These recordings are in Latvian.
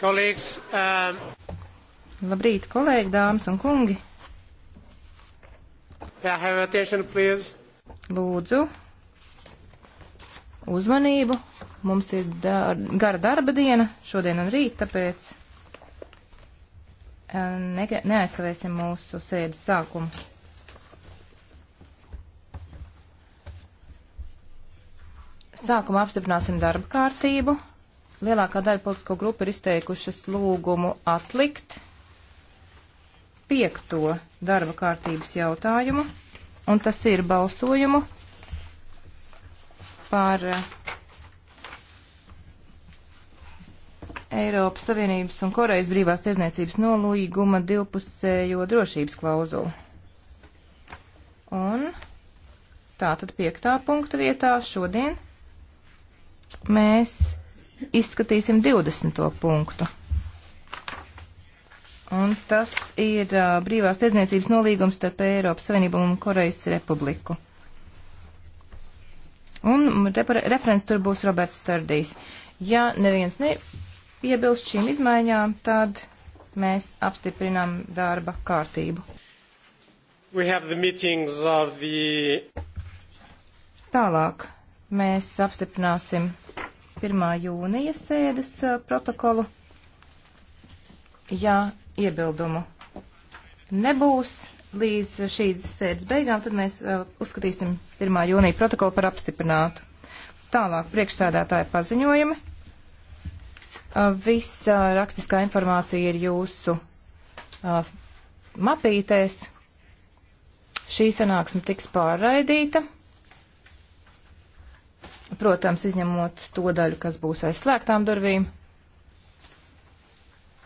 Kolēģis. Um... Labrīt, kolēģi, dāmas un kungi. Yeah, have attention, please. Lūdzu, uzmanību. Mums ir dar gara darba diena šodien un rīt, tāpēc uh, ne neaizkavēsim mūsu sēdes sākumu. Sākumā apstiprināsim darba kārtību lielākā daļa politisko grupu ir izteikušas lūgumu atlikt piekto darba kārtības jautājumu, un tas ir balsojumu par eh, Eiropas Savienības un Korejas brīvās tiesniecības nolīguma divpusējo drošības klauzulu. Un tātad piektā punkta vietā šodien mēs izskatīsim 20. punktu. Un tas ir uh, brīvās tiesniecības nolīgums starp Eiropas Savienību un Korejas Republiku. Un repre, referents tur būs Roberts Stardīs. Ja neviens nepiebilst šīm izmaiņām, tad mēs apstiprinām darba kārtību. The... Tālāk mēs apstiprināsim 21. jūnija sēdes uh, protokolu. Ja iebildumu nebūs līdz šīs sēdes beigām, tad mēs uh, uzskatīsim 1. jūnija protokolu par apstiprinātu. Tālāk priekšsēdētāja paziņojumi. Uh, visa rakstiskā informācija ir jūsu mapītēs. Šī sanāksme tiks pārraidīta. Protams, izņemot to daļu, kas būs aizslēgtām durvīm.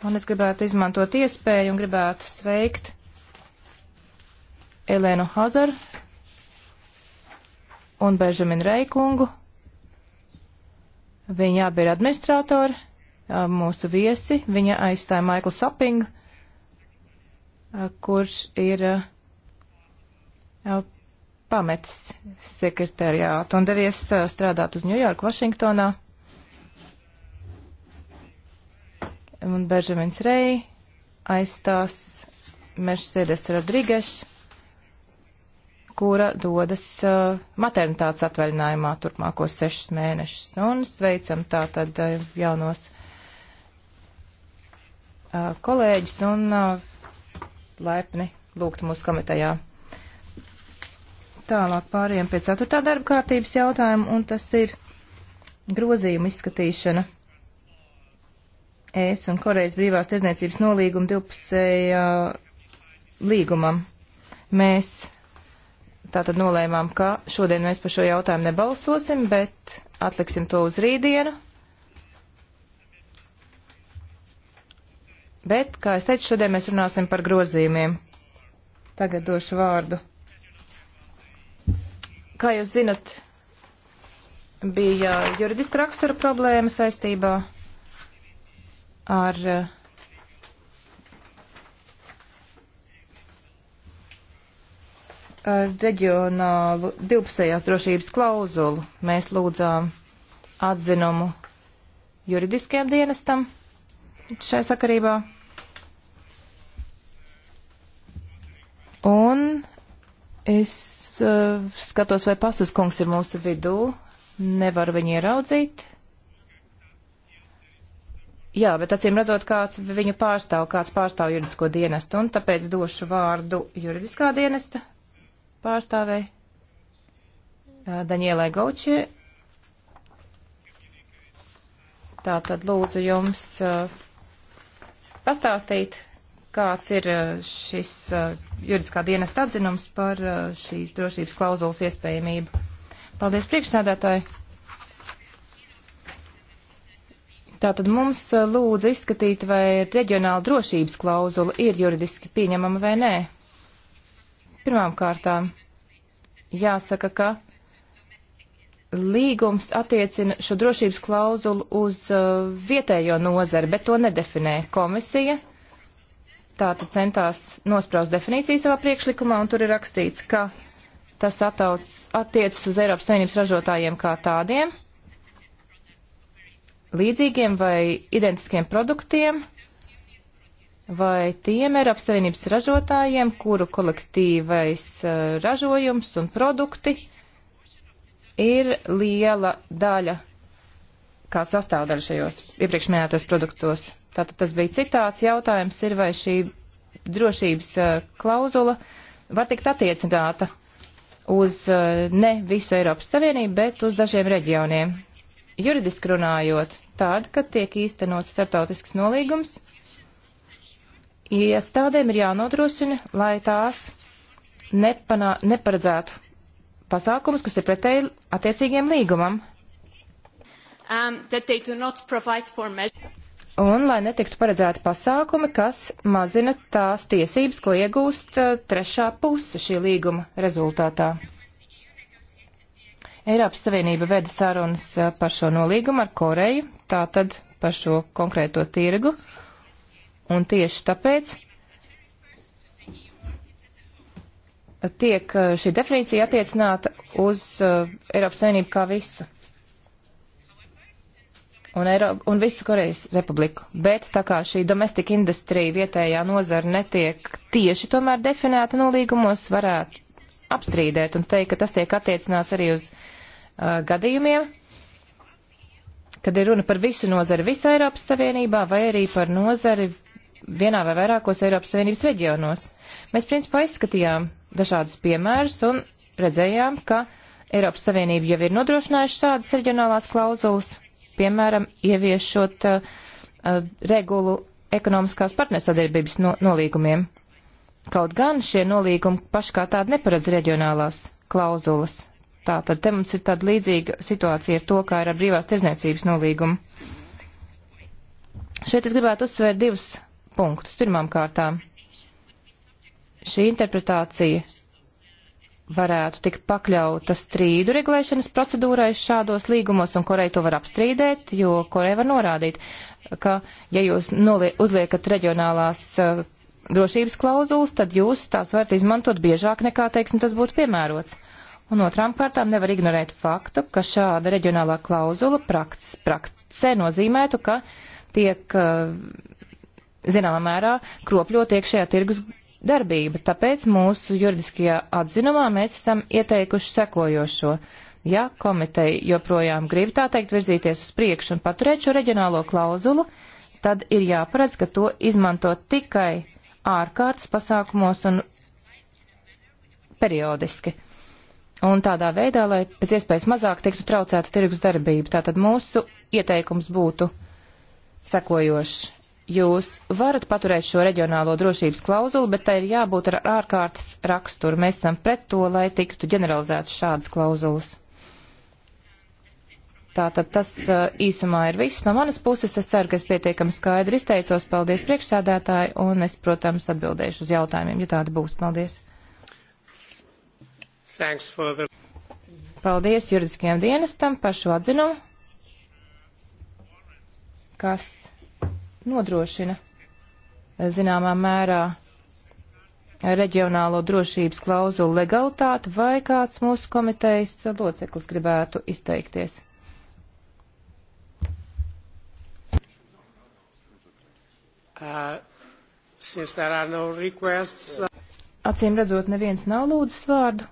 Un es gribētu izmantot iespēju un gribētu sveikt Elēnu Hazaru un Benžaminu Reikungu. Viņa abi ir administratori, mūsu viesi. Viņa aizstāja Maiklu Sapingu, kurš ir pametis sekretariātu un devies strādāt uz Ņujorku, Vašingtonā. Un Beržamins Rei aizstās Mercedes Rodriges, kura dodas uh, maternitātes atvaļinājumā turpmākos sešus mēnešus. Un sveicam tātad uh, jaunos uh, kolēģis un uh, laipni lūgt mūsu komitejā. Tālāk pāriem pie ceturtā darba kārtības jautājuma, un tas ir grozījuma izskatīšana. Es un Korejas brīvās tiesniecības nolīguma divpusējā līgumam. Mēs tātad nolēmām, ka šodien mēs par šo jautājumu nebalsosim, bet atliksim to uz rītdienu. Bet, kā es teicu, šodien mēs runāsim par grozījumiem. Tagad došu vārdu Kā jūs zinat, bija juridiska rakstura problēma saistībā ar ar reģionālu divpusējās drošības klauzulu. Mēs lūdzām atzinumu juridiskajam dienestam šai sakarībā. Un es uh, skatos, vai pasas kungs ir mūsu vidū. Nevaru viņu ieraudzīt. Jā, bet acīm redzot, kāds viņu pārstāv, kāds pārstāv juridisko dienestu, un tāpēc došu vārdu juridiskā dienesta pārstāvei uh, Danielai Gaučie. Tā tad lūdzu jums uh, pastāstīt, kāds ir eh, šis eh, juridiskā dienesta atzinums par eh, šīs drošības klauzulas iespējamību. Paldies priekšsēdētāji! Tātad mums lūdza izskatīt, vai reģionāla drošības klauzula ir juridiski pieņemama vai nē. Pirmām kārtām jāsaka, ka līgums attiecina šo drošības klauzulu uz vietējo nozari, bet to nedefinē komisija tātad centās nospraust definīciju savā priekšlikumā, un tur ir rakstīts, ka tas atauc, attiecas uz Eiropas Savienības ražotājiem kā tādiem, līdzīgiem vai identiskiem produktiem, vai tiem Eiropas Savienības ražotājiem, kuru kolektīvais eh, ražojums un produkti ir liela daļa kā sastāvdaļa šajos iepriekš minētos produktos. Tātad tas bija citāts jautājums ir, vai šī drošības klauzula var tikt attiecināta uz ne visu Eiropas Savienību, bet uz dažiem reģioniem. Juridiski runājot, tāda, ka tiek īstenots starptautisks nolīgums, iestādēm ir jānodrošina, lai tās nepanā, neparedzētu pasākumus, kas ir pretēji attiecīgiem līgumam. Um, un lai netiktu paredzēti pasākumi, kas mazina tās tiesības, ko iegūst eh, trešā puse šī līguma rezultātā. Eiropas Savienība veda sarunas eh, par šo nolīgumu ar Koreju, tātad par šo konkrēto tirgu, un tieši tāpēc tiek eh, šī definīcija attiecināta uz Eiropas Savienību kā visu un, Eiro, un visu Korejas republiku. Bet tā kā šī domestika industrija vietējā nozara netiek tieši tomēr definēta nolīgumos, varētu apstrīdēt un teikt, ka tas tiek attiecināts arī uz uh, gadījumiem, kad ir runa par visu nozari visā Eiropas Savienībā vai arī par nozari vienā vai vairākos Eiropas Savienības reģionos. Mēs principā izskatījām dažādus piemērus un redzējām, ka Eiropas Savienība jau ir nodrošinājuši šādas reģionālās klauzulas piemēram, ieviešot uh, uh, regulu ekonomiskās partnersadarbības no, nolīgumiem. Kaut gan šie nolīgumi paši kā tādi neparedz reģionālās klauzulas. Tātad te mums ir tāda līdzīga situācija ar to, kā ir ar brīvās tirzniecības nolīgumu. Šeit es gribētu uzsvērt divus punktus. Pirmām kārtām, šī interpretācija varētu tik pakļauta strīdu regulēšanas procedūrai šādos līgumos, un Koreja to var apstrīdēt, jo Koreja var norādīt, ka ja jūs uzliekat reģionālās uh, drošības klauzulas, tad jūs tās varat izmantot biežāk nekā, teiksim, tas būtu piemērots. Un otrām kārtām nevar ignorēt faktu, ka šāda reģionālā klauzula prakts, praktse nozīmētu, ka tiek, uh, zināmā mērā, kropļot iekšējā tirgus darbība, tāpēc mūsu juridiskajā atzinumā mēs esam ieteikuši sekojošo. Ja komiteja joprojām grib tā teikt virzīties uz priekšu un paturēt šo reģionālo klauzulu, tad ir jāparedz, ka to izmanto tikai ārkārtas pasākumos un periodiski. Un tādā veidā, lai pēc iespējas mazāk tiktu traucēta tirgus darbība, tātad mūsu ieteikums būtu sekojošs jūs varat paturēt šo reģionālo drošības klauzulu, bet tai ir jābūt ar ārkārtas raksturu. Mēs esam pret to, lai tiktu ģeneralizētas šādas klauzulas. Tātad tas īsumā ir viss no manas puses. Es ceru, ka es pietiekami skaidri izteicos. Paldies priekšsēdētāji, un es, protams, atbildēšu uz jautājumiem, ja tāda būs. Paldies. The... Paldies juridiskajam dienestam par šo atzinumu, kas nodrošina zināmā mērā reģionālo drošības klauzulu legalitāti vai kāds mūsu komitejas loceklis gribētu izteikties? Uh, no requests... Uh, Acīm redzot, neviens nav lūdzis vārdu.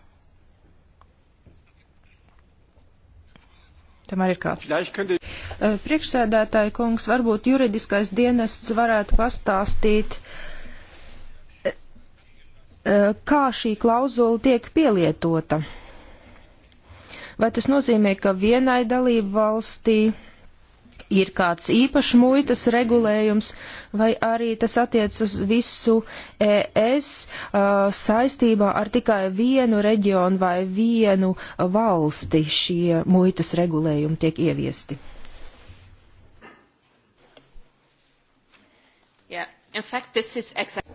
Tomēr ir kāds. Priekšsēdētāji kungs, varbūt juridiskais dienests varētu pastāstīt, kā šī klauzula tiek pielietota. Vai tas nozīmē, ka vienai dalību valstī ir kāds īpašs muitas regulējums, vai arī tas attiec uz visu ES uh, saistībā ar tikai vienu reģionu vai vienu valsti šie muitas regulējumi tiek ieviesti? Yeah. Fact, exactly...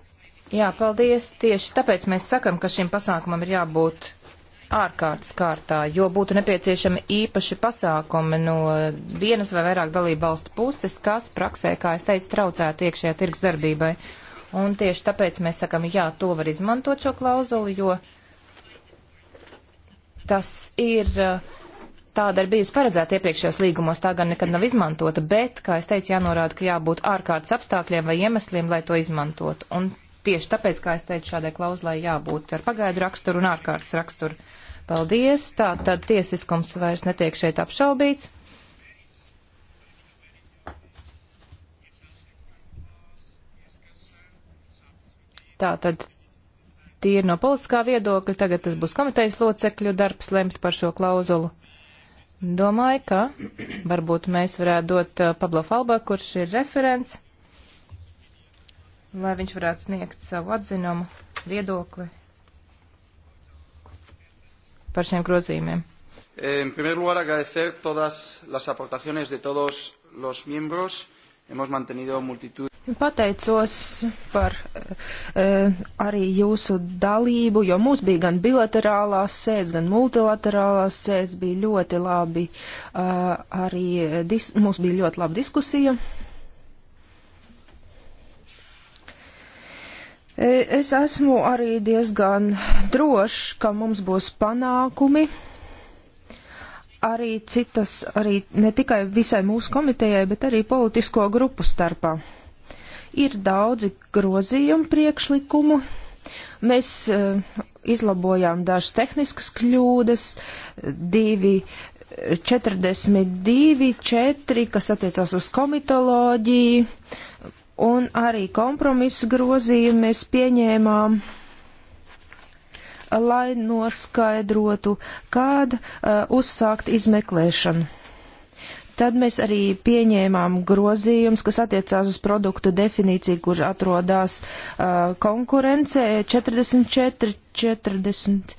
Jā, paldies. Tieši tāpēc mēs sakam, ka šim pasākumam ir jābūt ārkārtas kārtā, jo būtu nepieciešami īpaši pasākumi no vienas vai vairāk dalību valstu puses, kas praksē, kā es teicu, traucētu iekšējā tirgus darbībai. Un tieši tāpēc mēs sakam, jā, to var izmantot šo klauzuli, jo tas ir. Tāda ir bijusi paredzēta iepriekšējos līgumos, tā gan nekad nav izmantota, bet, kā es teicu, jānorāda, ka jābūt ārkārtas apstākļiem vai iemesliem, lai to izmantot. Un tieši tāpēc, kā es teicu, šādai klauzulai jābūt ar pagaidu raksturu un ārkārtas raksturu. Paldies. Tā tad tiesiskums vairs netiek šeit apšaubīts. Tā tad tīri no politiskā viedokļa, tagad tas būs komitejas locekļu darbs lemt par šo klauzulu. Domāju, ka varbūt mēs varētu dot uh, Pablo Falba, kurš ir referents, lai viņš varētu sniegt savu atzinumu, viedokli par šiem grozījumiem. Eh, en primer lugar, agradecer todas las aportaciones de todos los miembros. Hemos mantenido multitud. Pateicos par e, arī jūsu dalību, jo mums bija gan bilaterālās sēdes, gan multilaterālās sēdes, bija ļoti labi, e, arī dis, mums bija ļoti laba diskusija E, es esmu arī diezgan drošs, ka mums būs panākumi arī citas, arī ne tikai visai mūsu komitejai, bet arī politisko grupu starpā. Ir daudzi grozījumu priekšlikumu. Mēs uh, izlabojām dažas tehniskas kļūdas, divi 42, 4, kas attiecās uz komitoloģiju, un arī kompromisu grozījumu mēs pieņēmām, lai noskaidrotu, kāda uh, uzsākt izmeklēšanu. Tad mēs arī pieņēmām grozījums, kas attiecās uz produktu definīciju, kur atrodās uh, konkurence 44, 45,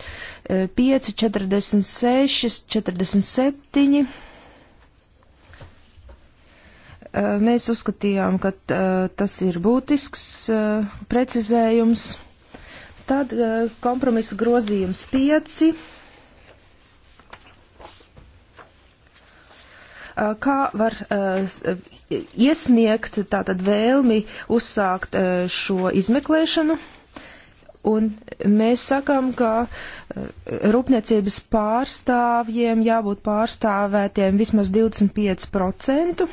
46, 47 Eh, mēs uzskatījām, ka eh, tas ir būtisks eh, precizējums. Tad kompromisa grozījums 5. Kā var iesniegt tātad vēlmi uzsākt šo izmeklēšanu? Un mēs sakām, ka rūpniecības pārstāvjiem jābūt pārstāvētiem vismaz 25%.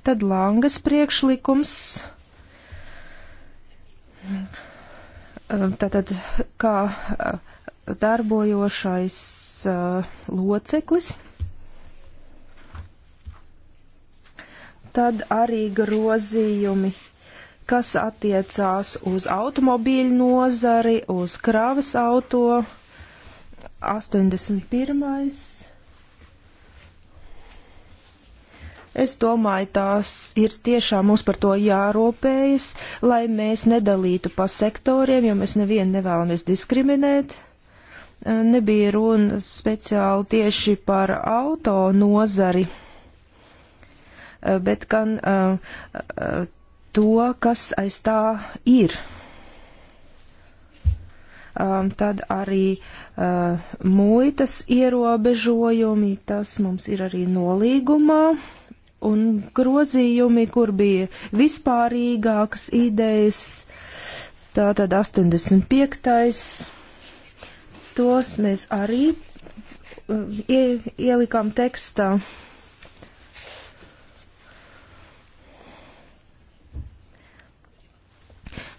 Tad Langas priekšlikums. Tātad, kā uh, darbojošais uh, loceklis. Tad arī grozījumi kas attiecās uz automobīļu nozari, uz kravas auto. 81. Es domāju, tās ir tiešām mums par to jārūpējas, lai mēs nedalītu pa sektoriem, jo mēs nevienu nevēlamies diskriminēt. Nebija runa speciāli tieši par auto nozari, bet gan to, kas aiz tā ir. Tad arī muitas ierobežojumi, tas mums ir arī nolīgumā un grozījumi, kur bija vispārīgākas idejas. Tātad 85. tos mēs arī um, ielikām tekstā.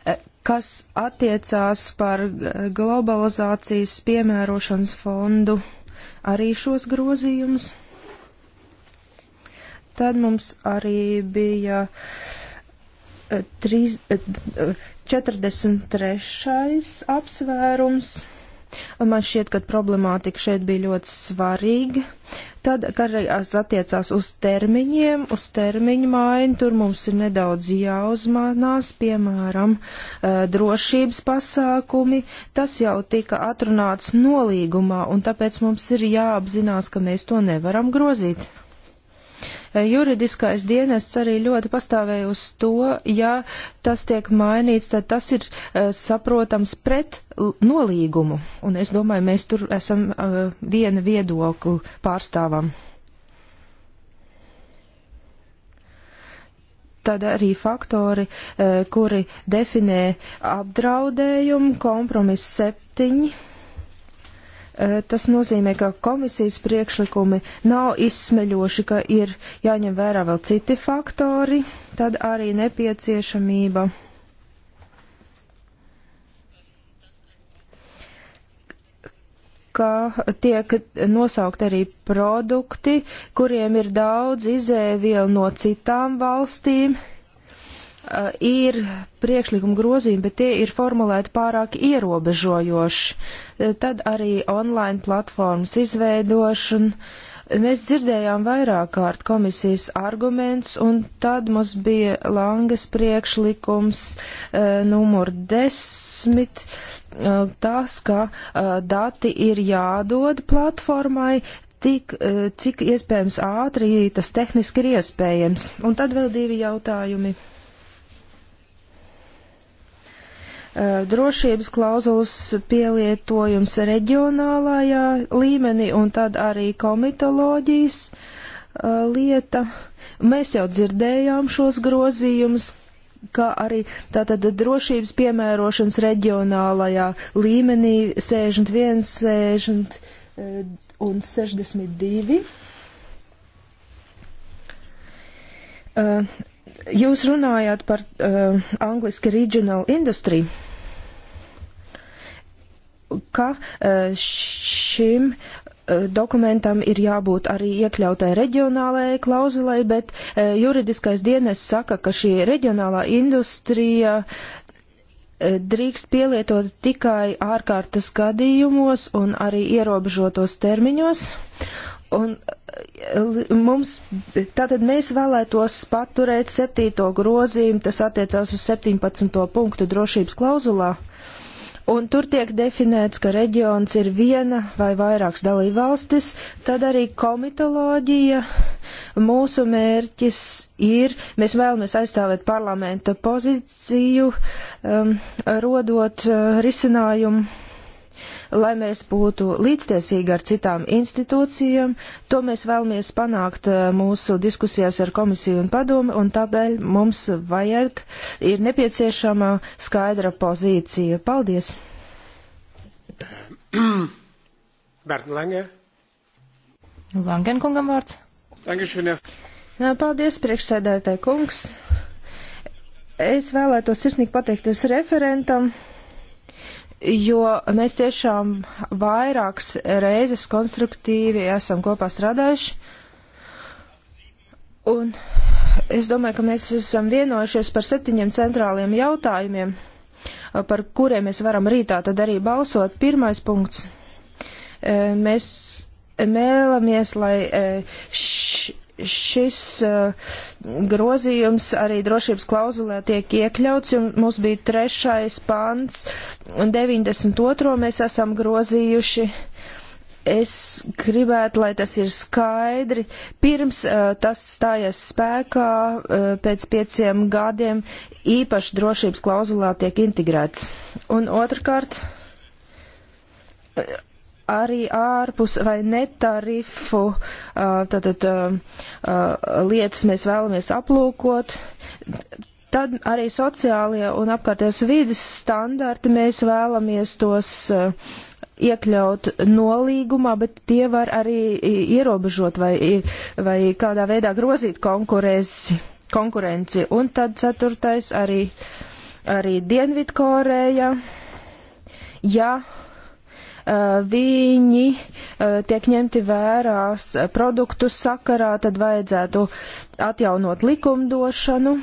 E, kas attiecās par globalizācijas piemērošanas fondu, arī šos grozījumus tad mums arī bija 3, eh, 43. Eh, apsvērums. Man šķiet, ka problemātika šeit bija ļoti svarīga. Tad, kad attiecās uz termiņiem, uz termiņu maiņu, tur mums ir nedaudz jāuzmanās, piemēram, eh, drošības pasākumi. Tas jau tika atrunāts nolīgumā, un tāpēc mums ir jāapzinās, ka mēs to nevaram grozīt. Eh, juridiskais dienests arī ļoti pastāvēja uz to, ja tas tiek mainīts, tad tas ir eh, saprotams pret nolīgumu. Un es domāju, mēs tur esam eh, viena viedokli pārstāvam. tad arī faktori, kuri definē apdraudējumu, kompromiss septiņi Eh, tas nozīmē, ka komisijas priekšlikumi nav izsmeļoši, ka ir jāņem vērā vēl citi faktori, tad arī nepieciešamība. ka tiek nosaukt arī produkti, kuriem ir daudz izēvielu no citām valstīm, uh, Eh, ir priekšlikuma grozījumi, bet tie ir formulēti pārāk ierobežojoši. Eh, tad arī online platformas izveidošana. Mēs dzirdējām vairāk kārt komisijas arguments, un tad mums bija Langas priekšlikums e, numur desmit, e, tas, ka e, dati ir jādod platformai, tik, e, cik iespējams ātri tas tehniski ir iespējams. Un tad vēl divi jautājumi. E, Eh, drošības klauzulas pielietojums reģionālajā līmenī un tad arī komitoloģijas eh, lieta. Mēs jau dzirdējām šos grozījumus, kā arī tātad drošības piemērošanas reģionālajā līmenī 61, 60 eh, un 62. Jūs runājāt par uh, angliski regional industry, ka uh, šim uh, dokumentam ir jābūt arī iekļautai reģionālajai klauzulai, bet uh, juridiskais dienas saka, ka šī reģionālā industrija drīkst pielietot tikai ārkārtas gadījumos un arī ierobežotos termiņos. Un mums, tātad mēs vēlētos paturēt septīto grozījumu, tas attiecās uz 17. punktu drošības klauzulā, un tur tiek definēts, ka reģions ir viena vai vairākas dalībvalstis, tad arī komitoloģija. Mūsu mērķis ir, mēs vēlamies aizstāvēt parlamenta pozīciju, um, rodot uh, risinājumu lai mēs būtu līdztiesīgi ar citām institūcijām. To mēs vēlamies panākt eh, mūsu diskusijās ar komisiju un padomu, un tāpēc mums vajag, ir nepieciešama skaidra pozīcija. Paldies! Bērnu Lange. Langen kungam vārds. Dankeschön, ja. Paldies, priekšsēdētāji kungs. Es vēlētos sirsnīgi pateikties referentam jo mēs tiešām vairākas reizes konstruktīvi esam kopā strādājuši. Un es domāju, ka mēs esam vienojušies par septiņiem centrāliem jautājumiem, par kuriem mēs varam rītā tad arī balsot. Pirmais punkts. E, mēs mēlamies, lai e, š, šis eh, grozījums arī drošības klauzulē tiek iekļauts, un mums bija trešais pants, un 92. mēs esam grozījuši. Es gribētu, lai tas ir skaidri. Pirms uh, tas stājas spēkā uh, pēc pieciem gadiem, īpaši drošības klauzulā tiek integrēts. Un otrkārt, arī ārpus vai netarifu tātad, lietas mēs vēlamies aplūkot. Tad arī sociālie un apkārtējās vidas standarti mēs vēlamies tos iekļaut nolīgumā, bet tie var arī ierobežot vai, vai kādā veidā grozīt konkurenci. Un tad ceturtais arī, arī Dienvidkoreja. Ja Eh, viņi eh, tiek ņemti vērās produktu sakarā, tad vajadzētu atjaunot likumdošanu.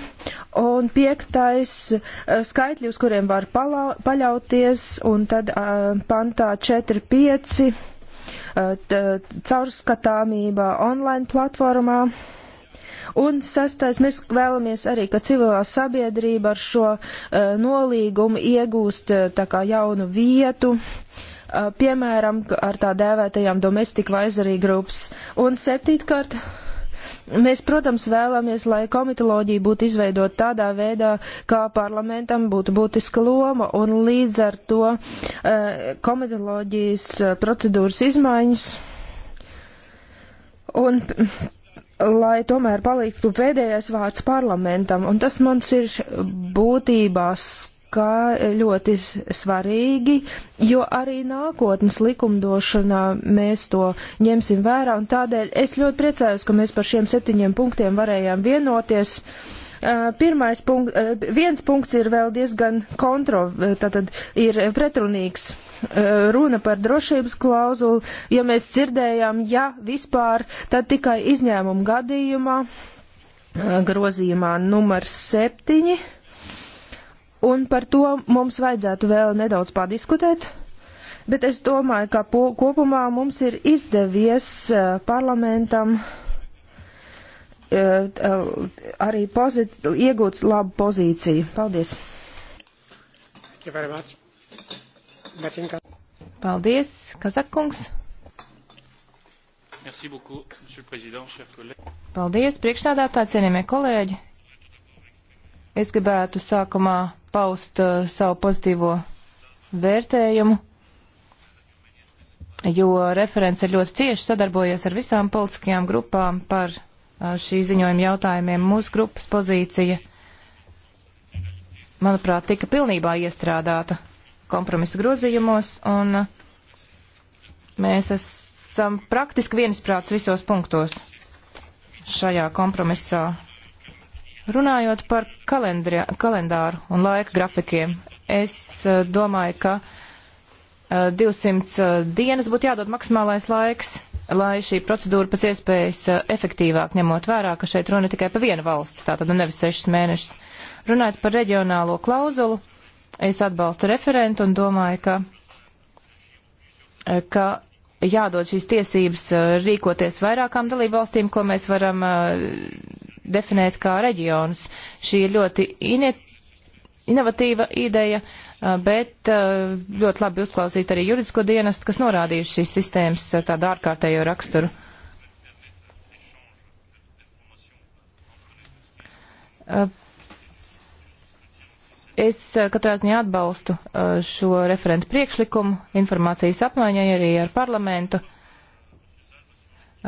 Un piektais eh, skaitļi, uz kuriem var palau, paļauties, un tad pantā 4.5. caurskatāmība online platformā. Un sastais, mēs vēlamies arī, ka civilā sabiedrība ar šo uh, nolīgumu iegūst uh, tā kā jaunu vietu. Uh, Eh, piemēram, ar tā dēvētajām domestika vaizarī grupas. Un septītkārt, Mēs, protams, vēlamies, lai komitoloģija būtu izveidot tādā veidā, kā parlamentam būtu būtiska loma, un līdz ar to eh, komitoloģijas eh, procedūras izmaiņas. Un lai tomēr paliktu pēdējais vārds parlamentam, un tas mums ir būtībā kā ļoti svarīgi, jo arī nākotnes likumdošanā mēs to ņemsim vērā, un tādēļ es ļoti priecājos, ka mēs par šiem septiņiem punktiem varējām vienoties. Pirmais punkt, viens punkts ir vēl diezgan kontro, tātad ir pretrunīgs runa par drošības klauzulu, ja mēs dzirdējām, ja vispār, tad tikai izņēmumu gadījumā, grozījumā numar septiņi un par to mums vajadzētu vēl nedaudz padiskutēt. Bet es domāju, ka po, kopumā mums ir izdevies uh, parlamentam uh, arī pozit, iegūt labu pozīciju. Paldies! Paldies, Kazakungs! Paldies, priekšsādātāji, cienījamie kolēģi! Es gribētu sākumā paust uh, savu pozitīvo vērtējumu, jo referents ir ļoti cieši sadarbojies ar visām politiskajām grupām par uh, šī ziņojuma jautājumiem. Mūsu grupas pozīcija, manuprāt, tika pilnībā iestrādāta kompromisa grozījumos, un uh, mēs esam praktiski viensprāts visos punktos šajā kompromisā Runājot par kalendri, kalendāru un laika grafikiem, es eh, domāju, ka 200 eh, eh, dienas būtu jādod maksimālais laiks, lai šī procedūra pēc iespējas efektīvāk ņemot vērā, ka šeit runa tikai par vienu valsti, tātad nevis sešas mēnešus. Runājot par reģionālo klauzulu, es atbalstu referentu un domāju, ka, ka jādod šīs tiesības rīkoties vairākām dalībvalstīm, ko mēs varam definēt kā reģionus. Šī ir ļoti inovatīva ideja, bet ļoti labi uzklausīt arī juridisko dienestu, kas norādījuši šīs sistēmas tādu ārkārtējo raksturu. Es katrā ziņā atbalstu šo referentu priekšlikumu informācijas apmaiņai arī ar parlamentu.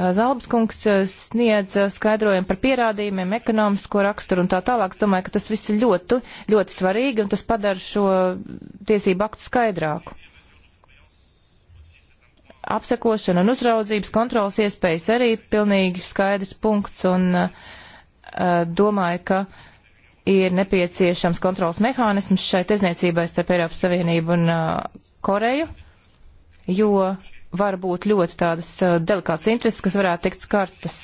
Eh, Zalbas kungs eh, sniedz eh, skaidrojumu par pierādījumiem, ekonomisko raksturu un tā tālāk. Es domāju, ka tas viss ir ļoti, ļoti svarīgi un tas padara šo tiesību aktu skaidrāku. Apsekošana un uzraudzības kontrolas iespējas arī pilnīgi skaidrs punkts un uh, domāju, ka ir nepieciešams kontrols mehānisms šai tirzniecībai starp Eiropas Savienību un uh, Koreju, jo uh, var būt ļoti tādas eh, delikātas intereses, kas varētu tikt skartas.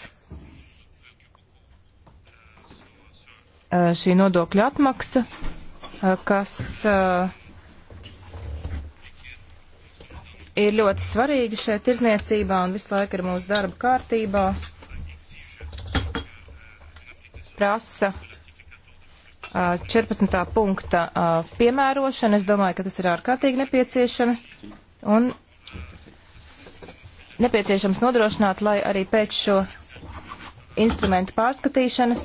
Eh, šī nodokļa atmaksa, eh, kas ir ļoti svarīga šeit tirzniecībā un visu laiku ir mūsu darba kārtībā, prasa 14. punkta piemērošana. Es domāju, ka tas ir ārkārtīgi nepieciešami. Un nepieciešams nodrošināt, lai arī pēc šo instrumentu pārskatīšanas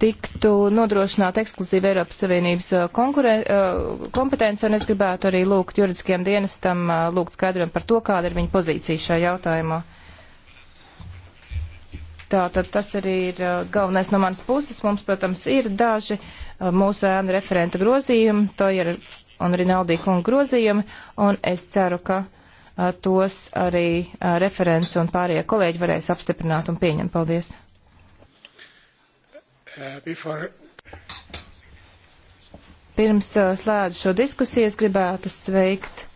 tiktu nodrošināta ekskluzīva Eiropas Savienības uh, konkurē, uh, kompetence, un es gribētu arī lūgt juridiskajam dienestam uh, lūgt skaidrojumu par to, kāda ir viņa pozīcija šajā jautājumā. Tātad tas arī ir galvenais no manas puses. Mums, protams, ir daži mūsu ēnu referenta grozījumi. To ir un Rinaldī kunga grozījumi, un es ceru, ka a, tos arī a, referents un pārējie kolēģi varēs apstiprināt un pieņemt. Paldies! Uh, before... Pirms uh, slēdzu šo diskusiju, es gribētu sveikt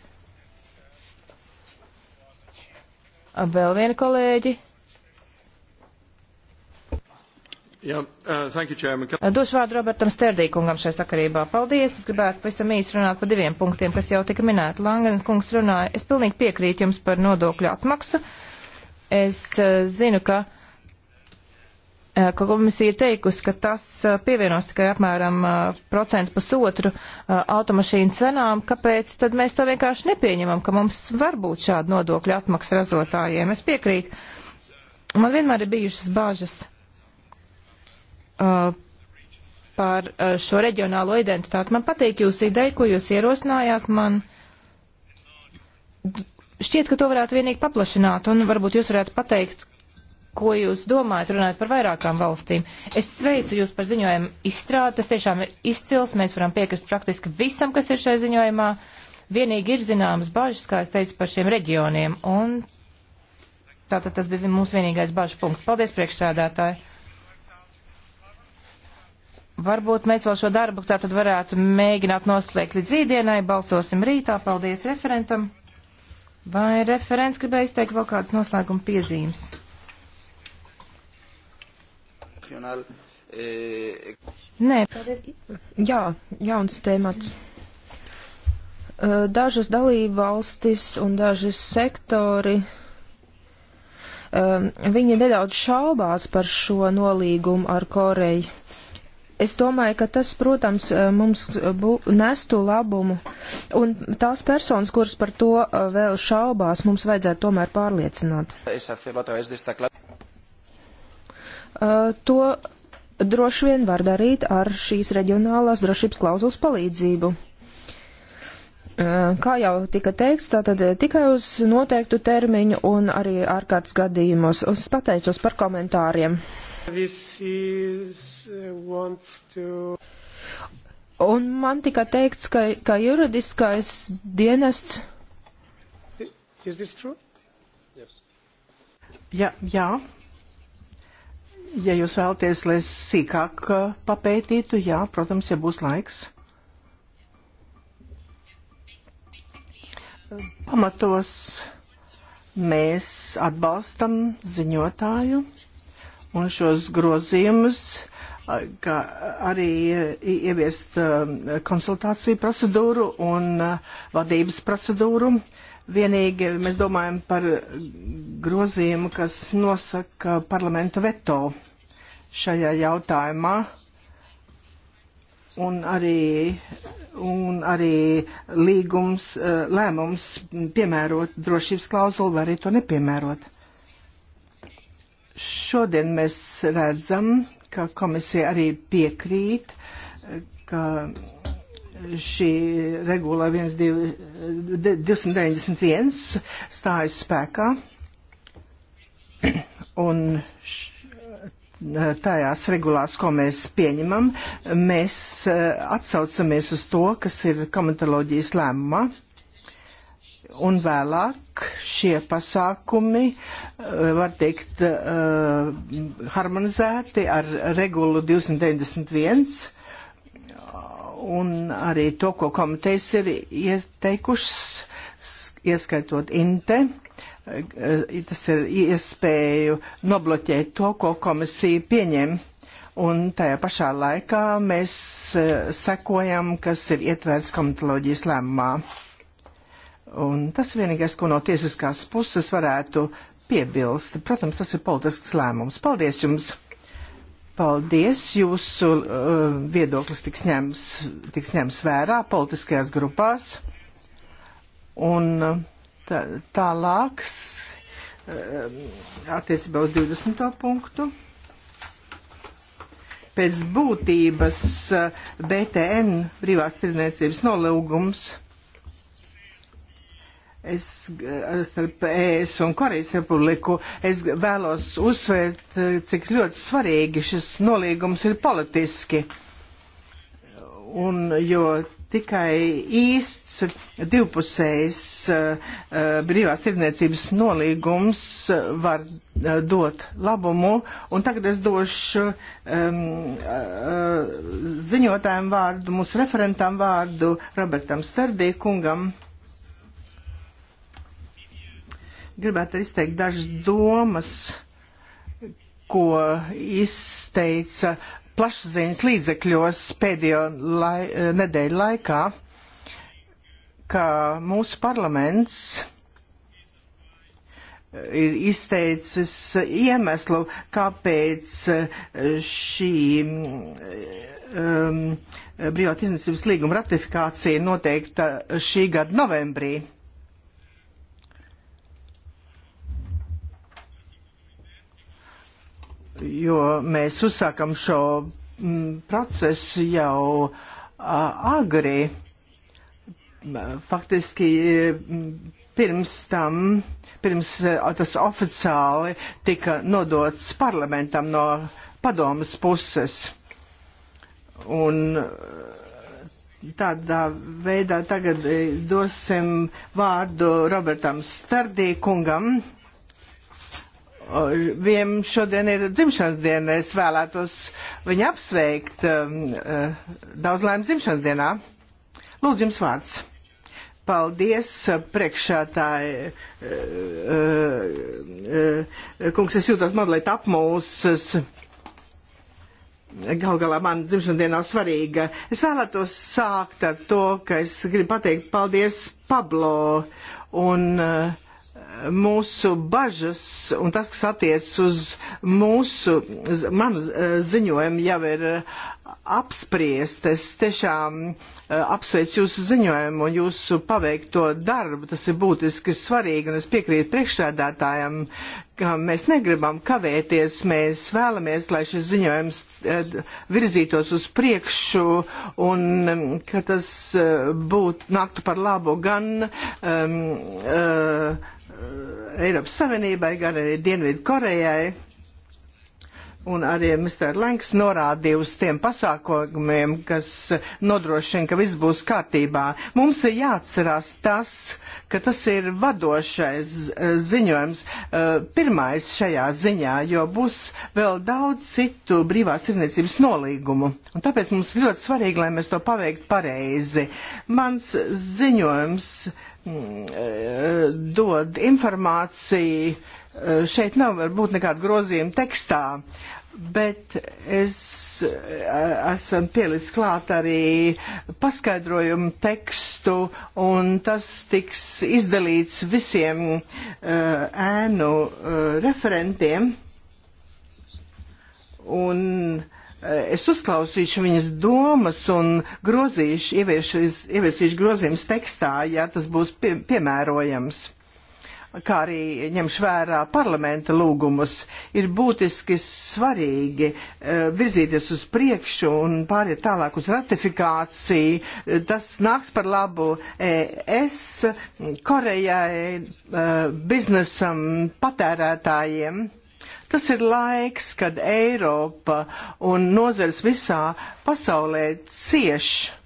uh, vēl vienu kolēģi. Yeah, uh, you, Došu vārdu Robertam Sterdīkungam šai sakarībā. Paldies, es gribētu pavisam īsi runāt par diviem punktiem, kas jau tika minēti. Langen kungs runāja, es pilnīgi piekrītu jums par nodokļu atmaksu. Es uh, zinu, ka, uh, ka komisija ir teikusi, ka tas uh, pievienos tikai apmēram uh, procentu pusotru uh, automašīnu cenām. Kāpēc tad mēs to vienkārši nepieņemam, ka mums var būt šāda nodokļa atmaksa razotājiem? Es piekrītu. Man vienmēr ir bijušas bāžas. Uh, uh, par uh, šo reģionālo identitāti. Man patīk jūsu ideja, ko jūs ierosinājāt. Man šķiet, ka to varētu vienīgi paplašināt, un varbūt jūs varētu pateikt, ko jūs domājat, runājot par vairākām valstīm. Es sveicu jūs par ziņojumu izstrādi, tas tiešām ir izcils, mēs varam piekrist praktiski visam, kas ir šajā ziņojumā. Vienīgi ir zināmas bažas, kā es teicu, par šiem reģioniem, un tātad tas bija mūsu vienīgais bažu punkts. Paldies, priekšsēdētāji! Varbūt mēs vēl šo darbu tā tad varētu mēģināt noslēgt līdz rītdienai, balsosim rītā, paldies referentam. Vai referents gribēja izteikt vēl kādas noslēguma piezīmes? Eh, Nē, paldies. Jā, jauns temats. Eh, dažas dalībvalstis un daži sektori eh, viņi nedaudz šaubās par šo nolīgumu ar Koreju. Es domāju, ka tas, protams, eh, mums eh, nestu labumu, un tās personas, kuras par to eh, vēl šaubās, mums vajadzētu tomēr pārliecināt. Uh, to droši vien var darīt ar šīs reģionālās drošības klauzulas palīdzību. Kā jau tika teikts, tātad tikai uz noteiktu termiņu un arī ārkārtas gadījumos. Es pateicos par komentāriem. Uh, Un man tika teikts, ka, ka juridiskais dienests. Yes. Ja, jā, ja jūs vēlaties, lai es sīkāk uh, papētītu, jā, protams, ja būs laiks. Pamatos mēs atbalstam ziņotāju un šos grozījumus, kā arī e, ieviest e, konsultāciju procedūru un e, vadības procedūru. Vienīgi mēs domājam par grozījumu, kas nosaka parlamenta veto šajā jautājumā un arī, un arī līgums, lēmums piemērot drošības klauzulu vai arī to nepiemērot. Šodien mēs redzam, ka komisija arī piekrīt, ka šī regula 291 stājas spēkā un tajās regulās, ko mēs pieņemam, mēs eh, atsaucamies uz to, kas ir komentoloģijas lēmumā un vēlāk šie pasākumi eh, var teikt eh, harmonizēti ar regulu 291 un arī to, ko komitejas ir ieteikušas, ieskaitot INTE eh, tas ir iespēju nobloķēt to, ko komisija pieņem. Un tajā pašā laikā mēs sekojam, kas ir ietverts komitoloģijas lēmumā. Un tas vienīgais, ko no tiesiskās puses varētu piebilst. Protams, tas ir politisks lēmums. Paldies jums! Paldies! Jūsu uh, viedoklis tiks ņems, tiks ņems vērā politiskajās grupās. Un uh, tā, tālāk uh, attiecībā uz 20. punktu. Pēc būtības uh, BTN brīvās tirdzniecības nolūgums Es eh, starp ES un Korejas republiku es vēlos uzsvērt, eh, cik ļoti svarīgi šis nolīgums ir politiski. Un, jo tikai īsts divpusējs uh, brīvās tirdzniecības nolīgums var uh, dot labumu. Un tagad es došu um, uh, ziņotājiem vārdu, mūsu referentam vārdu Robertam Sterdī kungam. Uh, gribētu izteikt dažas domas, ko izteica plašsaziņas līdzekļos pēdējo lai, nedēļu laikā, ka mūsu parlaments ir izteicis iemeslu, kāpēc šī um, brīvā tirdzniecības līguma ratifikācija noteikta šī gada novembrī. jo mēs uzsākam šo mm, procesu jau agri. Faktiski mm, pirms tam, pirms tas oficiāli tika nodots parlamentam no padomas puses. Un tādā veidā tagad e, dosim vārdu Robertam Stardīkungam. kungam Viņam šodien ir dzimšanas diena. Es vēlētos viņu apsveikt um, uh, daudz laimes dzimšanas dienā. Lūdzu, jums vārds. Paldies, priekšētāji. Uh, uh, kungs, es jūtos mazliet apmūsas. Gal galā man dzimšana diena nav svarīga. Es vēlētos sākt ar to, ka es gribu pateikt paldies Pablo un uh, mūsu bažas un tas, kas attiecas uz mūsu, manu ziņojumu, jau ir eh, apspriest. Es tiešām eh, apsveicu jūsu ziņojumu un jūsu paveikto darbu. Tas ir būtiski svarīgi un es piekrītu priekšsēdētājam, ka mēs negribam kavēties. Mēs vēlamies, lai šis ziņojums eh, virzītos uz priekšu un mm, ka tas būtu nāktu par labu gan. Um, uh, Eiropas Savienībai, gan arī Dienvidu Korejai Un arī Mr. Lenks norādīja uz tiem pasākumiem, kas nodrošina, ka viss būs kārtībā. Mums ir jāatcerās tas, ka tas ir vadošais eh, ziņojums, eh, pirmais šajā ziņā, jo būs vēl daudz citu brīvās tirzniecības nolīgumu. Un tāpēc mums ir ļoti svarīgi, lai mēs to paveiktu pareizi. Mans ziņojums mm, eh, dod informāciju Eh, šeit nav varbūt nekāda grozījuma tekstā, bet es eh, esmu pielicis klāt arī paskaidrojumu tekstu, un tas tiks izdalīts visiem uh, ēnu uh, referentiem. Un uh, es uzklausīšu viņas domas un grozīšu, ieviesīšu grozījumus tekstā, ja tas būs pie, piemērojams kā arī ņemš vērā parlamenta lūgumus, ir būtiski svarīgi eh, virzīties uz priekšu un pāriet tālāk uz ratifikāciju. Eh, tas nāks par labu eh, ES, Korejai, biznesam, patērētājiem. Tas ir laiks, kad Eiropa un nozars visā pasaulē cieši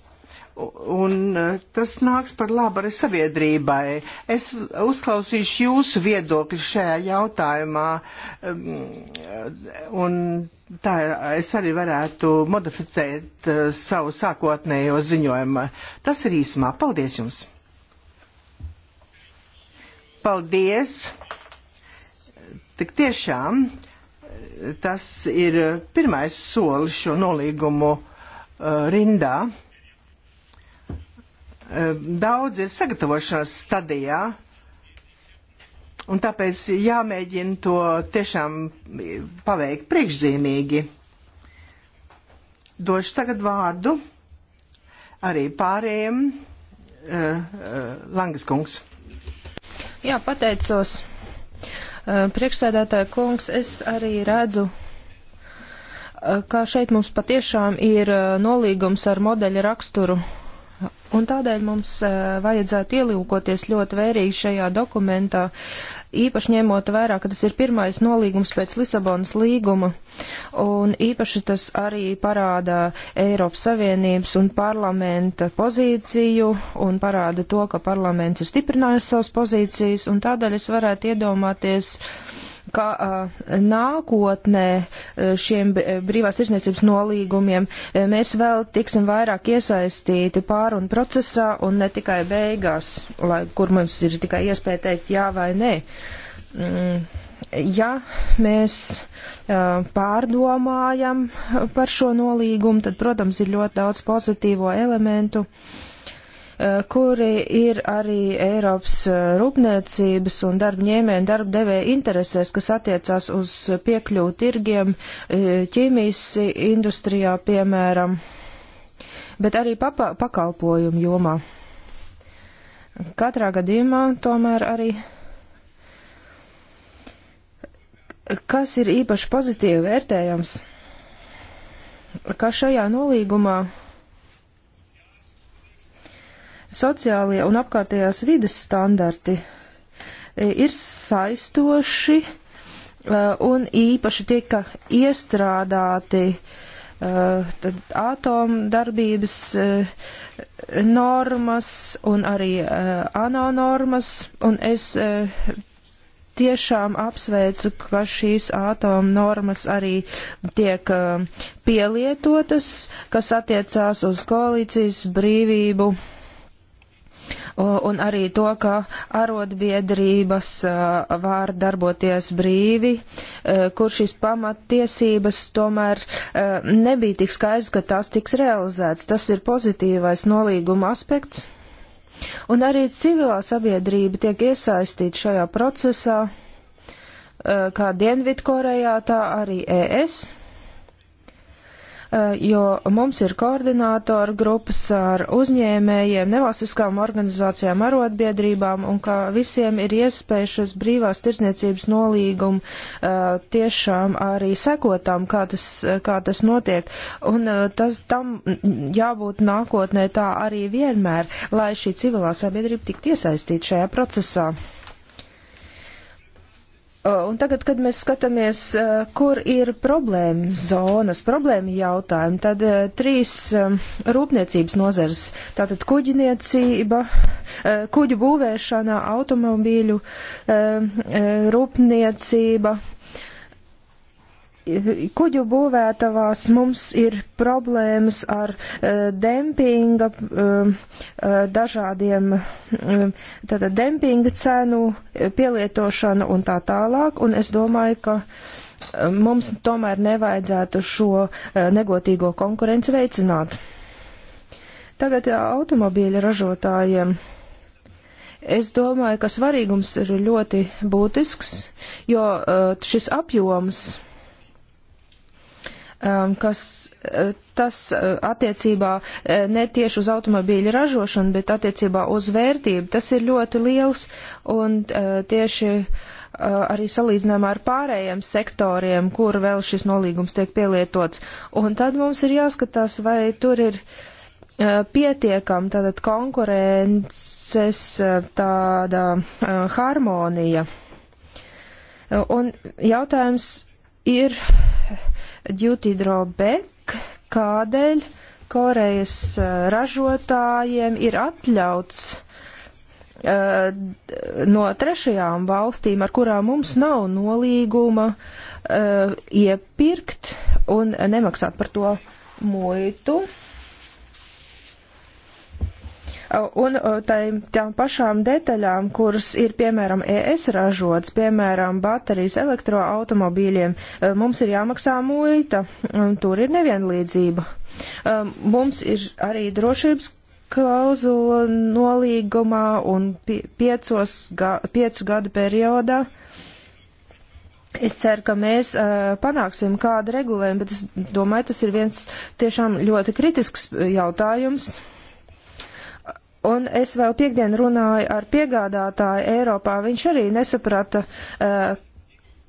un eh, tas nāks par labu arī sabiedrībai. Es uzklausīšu jūsu viedokli šajā jautājumā, eh, un tā es arī varētu modificēt eh, savu sākotnējo ziņojumu. Tas ir īsumā. Paldies jums! Paldies! Tik tiešām tas ir pirmais solis šo nolīgumu rindā daudz ir sagatavošanās stadijā. Un tāpēc jāmēģina to tiešām paveikt priekšzīmīgi. Došu tagad vārdu arī pārējiem. Uh, uh, Langas kungs. Jā, pateicos. Uh, Priekšsēdētāja kungs, es arī redzu kā šeit mums patiešām ir nolīgums ar modeļa raksturu Un tādēļ mums eh, vajadzētu ielūkoties ļoti vērīgi šajā dokumentā, īpaši ņemot vērā, ka tas ir pirmais nolīgums pēc Lisabonas līguma, un īpaši tas arī parāda Eiropas Savienības un parlamenta pozīciju, un parāda to, ka parlaments ir stiprinājis savas pozīcijas, un tādēļ es varētu iedomāties, uh, ka uh, nākotnē šiem brīvās tirsniecības nolīgumiem mēs vēl tiksim vairāk iesaistīti pārunu procesā un ne tikai beigās, lai kur mums ir tikai iespēja teikt jā vai nē. Mm, ja mēs uh, pārdomājam par šo nolīgumu, tad, protams, ir ļoti daudz pozitīvo elementu. Uh, Eh, kuri ir arī Eiropas eh, rūpniecības un darba ņēmē un darba devēja interesēs, kas attiecās uz piekļuvu tirgiem eh, ķīmijas industrijā, piemēram, bet arī papa, pakalpojumu jomā. Katrā gadījumā tomēr arī. Kas ir īpaši pozitīvi vērtējams, ka šajā nolīgumā sociālie un apkārtējās vides standarti e, ir saistoši e, un īpaši tika iestrādāti e, atomdarbības normas un arī ANO normas, un es tiešām apsveicu, ka šīs ātoma normas arī tiek pielietotas, kas attiecās uz koalīcijas brīvību un arī to, ka arotbiedrības var darboties brīvi, kur šīs pamattiesības tomēr nebija tik skaidrs, ka tās tiks realizētas. Tas ir pozitīvais nolīguma aspekts. Un arī civilā sabiedrība tiek iesaistīta šajā procesā, kā Dienvidkorejā, tā arī ES Eh, jo mums ir koordinātori grupas ar uzņēmējiem, nevalstiskām organizācijām, arotbiedrībām, un ka visiem ir iespēja šas brīvās tirsniecības nolīgumu uh, eh, tiešām arī sekotām, kā tas, kā tas notiek. Un uh, tas tam jābūt nākotnē tā arī vienmēr, lai šī civilā sabiedrība tiktu iesaistīta šajā procesā. Uh, un tagad, kad mēs skatāmies, uh, kur ir problēma zonas, problēma jautājumi, tad uh, trīs um, rūpniecības nozars - tātad kuģiniecība, kuģu būvēšana, automobīļu um, rūpniecība kuģu būvētavās mums ir problēmas ar uh, dempinga, uh, uh, dažādiem, uh, tātad dempinga cenu pielietošanu un tā tālāk, un es domāju, ka uh, mums tomēr nevajadzētu šo uh, negotīgo konkurenci veicināt. Tagad jā, automobīļa ražotājiem. Uh, Es domāju, ka svarīgums ir ļoti būtisks, jo šis apjoms Um, kas uh, tas uh, attiecībā uh, ne tieši uz automobīļu ražošanu, bet attiecībā uz vērtību, tas ir ļoti liels un tieši arī salīdzinājumā ar pārējiem sektoriem, kur vēl šis nolīgums tiek pielietots. Un tad mums ir jāskatās, vai tur ir pietiekam tātad konkurences tāda harmonija. Un jautājums ir Djutidro Bek, kādēļ Korejas eh, ražotājiem ir atļauts uh, no trešajām valstīm, ar kurām mums nav nolīguma, uh, iepirkt un nemaksāt par to muitu. Uh, un uh, tām pašām detaļām, kuras ir piemēram ES ražots, piemēram baterijas elektroautomobīļiem, uh, mums ir jāmaksā muita, un tur ir nevienlīdzība. Um, mums ir arī drošības klauzula nolīgumā un piecos, ga, piecu gadu periodā. Es ceru, ka mēs uh, panāksim kādu regulējumu, bet es domāju, tas ir viens tiešām ļoti kritisks jautājums. Uh, Un es vēl piekdien runāju ar piegādātāju Eiropā, viņš arī nesaprata, eh,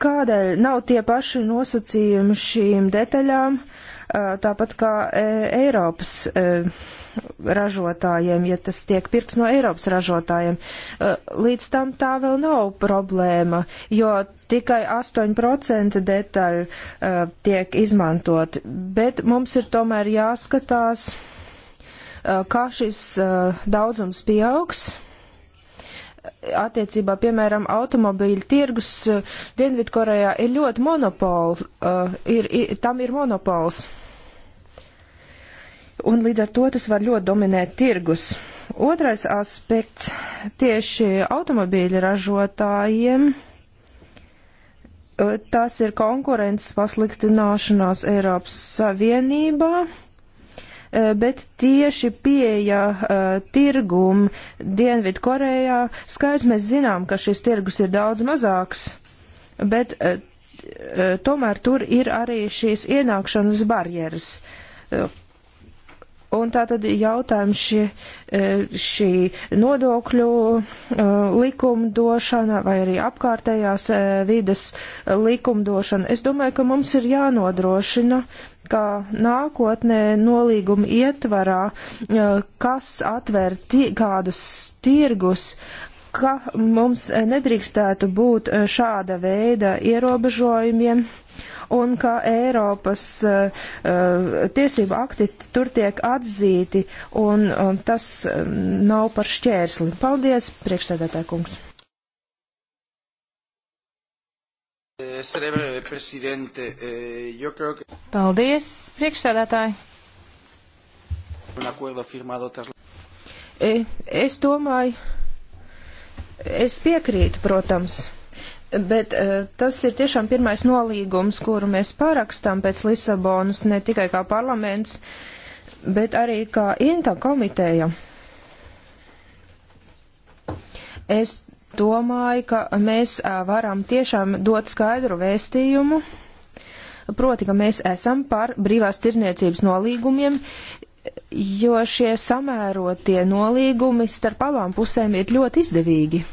kādēļ nav tie paši nosacījumi šīm detaļām, eh, tāpat kā eh, Eiropas ražotājiem, ja tas tiek pirks no Eiropas ražotājiem. Līdz tam tā vēl nav problēma, jo tikai 8% detaļu tiek izmantot, bet mums ir tomēr jāskatās Eh, kā šis eh, daudzums pieaugs. Attiecībā, piemēram, automobīļu tirgus eh, Dienvidkorejā ir ļoti monopols, ir, ir, tam ir monopols. Un līdz ar to tas var ļoti dominēt tirgus. Otrais aspekts tieši automobīļu ražotājiem tas ir konkurences pasliktināšanās Eiropas Savienībā. Eh, bet tieši pieeja uh, tirgum Dienvidu Korejā, skaidrs mēs zinām, ka šis tirgus ir daudz mazāks, bet uh, tomēr tur ir arī šīs ienākšanas barjeras, uh, Un tā tad jautājums šī, e, šī nodokļu e, likumdošana vai arī apkārtējās e, vides likumdošana. Es domāju, ka mums ir jānodrošina, ka nākotnē nolīguma ietvarā, kas atver kādus tirgus, ka mums nedrīkstētu būt šāda veida ierobežojumiem. Ja un ka Eiropas uh, eh, eh, tiesība akti tur tiek atzīti, un, un eh, tas nav par šķērsli. Paldies, priekšsēdētāj kungs. Paldies, priekšsēdētāji. Es domāju, es piekrītu, protams Bet eh, tas ir tiešām pirmais nolīgums, kuru mēs parakstām pēc Lisabonas ne tikai kā parlaments, bet arī kā INTA komiteja. Es domāju, ka mēs eh, varam tiešām dot skaidru vēstījumu, proti, ka mēs esam par brīvās tirzniecības nolīgumiem, jo šie samērotie nolīgumi starp abām pusēm ir ļoti izdevīgi.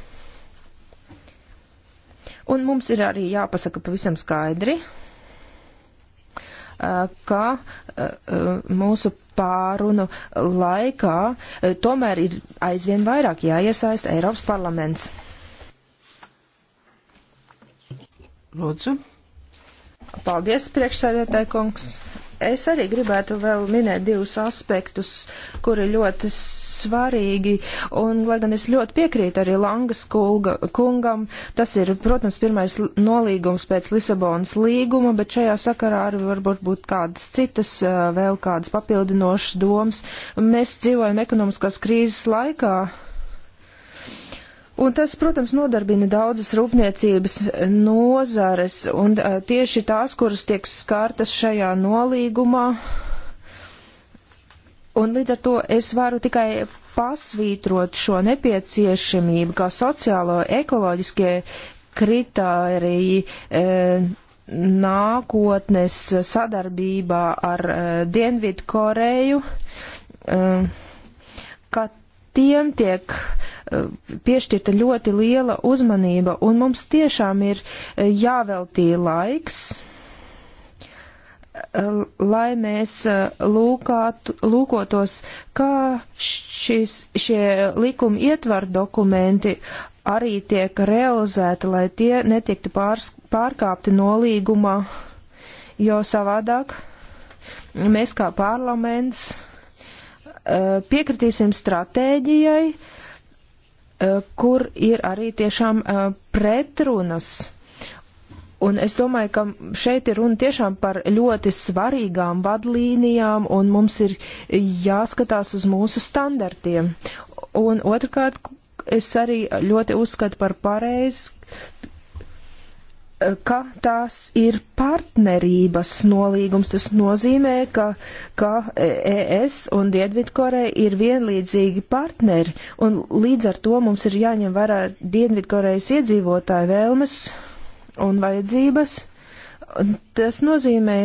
Un mums ir arī jāpasaka pavisam skaidri, ka mūsu pārunu laikā tomēr ir aizvien vairāk jāiesaista Eiropas parlaments. Lūdzu. Paldies, priekšsēdētāji kungs. Es arī gribētu vēl minēt divus aspektus, kuri ļoti svarīgi, un, lai gan es ļoti piekrītu arī Langas kulga, kungam, tas ir, protams, pirmais nolīgums pēc Lisabonas līguma, bet šajā sakarā arī varbūt būt kādas citas, vēl kādas papildinošas domas. Mēs dzīvojam ekonomiskās krīzes laikā Un tas, protams, nodarbina daudzas rūpniecības nozares, un tieši tās, kuras tiek skārtas šajā nolīgumā. Un līdz ar to es varu tikai pasvītrot šo nepieciešamību, kā sociālo ekoloģiskie kritēriji e, nākotnes sadarbībā ar e, Dienvidu Koreju, e, ka tiem tiek eh, piešķirta ļoti liela uzmanība, un mums tiešām ir eh, jāveltī laiks, eh, lai mēs lūkātu, lūkotos, kā šis, šie likumi ietver dokumenti arī tiek realizēti, lai tie netiktu pārs, pārkāpti nolīgumā, jo savādāk mēs kā parlaments Eh, piekritīsim stratēģijai, eh, kur ir arī tiešām eh, pretrunas. Un es domāju, ka šeit ir runa tiešām par ļoti svarīgām vadlīnijām, un mums ir jāskatās uz mūsu standartiem. Un otrkārt, es arī ļoti uzskatu par pareizi, ka tās ir partnerības nolīgums. Tas nozīmē, ka, ka ES un Dienvidkoreja ir vienlīdzīgi partneri, un līdz ar to mums ir jāņem vērā Dienvidkorejas iedzīvotāju vēlmes un vajadzības. Tas nozīmē,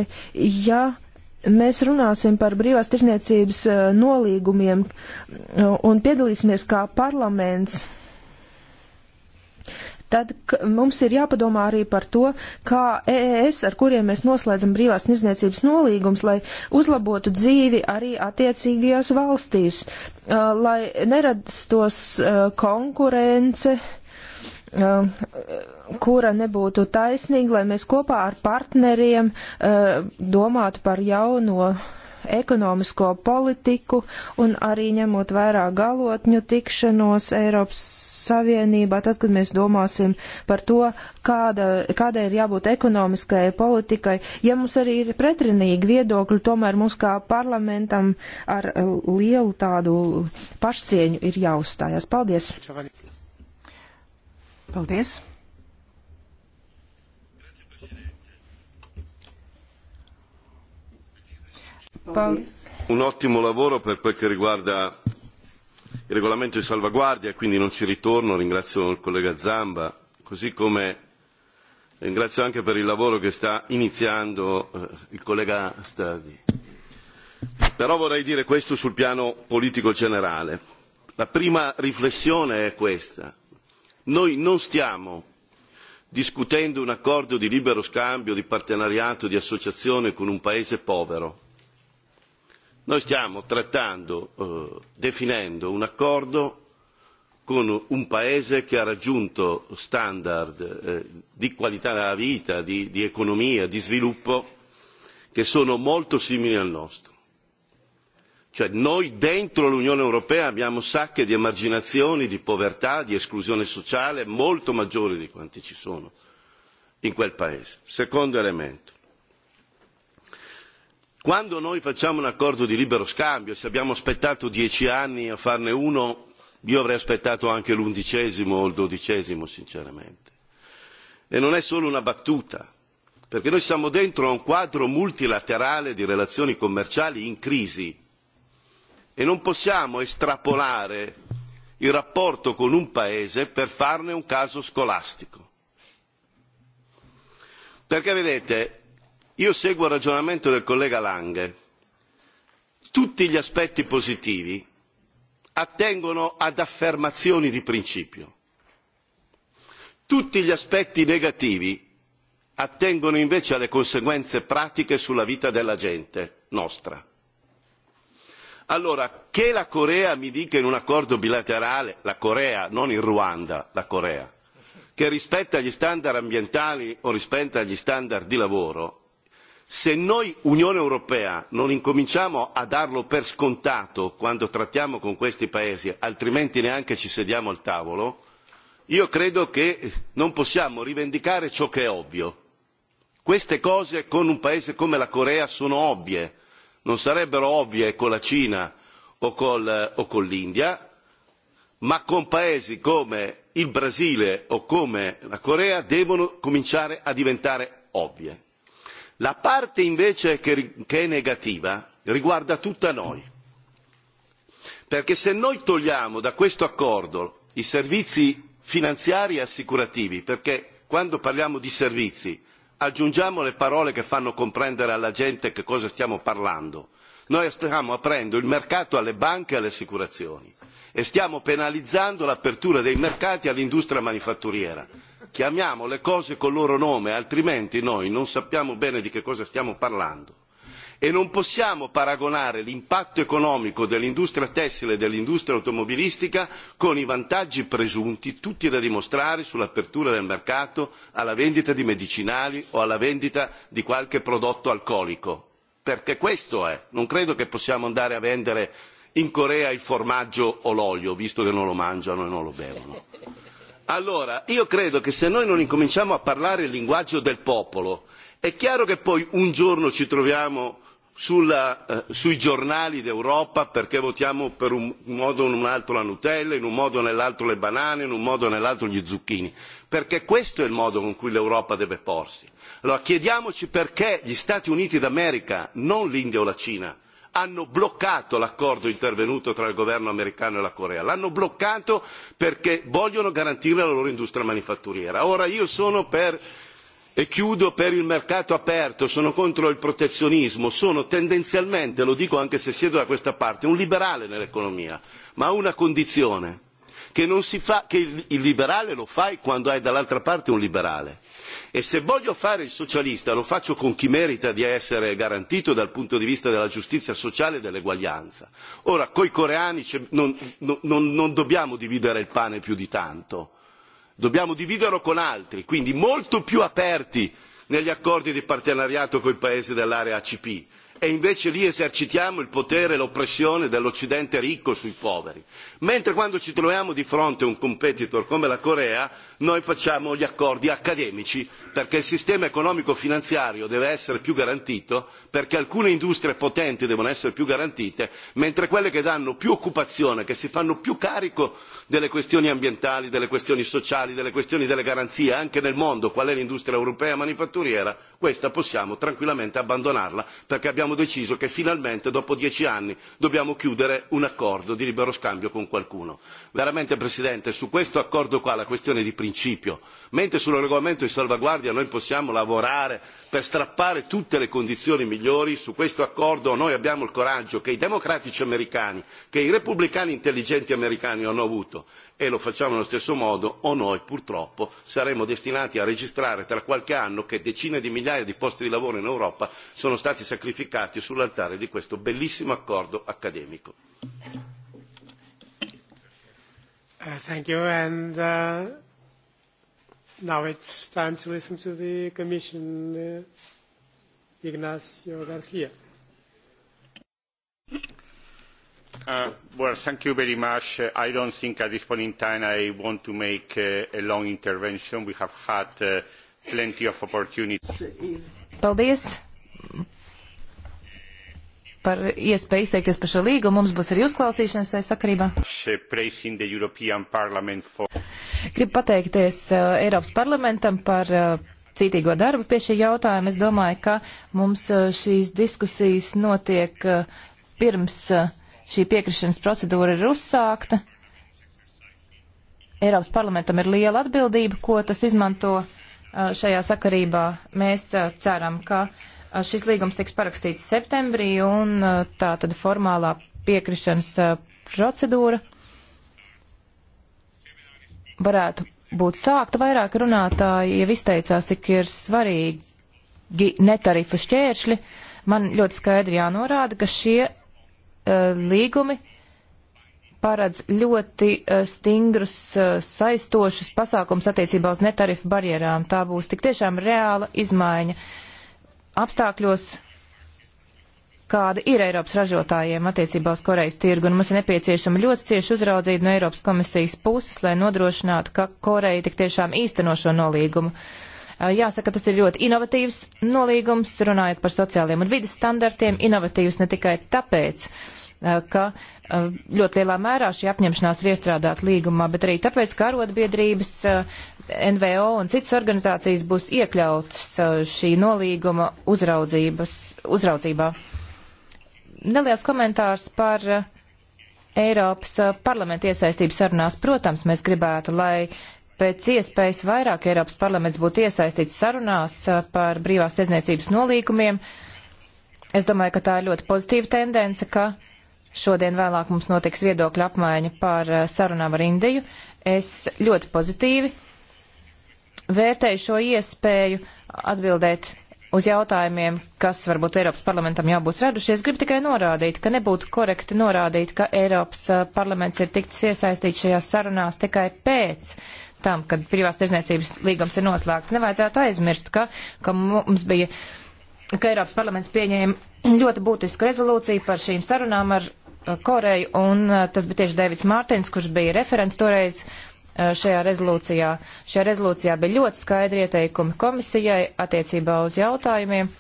ja mēs runāsim par brīvās tirzniecības eh, nolīgumiem eh, un piedalīsimies kā parlaments tad mums ir jāpadomā arī par to, kā EES, ar kuriem mēs noslēdzam brīvās nizniecības nolīgums, lai uzlabotu dzīvi arī attiecīgajās valstīs, uh, lai nerastos uh, konkurence uh, kura nebūtu taisnīga, lai mēs kopā ar partneriem domātu par jauno ekonomisko politiku un arī ņemot vērā galotņu tikšanos Eiropas Savienībā, tad, kad mēs domāsim par to, kāda, kādai ir jābūt ekonomiskai politikai. Ja mums arī ir pretrinīgi viedokļi, tomēr mums kā parlamentam ar lielu tādu pašcieņu ir jāuzstājās. Paldies! Paldies! Paldies. Un ottimo lavoro per quel che riguarda il regolamento di salvaguardia, quindi non ci ritorno, ringrazio il collega Zamba, così come ringrazio anche per il lavoro che sta iniziando eh, il collega Stadi. Però vorrei dire questo sul piano politico generale. La prima riflessione è questa. Noi non stiamo discutendo un accordo di libero scambio, di partenariato, di associazione con un paese povero Noi stiamo trattando, eh, definendo un accordo con un paese che ha raggiunto standard eh, di qualità della vita, di, di economia, di sviluppo che sono molto simili al nostro. Cioè noi dentro l'Unione Europea abbiamo sacche di emarginazioni, di povertà, di esclusione sociale molto maggiori di quanti ci sono in quel paese. Secondo elemento quando noi facciamo un accordo di libero scambio se abbiamo aspettato dieci anni a farne uno io avrei aspettato anche l'undicesimo o il dodicesimo sinceramente e non è solo una battuta perché noi siamo dentro a un quadro multilaterale di relazioni commerciali in crisi e non possiamo estrapolare il rapporto con un paese per farne un caso scolastico. Perché vedete, io seguo il ragionamento del collega Lange. Tutti gli aspetti positivi attengono ad affermazioni di principio. Tutti gli aspetti negativi attengono invece alle conseguenze pratiche sulla vita della gente nostra. Allora, che la Corea mi dica in un accordo bilaterale, la Corea, non il Ruanda, la Corea, che rispetta gli standard ambientali o rispetta gli standard di lavoro, se noi unione europea non incominciamo a darlo per scontato quando trattiamo con questi paesi altrimenti neanche ci sediamo al tavolo io credo che non possiamo rivendicare ciò che è ovvio. queste cose con un paese come la corea sono ovvie non sarebbero ovvie con la cina o, col, o con l'india ma con paesi come il brasile o come la corea devono cominciare a diventare ovvie La parte invece che, che è negativa riguarda tutta noi, perché se noi togliamo da questo accordo i servizi finanziari e assicurativi, perché quando parliamo di servizi aggiungiamo le parole che fanno comprendere alla gente che cosa stiamo parlando, noi stiamo aprendo il mercato alle banche e alle assicurazioni e stiamo penalizzando l'apertura dei mercati all'industria manifatturiera chiamiamo le cose col loro nome altrimenti noi non sappiamo bene di che cosa stiamo parlando e non possiamo paragonare l'impatto economico dell'industria tessile e dell'industria automobilistica con i vantaggi presunti tutti da dimostrare sull'apertura del mercato alla vendita di medicinali o alla vendita di qualche prodotto alcolico perché questo è non credo che possiamo andare a vendere in corea il formaggio o l'olio visto che non lo mangiano e non lo bevono allora io credo che se noi non incominciamo a parlare il linguaggio del popolo è chiaro che poi un giorno ci troviamo sulla, eh, sui giornali d'Europa perché votiamo per un modo o in un altro la Nutella, in un modo o nell'altro le banane, in un modo o nell'altro gli zucchini, perché questo è il modo con cui l'Europa deve porsi. Allora chiediamoci perché gli Stati Uniti d'America, non l'India o la Cina, hanno bloccato l'accordo intervenuto tra il governo americano e la Corea. L'hanno bloccato perché vogliono garantire la loro industria manifatturiera. Ora io sono per e chiudo per il mercato aperto sono contro il protezionismo sono tendenzialmente lo dico anche se siedo da questa parte un liberale nell'economia ma a una condizione che, non si fa, che il liberale lo fai quando hai dall'altra parte un liberale. E se voglio fare il socialista lo faccio con chi merita di essere garantito dal punto di vista della giustizia sociale e dell'eguaglianza. Ora, coi coreani non, non, non dobbiamo dividere il pane più di tanto, dobbiamo dividerlo con altri, quindi molto più aperti negli accordi di partenariato con i paesi dell'area ACP e invece lì esercitiamo il potere e l'oppressione dell'Occidente ricco sui poveri. Mentre quando ci troviamo di fronte a un competitor come la Corea, noi facciamo gli accordi accademici perché il sistema economico finanziario deve essere più garantito, perché alcune industrie potenti devono essere più garantite, mentre quelle che danno più occupazione, che si fanno più carico delle questioni ambientali, delle questioni sociali, delle questioni delle garanzie anche nel mondo, qual è l'industria europea manifatturiera, questa possiamo tranquillamente abbandonarla perché abbiamo deciso che finalmente dopo dieci anni dobbiamo chiudere un accordo di libero scambio con qualcuno. veramente presidente su questo accordo qua la questione è di principio mentre sul regolamento di salvaguardia noi possiamo lavorare per strappare tutte le condizioni migliori su questo accordo noi abbiamo il coraggio che i democratici americani che i repubblicani intelligenti americani hanno avuto e lo facciamo nello stesso modo o noi purtroppo saremo destinati a registrare tra qualche anno che decine di migliaia di posti di lavoro in Europa sono stati sacrificati sull'altare di questo bellissimo accordo accademico. Uh, thank you. And uh, now it's time to listen to the Commission, uh, Ignacio García. Uh, well, thank you very much. Uh, I don't think at this point in time I want to make uh, a long intervention. We have had uh, Paldies par iespēju izteikties par šo līgumu. Mums būs arī uzklausīšanas sakarībā. Gribu pateikties uh, Eiropas parlamentam par uh, cītīgo darbu pie šī jautājuma. Es domāju, ka mums uh, šīs diskusijas notiek pirms šī piekrišanas procedūra ir uzsākta. Eiropas parlamentam ir liela atbildība, ko tas izmanto Uh, šajā sakarībā. Mēs uh, ceram, ka uh, šis līgums tiks parakstīts septembrī un tā tad formālā piekrišanas procedūra varētu būt sākta. Vairāk runātāji jau izteicās, cik ir svarīgi netarifu šķēršļi. Man ļoti skaidri jānorāda, ka šie uh, līgumi uh, paredz ļoti eh, stingrus, eh, saistošus pasākums attiecībā uz netarifu barjerām. Tā būs tik tiešām reāla izmaiņa apstākļos, kāda ir Eiropas ražotājiem attiecībā uz Korejas tirgu, un mums ir nepieciešama ļoti cieši uzraudzība no Eiropas komisijas puses, lai nodrošinātu, ka Koreja tik tiešām īsteno šo nolīgumu. Eh, jāsaka, tas ir ļoti inovatīvs nolīgums, runājot par sociāliem un vidas standartiem, inovatīvs ne tikai tāpēc, uh, Eh, ka eh, ļoti lielā mērā šī apņemšanās ir iestrādāta līgumā, bet arī tāpēc, ka arotbiedrības, eh, NVO un citas organizācijas būs iekļautas šī nolīguma uzraudzībā. Neliels komentārs par Eiropas parlamenta iesaistību sarunās. Protams, mēs gribētu, lai pēc iespējas vairāk Eiropas parlaments būtu iesaistīts sarunās par brīvās tiesniecības nolīgumiem. Es domāju, ka tā ir ļoti pozitīva tendence, ka Šodien vēlāk mums notiks viedokļa apmaiņa par eh, sarunām ar Indiju. Es ļoti pozitīvi vērtēju šo iespēju atbildēt uz jautājumiem, kas varbūt Eiropas parlamentam jau būs radušies, gribu tikai norādīt, ka nebūtu korekti norādīt, ka Eiropas eh, parlaments ir tikts iesaistīts šajās sarunās tikai pēc tam, kad privās tirzniecības līgums ir noslēgts. Nevajadzētu aizmirst, ka, ka mums bija, ka Eiropas parlaments pieņēma ļoti būtisku rezolūciju par šīm sarunām ar Koreju, un uh, tas bija tieši Dēvids Mārtiņš, kurš bija referents toreiz uh, šajā rezolūcijā. Šajā rezolūcijā bija ļoti skaidri ieteikumi komisijai attiecībā uz jautājumiem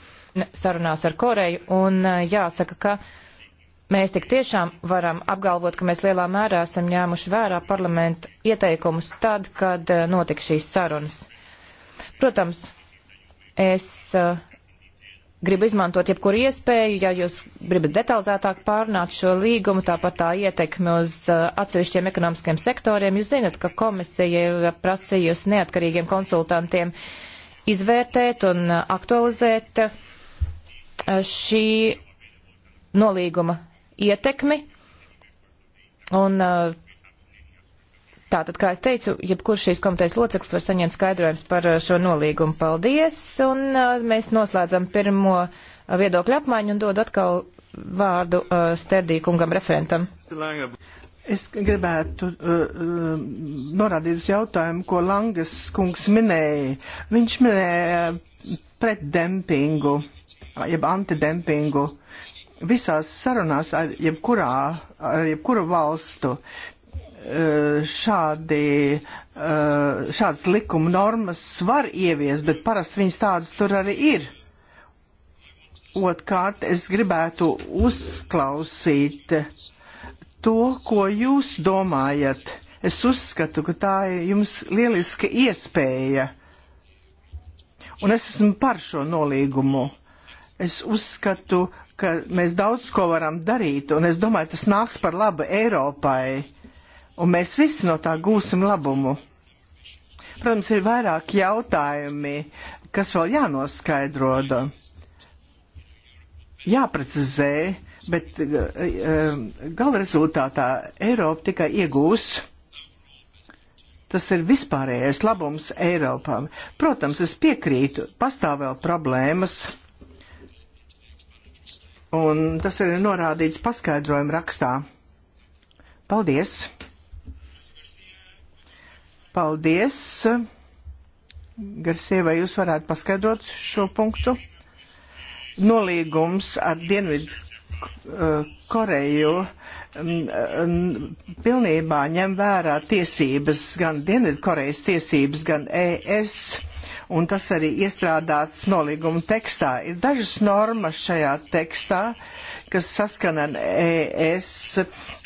sarunās ar Koreju, un uh, jāsaka, ka mēs tik tiešām varam apgalvot, ka mēs lielā mērā esam ņēmuši vērā parlamenta ieteikumus tad, kad notika šīs sarunas. Protams, es uh, gribu izmantot jebkuru iespēju, ja jūs gribat detalizētāk pārnāt šo līgumu, tāpat tā ietekmi uz uh, atsevišķiem ekonomiskiem sektoriem. Jūs zinat, ka komisija ir uh, prasījusi neatkarīgiem konsultantiem izvērtēt un uh, aktualizēt šī nolīguma ietekmi. Un Tātad, kā es teicu, jebkurš šīs komitejas loceklis var saņemt skaidrojums par uh, šo nolīgumu. Paldies! Un uh, mēs noslēdzam pirmo uh, viedokļu apmaiņu un dodu atkal vārdu uh, Sterdīkungam referentam. Es gribētu uh, uh, norādīt uz jautājumu, ko Langas kungs minēja. Viņš minēja pretdempingu, jeb antidempingu. Visās sarunās ar jebkurā, ar jebkuru valstu Eh, šādi, eh, šādas likuma normas var ievies, bet parasti viņas tādas tur arī ir. Otkārt, es gribētu uzklausīt to, ko jūs domājat. Es uzskatu, ka tā ir jums lieliska iespēja. Un es esmu par šo nolīgumu. Es uzskatu, ka mēs daudz ko varam darīt, un es domāju, tas nāks par labu Eiropai un mēs visi no tā gūsim labumu. Protams, ir vairāk jautājumi, kas vēl jānoskaidro, jāprecizē, bet eh, eh, gala rezultātā Eiropa tikai iegūs. Tas ir vispārējais labums Eiropām. Protams, es piekrītu, pastāv vēl problēmas. Un tas ir norādīts paskaidrojuma rakstā. Paldies! Paldies! Garsie, vai jūs varētu paskaidrot šo punktu? Nolīgums ar Dienvidu uh, Koreju um, um, pilnībā ņem vērā tiesības, gan Dienvidkorejas tiesības, gan ES, un tas arī iestrādāts nolīguma tekstā. Ir dažas normas šajā tekstā, kas saskana ES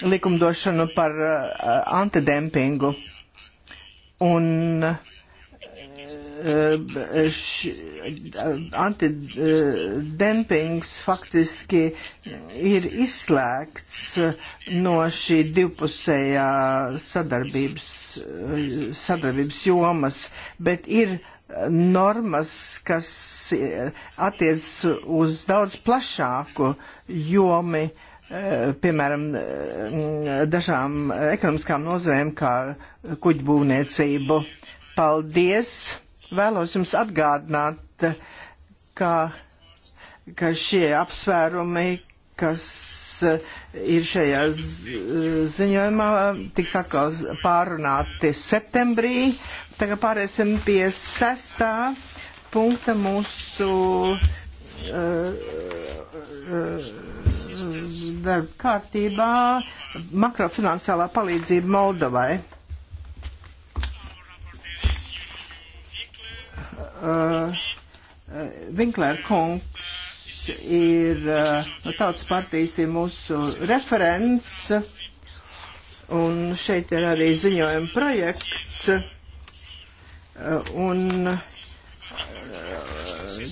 likumdošanu par uh, antidempingu. Uh, Un e, antidempings faktiski ir izslēgts no šī divpusējā sadarbības, sadarbības jomas, bet ir normas, kas attiec uz daudz plašāku jomi uh, Eh, piemēram, eh, dažām ekonomiskām nozarēm, kā kuģu būvniecību. Paldies! Vēlos jums atgādināt, ka, ka šie apsvērumi, kas eh, ir šajā ziņojumā, tiks atkal pārunāti septembrī. Tagad pāriesim pie sestā punkta mūsu darba kārtībā makrofinansiālā palīdzība Moldovai. Uh, Vinklēra kungs ir uh, no tautas partijas ir mūsu referents, un šeit ir arī ziņojuma projekts, uh, un uh,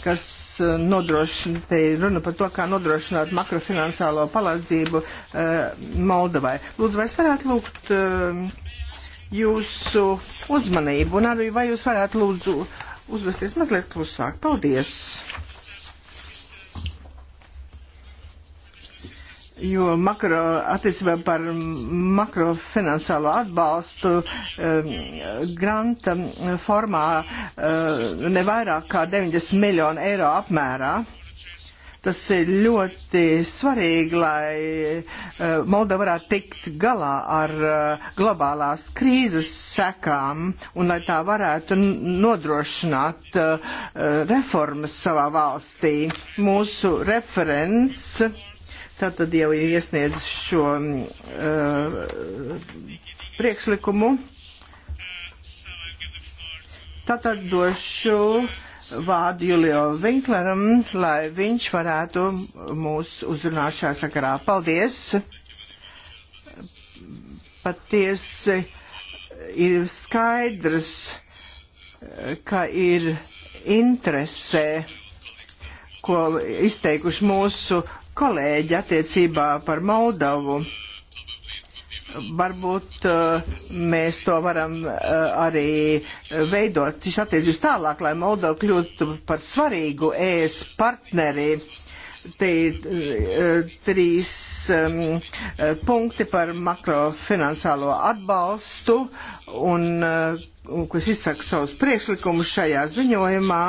kas eh, nodrošina, te ir runa par to, kā nodrošināt makrofinansālo palīdzību eh, Moldovai. Lūdzu, vai es varētu lūgt eh, jūsu uzmanību un arī vai jūs varētu lūdzu uzvesties mazliet klusāk? Paldies! jo makro, attiecībā par makrofinansālo atbalstu um, granta formā um, eh, nevairāk kā 90 miljonu eiro apmērā. Tas ir ļoti svarīgi, lai uh, Moldova varētu tikt galā ar uh, globālās krīzes sekām un lai tā varētu nodrošināt uh, reformas savā valstī. Mūsu referents tātad jau ir iesniedz šo uh, priekšlikumu. Tātad došu vārdu Julio Vinkleram, lai viņš varētu mūs uzrunāt šajā sakarā. Paldies! Patiesi ir skaidrs, ka ir interesē ko izteikuši mūsu kolēģi attiecībā par Moldavu. Varbūt uh, mēs to varam uh, arī veidot šīs attiecības tālāk, lai Moldova kļūtu par svarīgu ES partneri. Te uh, trīs um, uh, punkti par makrofinansālo atbalstu un, uh, un kas izsaka savus priekšlikumus šajā ziņojumā.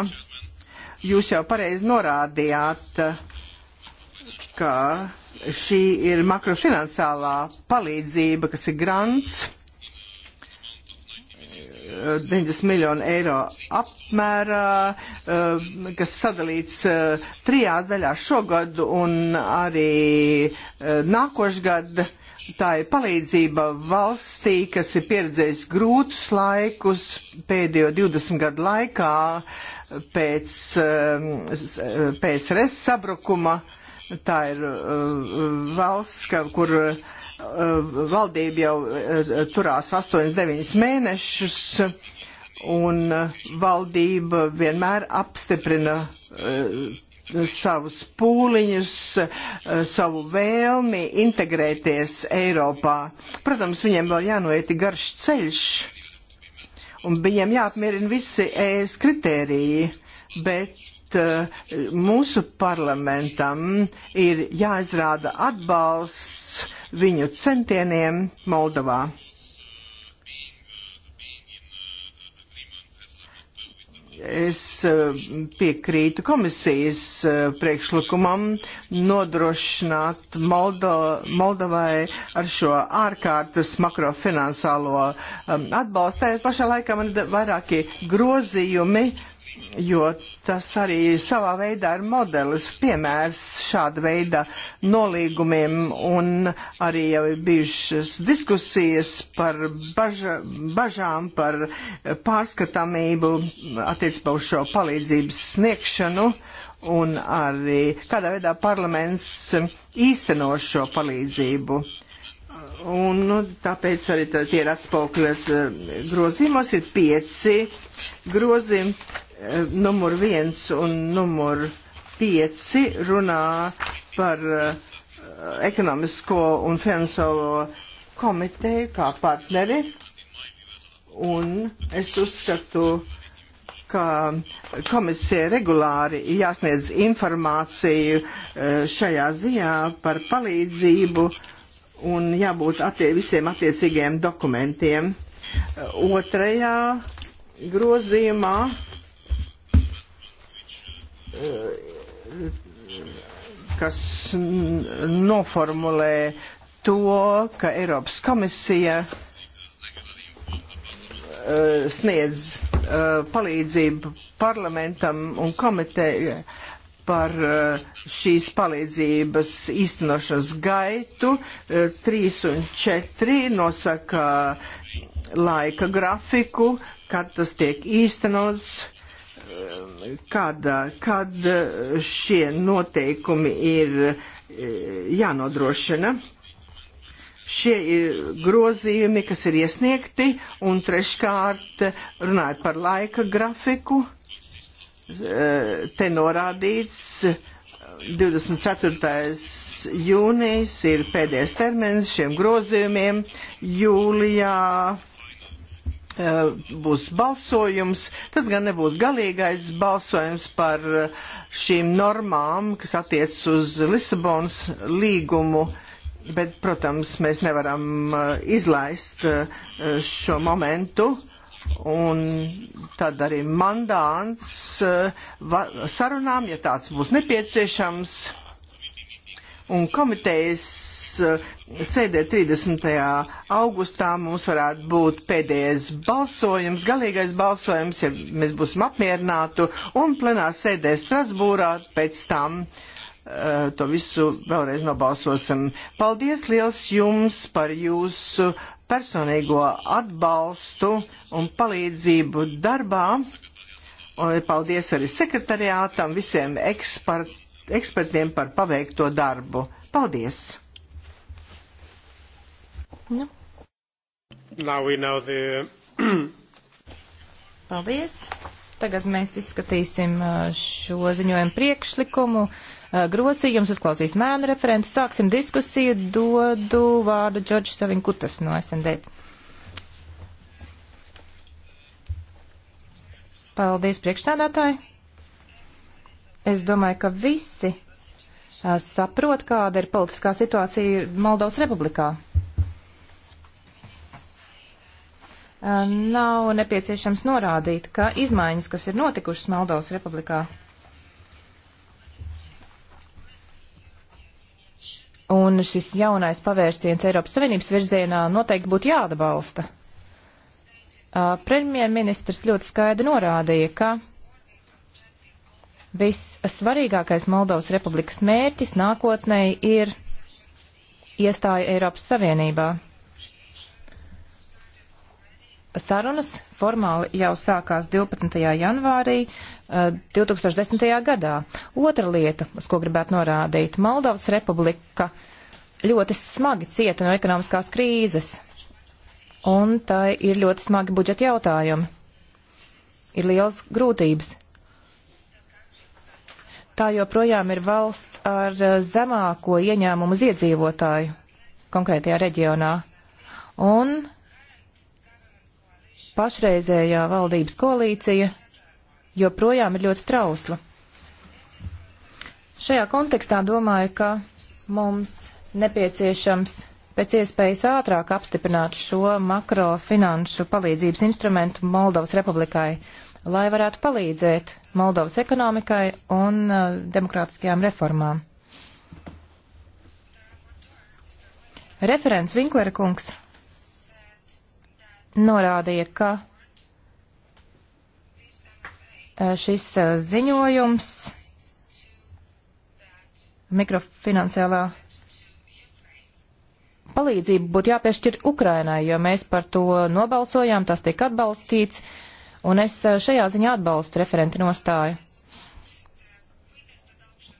Jūs jau pareizi norādījāt uh, ka šī ir makrofinansālā palīdzība, kas ir grants. 90 miljonu eiro apmērā, eh, kas sadalīts eh, trijās daļās šogad un arī eh, nākošgad. Tā ir palīdzība valstī, kas ir pieredzējis grūtus laikus pēdējo 20 gadu laikā pēc PSRS sabrukuma. Uh, tā ir uh, valsts, ka, kur uh, valdība jau uh, turās 8-9 mēnešus, un uh, valdība vienmēr apstiprina uh, savus pūliņus, uh, savu vēlmi integrēties Eiropā. Protams, viņiem vēl jānoiet garš ceļš, un viņiem jāapmierina visi ēs kritēriji, bet bet eh, mūsu parlamentam ir jāizrāda atbalsts viņu centieniem Moldovā. es eh, piekrītu komisijas eh, priekšlikumam nodrošināt Moldo, Moldovai ar šo ārkārtas makrofinansālo atbalstu. Tajā pašā laikā man ir vairāki grozījumi jo tas arī savā veidā ir modelis, piemērs šāda veida nolīgumiem un arī jau ir bijušas diskusijas par baža, bažām, par pārskatāmību attiecībā uz šo palīdzības sniegšanu un arī kādā veidā parlaments īsteno šo palīdzību. Un nu, tāpēc arī tā, tie ir atspoguļot eh, grozījumos, ir pieci grozījumi numur viens un numur pieci runā par eh, ekonomisko un finansiālo komiteju kā partneri. Un es uzskatu, ka komisija regulāri jāsniedz informāciju eh, šajā ziņā par palīdzību un jābūt attie visiem attiecīgiem dokumentiem. Otrajā grozījumā kas noformulē to, ka Eiropas komisija eh, sniedz eh, palīdzību parlamentam un komitejai par eh, šīs palīdzības īstenošanas gaitu. 3 un 4 nosaka laika grafiku, kad tas tiek īstenots kādā, kad šie noteikumi ir e, jānodrošina. Šie ir grozījumi, kas ir iesniegti, un treškārt, runājot par laika grafiku, e, te norādīts 24. jūnijas ir pēdējais termins šiem grozījumiem. Jūlijā Eh, būs balsojums. Tas gan nebūs galīgais balsojums par šīm normām, kas attiec uz Lisabonas līgumu. Bet, protams, mēs nevaram eh, izlaist eh, šo momentu. Un tad arī mandāns sarunām, ja tāds būs nepieciešams, un komitejas Eh, sēdē 30. augustā mums varētu būt pēdējais balsojums, galīgais balsojums, ja mēs būsim apmierinātu, un plenā sēdē Strasbūrā pēc tam uh, to visu vēlreiz nobalsosim. Paldies liels jums par jūsu personīgo atbalstu un palīdzību darbā. Un paldies arī sekretariātam, visiem ekspert, ekspertiem par paveikto darbu. Paldies! Nu. Now we know the... Paldies. Tagad mēs izskatīsim uh, šo ziņojumu priekšlikumu, uh, grosījums, uzklausīs mēnu referentu, sāksim diskusiju, dodu vārdu Džordžu Savinkutas no SND. Paldies priekšstādātāji. Es domāju, ka visi uh, saprot, kāda ir politiskā situācija Moldovas republikā. nav nepieciešams norādīt, ka izmaiņas, kas ir notikušas Moldovas republikā, un šis jaunais pavērsiens Eiropas Savienības virzienā noteikti būtu jāatbalsta. Premjerministrs ļoti skaidri norādīja, ka vissvarīgākais Moldovas republikas mērķis nākotnē ir iestāja Eiropas Savienībā sarunas formāli jau sākās 12. janvārī 2010. Eh, gadā. Otra lieta, uz ko gribētu norādīt, Moldovas republika ļoti smagi cieta no ekonomiskās krīzes, un tai ir ļoti smagi budžeta jautājumi. Ir liels grūtības. Tā joprojām ir valsts ar eh, zemāko ieņēmumu uz iedzīvotāju konkrētajā reģionā. Un pašreizējā valdības koalīcija joprojām ir ļoti trausla. Šajā kontekstā domāju, ka mums nepieciešams pēc iespējas ātrāk apstiprināt šo makrofinanšu palīdzības instrumentu Moldovas republikai, lai varētu palīdzēt Moldovas ekonomikai un uh, demokrātiskajām reformām. Referents Vinklera kungs norādīja, ka e, šis e, ziņojums mikrofinanciālā palīdzību būtu jāpiešķir Ukrainai, jo mēs par to nobalsojām, tas tika atbalstīts, un es e, šajā ziņā atbalstu referenti nostāju.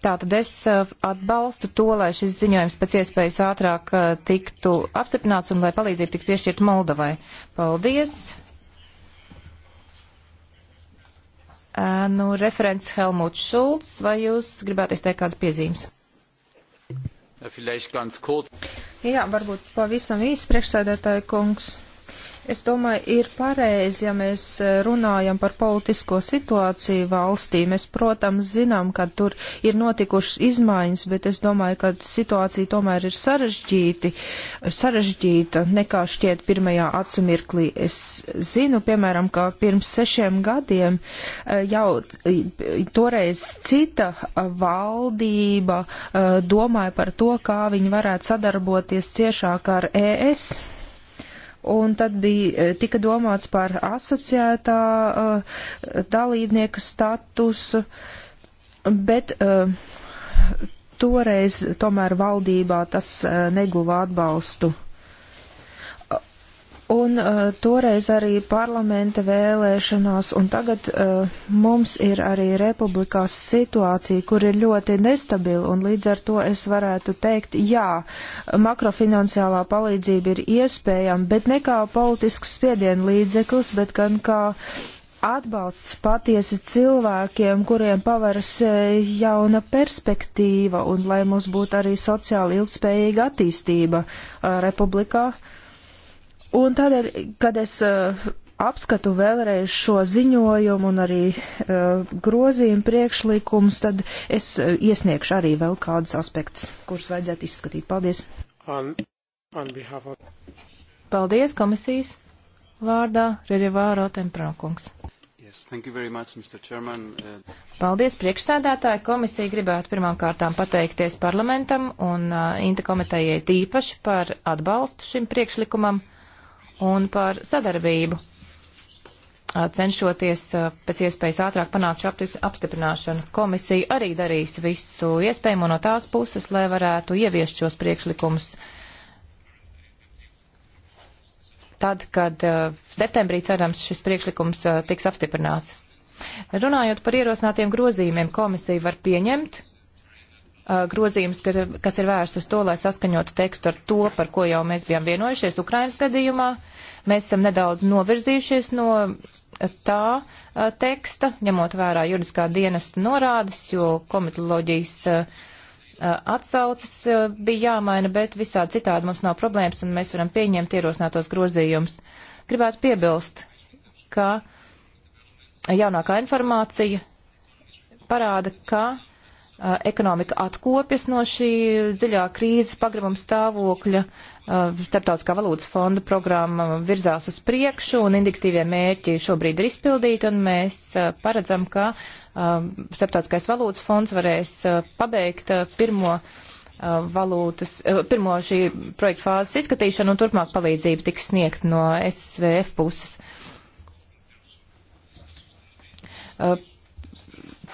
Tātad es uh, atbalstu to, lai šis ziņojums pēc iespējas ātrāk uh, tiktu apstiprināts un lai palīdzību tiktu piešķirt Moldovai. Paldies! Nu, referents Helmuts Šulcs, vai jūs gribētu izteikt kādas piezīmes? Jā, varbūt pavisam īsi priekšsēdētāja kungs. Es domāju, ir pareizi, ja mēs e, runājam par politisko situāciju valstī. Mēs, protams, zinām, ka tur ir notikušas izmaiņas, bet es domāju, ka situācija tomēr ir sarežģīti, sarežģīta nekā šķiet pirmajā atsimirklī. Es zinu, piemēram, ka pirms sešiem gadiem e, jau e, toreiz cita valdība domāja par to, kā viņi varētu sadarboties ciešāk ar ES un tad bija, e, tika domāts par asociētā uh, dalībnieka statusu, bet uh, toreiz tomēr valdībā tas uh, neguva atbalstu un uh, toreiz arī parlamenta vēlēšanās, un tagad uh, mums ir arī republikās situācija, kur ir ļoti nestabila, un līdz ar to es varētu teikt, jā, makrofinansiālā palīdzība ir iespējama, bet ne kā politisks spiediena līdzeklis, bet gan kā atbalsts patiesi cilvēkiem, kuriem paveras eh, jauna perspektīva, un lai mums būtu arī sociāli ilgspējīga attīstība uh, republikā. Uh, Un tādēļ, kad es uh, apskatu vēlreiz šo ziņojumu un arī uh, grozījumu priekšlikumus, tad es uh, iesniegšu arī vēl kādus aspektus, kurus vajadzētu izskatīt. Paldies! On, on of... Paldies komisijas vārdā Rerivā Rotenprākungs. Yes, much, uh... Paldies priekšsēdētāji. Komisija gribētu pirmām kārtām pateikties parlamentam un uh, Inta komitejai tīpaši par atbalstu šim priekšlikumam un par sadarbību, cenšoties pēc iespējas ātrāk panākt šo apstiprināšanu. Komisija arī darīs visu iespējamo no tās puses, lai varētu ieviest šos priekšlikumus. Tad, kad septembrī cerams šis priekšlikums tiks apstiprināts. Runājot par ierosinātiem grozījumiem, komisija var pieņemt Uh, grozījums, kas ir vērsts uz to, lai saskaņotu tekstu ar to, par ko jau mēs bijām vienojušies Ukrainas gadījumā. Mēs esam nedaudz novirzījušies no uh, tā uh, teksta, ņemot vērā juridiskā dienesta norādes, jo komitoloģijas atsaucas bija jāmaina, bet visā citādi mums nav problēmas un mēs varam pieņemt ierosinātos grozījumus. Gribētu piebilst, ka jaunākā informācija parāda, ka Uh, ekonomika atkopjas no šī dziļā krīzes pagrabuma stāvokļa. Uh, starptautiskā valūtas fonda programma virzās uz priekšu un indikatīvie mērķi šobrīd ir izpildīti, un mēs uh, paredzam, ka Starptautiskais valūtas fonds varēs pabeigt pirmo valūtas, pirmo šī projekta fāzes izskatīšanu, un turpmāk palīdzība tiks sniegt no SVF puses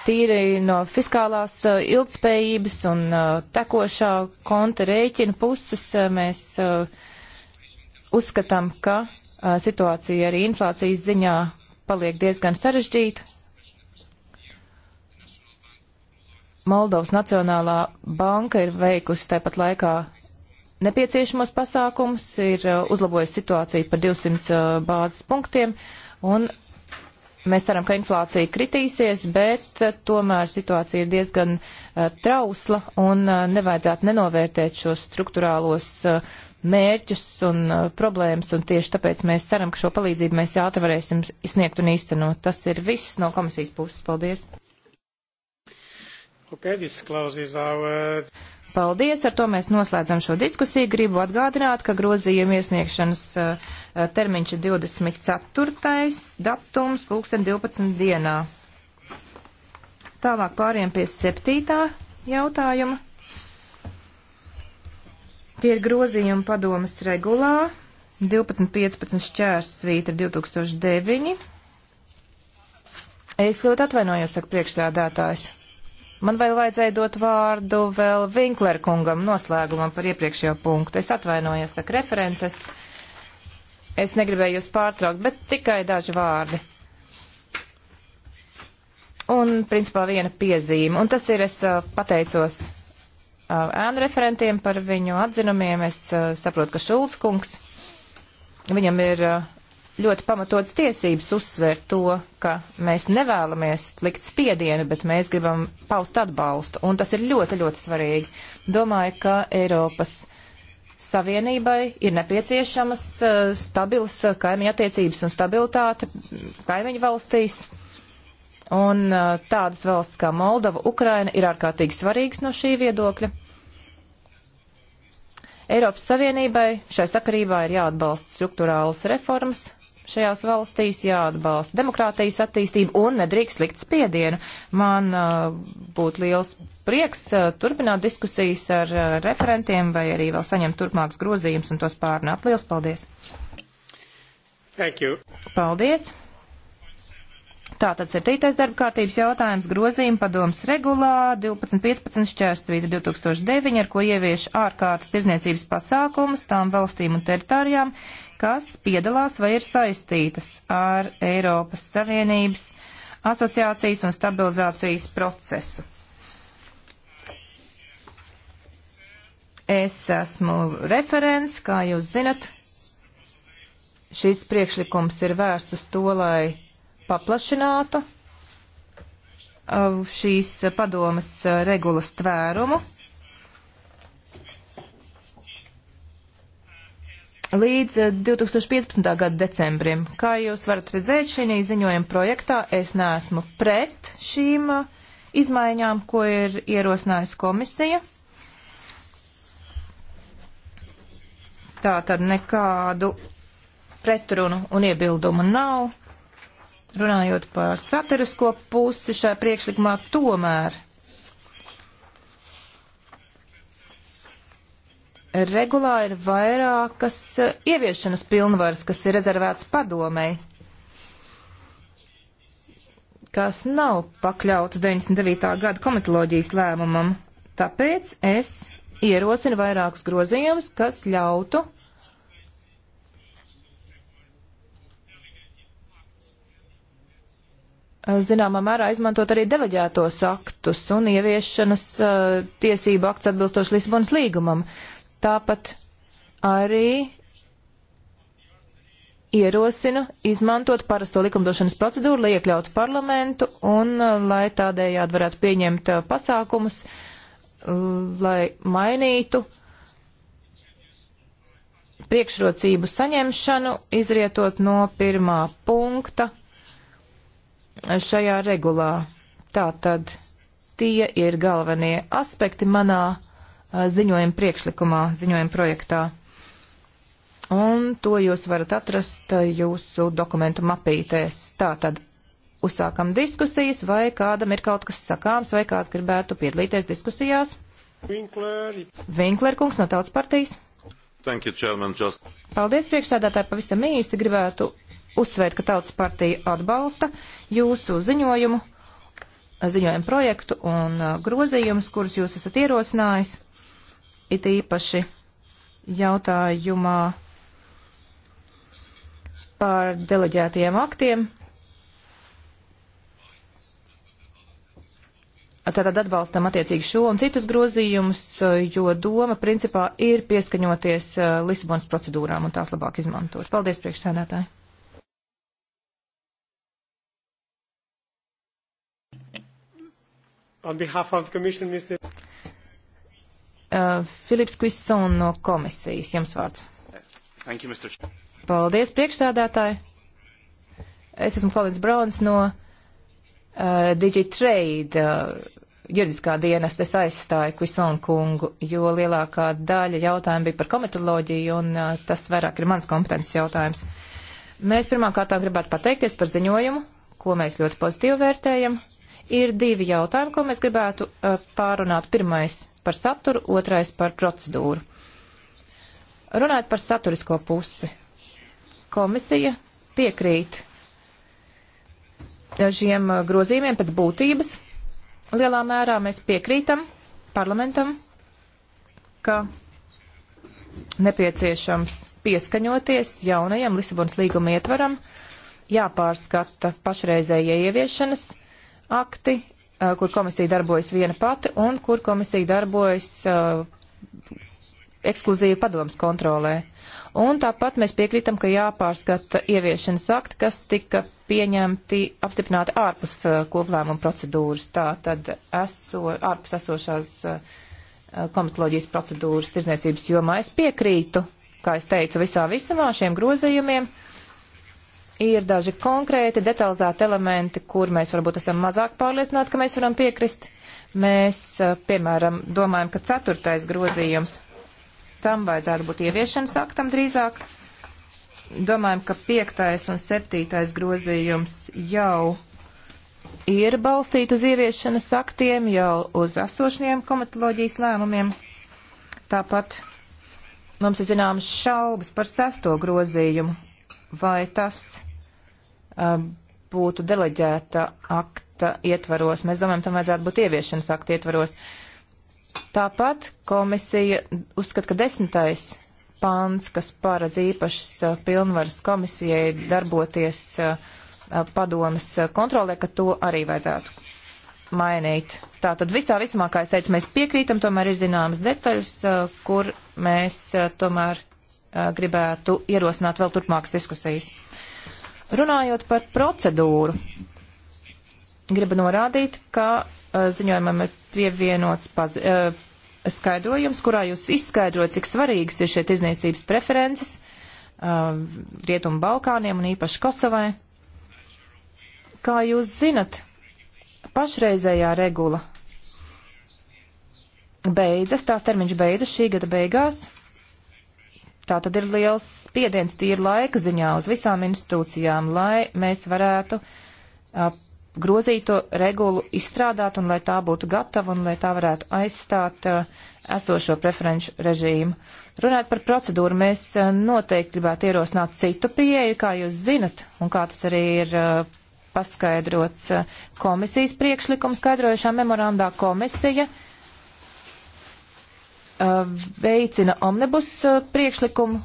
tīri no fiskālās eh, ilgspējības un eh, tekošā konta rēķina puses eh, mēs uzskatām, ka situācija arī inflācijas ziņā paliek diezgan sarežģīta. Moldovas Nacionālā banka ir veikusi tāpat laikā nepieciešamos pasākumus, ir uzlabojusi situāciju par 200 bāzes punktiem un Mēs ceram, ka inflācija kritīsies, bet eh, tomēr situācija ir diezgan uh, trausla un uh, nevajadzētu nenovērtēt šos struktūrālos uh, mērķus un problēmas, un tieši tāpēc mēs ceram, ka šo palīdzību mēs ātri varēsim sniegt un īstenot. Tas ir viss no komisijas puses. Paldies! Okay, this closes our... Paldies, ar to mēs noslēdzam šo diskusiju. Gribu atgādināt, ka grozījuma iesniegšanas eh, termiņš ir 24. datums, pulksten 12. dienā. Tālāk pāriem pie 7. jautājuma. Tie ir grozījumi padomas regulā 12.15 šķērs svīta 2009. Es ļoti atvainojos, saka priekšsēdētājs. Man vēl vajadzēja dot vārdu vēl Vinkler kungam noslēgumam par iepriekšējo punktu. Es atvainojos, saka references. Es negribēju jūs pārtraukt, bet tikai daži vārdi. Un, principā, viena piezīme. Un tas ir, es pateicos ēnu referentiem par viņu atzinumiem. Es saprotu, ka Šulc kungs, viņam ir uh, ļoti pamatots tiesības uzsvērt to, ka mēs nevēlamies likt spiedienu, bet mēs gribam paust atbalstu, un tas ir ļoti, ļoti svarīgi. Domāju, ka Eiropas Savienībai ir nepieciešamas eh, stabilas eh, kaimiņa attiecības un stabilitāte kaimiņu valstīs. Un eh, tādas valsts kā Moldova, Ukraina ir ārkārtīgi svarīgas no šī viedokļa. Eiropas Savienībai šai sakarībā ir jāatbalsta struktūrālas reformas, šajās valstīs, jāatbalsta demokrātijas attīstību un nedrīkst likt spiedienu. Man uh, būtu liels prieks uh, turpināt diskusijas ar uh, referentiem vai arī vēl saņemt turpmākus grozījumus un tos pārnāt. Liels paldies! Thank you. Paldies! Tātad 7. darba kārtības jautājums grozījuma padomas regulā 12.15 šķērsvīta 2009, ar ko ievieš ārkārtas tirzniecības pasākumus tām valstīm un teritorijām, kas piedalās vai ir saistītas ar Eiropas Savienības asociācijas un stabilizācijas procesu. Es esmu referents, kā jūs zinat. Šis priekšlikums ir vērsts uz to, lai paplašinātu uh, šīs padomas uh, regulas tvērumu līdz 2015. Eh, gada decembrim. Kā jūs varat redzēt, šī ziņojuma projektā es neesmu pret šīm eh, izmaiņām, ko ir ierosinājusi komisija. Tā tad nekādu pretrunu un iebildumu nav. Runājot par satirisko pusi šajā priekšlikumā, tomēr regulā ir vairākas eh, ieviešanas pilnvaras, kas ir rezervētas padomei, kas nav pakļautas 99. gada komitoloģijas lēmumam. Tāpēc es ierosinu vairākus grozījumus, kas ļautu zināmā mērā izmantot arī deleģētos aktus un ieviešanas uh, tiesību akts atbilstoši Lisabonas līgumam. Uh, Tāpat arī ierosinu izmantot parasto likumdošanas procedūru, lai iekļautu parlamentu un uh, lai tādējādi varētu pieņemt uh, pasākumus, lai mainītu priekšrocību saņemšanu, izrietot no pirmā punkta šajā regulā. Tātad tie ir galvenie aspekti manā Uh, ziņojuma priekšlikumā, ziņojuma projektā. Un to jūs varat atrast uh, jūsu dokumentu mapītēs. Tātad uzsākam diskusijas, vai kādam ir kaut kas sakāms, vai kāds gribētu piedalīties diskusijās. Vinkler, Vinkler kungs no tautas partijas. Thank you, chairman, just... Paldies, priekšsēdētāji, pavisam īsi gribētu uzsvērt, ka tautas partija atbalsta jūsu ziņojumu, ziņojumu projektu un uh, grozījumus, kurus jūs esat ierosinājis it īpaši jautājumā par deleģētajiem aktiem. Tātad atbalstam attiecīgi šo un citus grozījumus, jo doma principā ir pieskaņoties eh, Lisabonas procedūrām un tās labāk izmantot. Paldies, priekšsēdētāji! Uh, Filips Kvison no komisijas, jums vārds. Thank you, Mr. Paldies, priekšsādātāji. Es esmu Kolins Brauns no uh, DigiTrade uh, juridiskā dienas. Es aizstāju Kvison kungu, jo lielākā daļa jautājumu bija par komitoloģiju, un uh, tas vairāk ir mans kompetences jautājums. Mēs pirmkārtām gribētu pateikties par ziņojumu, ko mēs ļoti pozitīvi vērtējam. Ir divi jautājumi, ko mēs gribētu uh, pārunāt. Pirmais par saturu, otrais par procedūru. Runājot par saturisko pusi, komisija piekrīt šiem grozījumiem pēc būtības. Lielā mērā mēs piekrītam parlamentam, ka nepieciešams pieskaņoties jaunajam Lisabonas līguma ietvaram, jāpārskata pašreizējie ieviešanas akti, Uh, kur komisija darbojas viena pati un kur komisija darbojas uh, ekskluzīvi padomas kontrolē. Un tāpat mēs piekrītam, ka jāpārskata ieviešanas akti, kas tika pieņemti, apstiprināti ārpus uh, koplēmuma procedūras, tā tad eso, ārpus esošās komitoloģijas procedūras tirzniecības jomā. Es piekrītu, kā es teicu, visā visamā šiem grozījumiem. Uh, ir daži konkrēti, detalizēti elementi, kur mēs varbūt esam mazāk pārliecināti, ka mēs varam piekrist. Mēs, eh, piemēram, domājam, ka ceturtais grozījums tam vajadzētu būt ieviešanas aktam drīzāk. Domājam, ka piektais un septītais grozījums jau ir balstīti uz ieviešanas aktiem, jau uz esošiem komatoloģijas lēmumiem. Tāpat mums ir zināmas šaubas par sesto grozījumu, vai tas Um, būtu deleģēta akta ietvaros. Mēs domājam, tam vajadzētu būt ieviešanas akta ietvaros. Tāpat komisija uzskata, ka desmitais pāns, kas paredz īpašas uh, pilnvaras komisijai darboties uh, uh, padomas kontrolē, ka to arī vajadzētu mainīt. Tā tad visā visumā, kā es teicu, mēs piekrītam, tomēr ir zināmas detaļas, kur mēs tomēr gribētu ierosināt vēl turpmākas diskusijas. Runājot par procedūru, gribu norādīt, ka eh, ziņojumam ir pievienots paz, eh, skaidrojums, kurā jūs izskaidrojat, cik svarīgas ir šie izniecības preferences eh, Rietumu Balkāniem un īpaši Kosovai. Kā jūs zinat, pašreizējā regula beidzas, tās termiņš beidzas šī gada beigās. Tā tad ir liels spiediens tīri laika ziņā uz visām institūcijām, lai mēs varētu a, grozīto regulu izstrādāt un lai tā būtu gatava un lai tā varētu aizstāt a, esošo preferenču režīmu. Runājot par procedūru, mēs a, noteikti gribētu ierosināt citu pieeju, kā jūs zinat, un kā tas arī ir paskaidrots komisijas priekšlikums skaidrojušā memorandā komisija. Uh, Uh, veicina omnibus uh, priekšlikumu,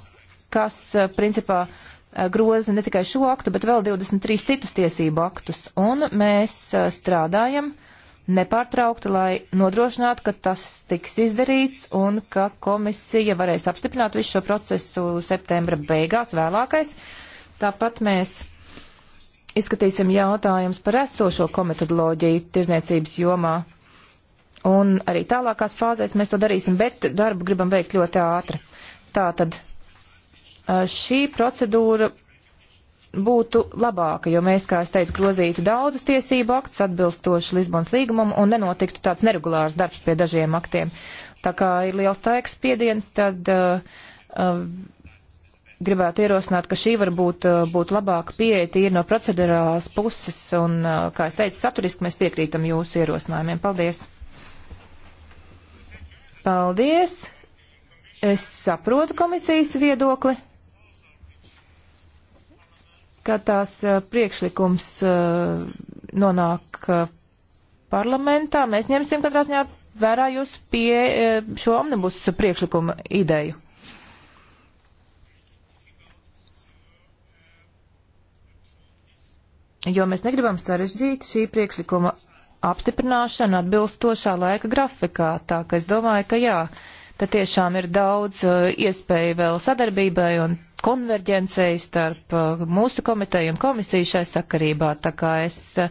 kas uh, principā groza ne tikai šo aktu, bet vēl 23 citus tiesību aktus. Un mēs strādājam nepārtraukti, lai nodrošinātu, ka tas tiks izdarīts un ka komisija varēs apstiprināt visu šo procesu septembra beigās vēlākais. Tāpat mēs izskatīsim jautājums par esošo kometodoloģiju tirzniecības jomā Un arī tālākās fāzēs mēs to darīsim, bet darbu gribam veikt ļoti ātri. Tātad šī procedūra būtu labāka, jo mēs, kā es teicu, grozītu daudzus tiesību aktus atbilstoši Lisbonas līgumam un nenotiktu tāds neregulārs darbs pie dažiem aktiem. Tā kā ir liels taiks spiediens, tad uh, uh, gribētu ierosināt, ka šī varbūt uh, būtu labāka pieeja tīri no procedurālās puses un, uh, kā es teicu, saturiski mēs piekrītam jūsu ierosinājumiem. Paldies! Paldies! Es saprotu komisijas viedokli, ka tās eh, priekšlikums eh, nonāk eh, parlamentā. Mēs ņemsim katrā ziņā vērā jūs pie šo omnibus priekšlikuma ideju. Jo mēs negribam sarežģīt šī priekšlikuma apstiprināšanu atbilstošā laika grafikā. Tā ka es domāju, ka jā, te tiešām ir daudz uh, iespēju vēl sadarbībai un konverģencei starp uh, mūsu komiteju un komisiju šai sakarībā. Tā kā es uh,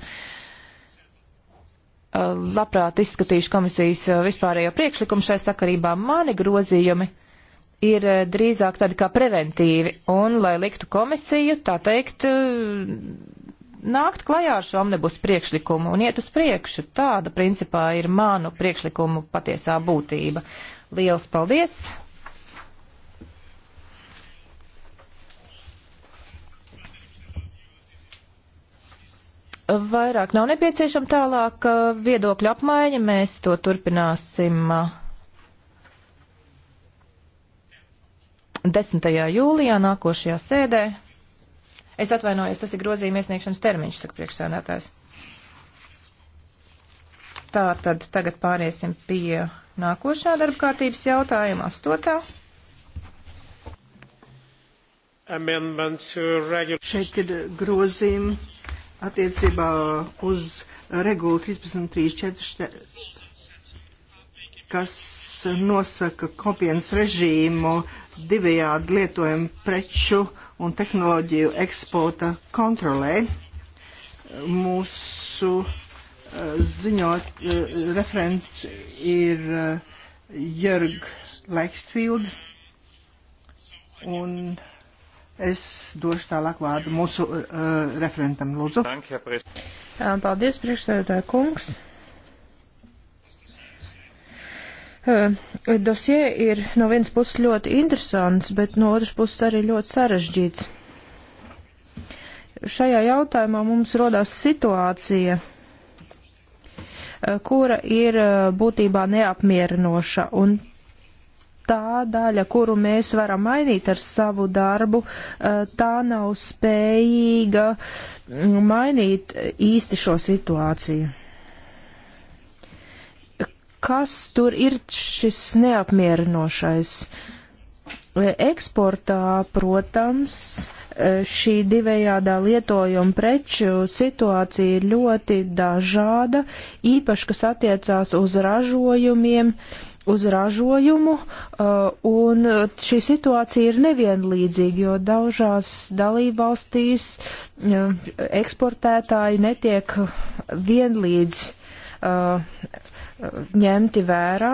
uh labprāt izskatīšu komisijas uh, vispārējo priekšlikumu šai sakarībā. Mani grozījumi ir uh, drīzāk tādi kā preventīvi, un lai liktu komisiju, tā teikt, nākt klajā ar šo omnibus priekšlikumu un iet uz priekšu. Tāda principā ir manu priekšlikumu patiesā būtība. Liels paldies! Vairāk nav nepieciešama tālāk uh, viedokļu apmaiņa. Mēs to turpināsim 10. Uh, jūlijā nākošajā sēdē. Es atvainojos, tas ir grozījuma iesniegšanas termiņš, saka priekšsēdētājs. Tā tad tagad pāriesim pie nākošā darba kārtības jautājuma, astotā. Šeit ir grozījumi attiecībā uz regulu 13.34, kas nosaka kopienas režīmu divējādi lietojumu preču uh, un tehnoloģiju eksporta kontrolē. Mūsu eh, ziņot eh, referents ir eh, Jörg Leichsfield, un es došu tālāk vārdu mūsu referentam Lūdzu. Paldies, priekšsēdētāja kungs. Dosie ir no vienas puses ļoti interesants, bet no otras puses arī ļoti sarežģīts. Šajā jautājumā mums rodās situācija, kura ir būtībā neapmierinoša, un tā daļa, kuru mēs varam mainīt ar savu darbu, tā nav spējīga mainīt īsti šo situāciju kas tur ir šis neapmierinošais. Eksportā, protams, e, šī divējādā lietojuma preču situācija ir ļoti dažāda, īpaši, kas attiecās uz ražojumiem, uz ražojumu, e, un šī situācija ir nevienlīdzīga, jo daužās dalībvalstīs e, eksportētāji netiek vienlīdz ņemti vērā.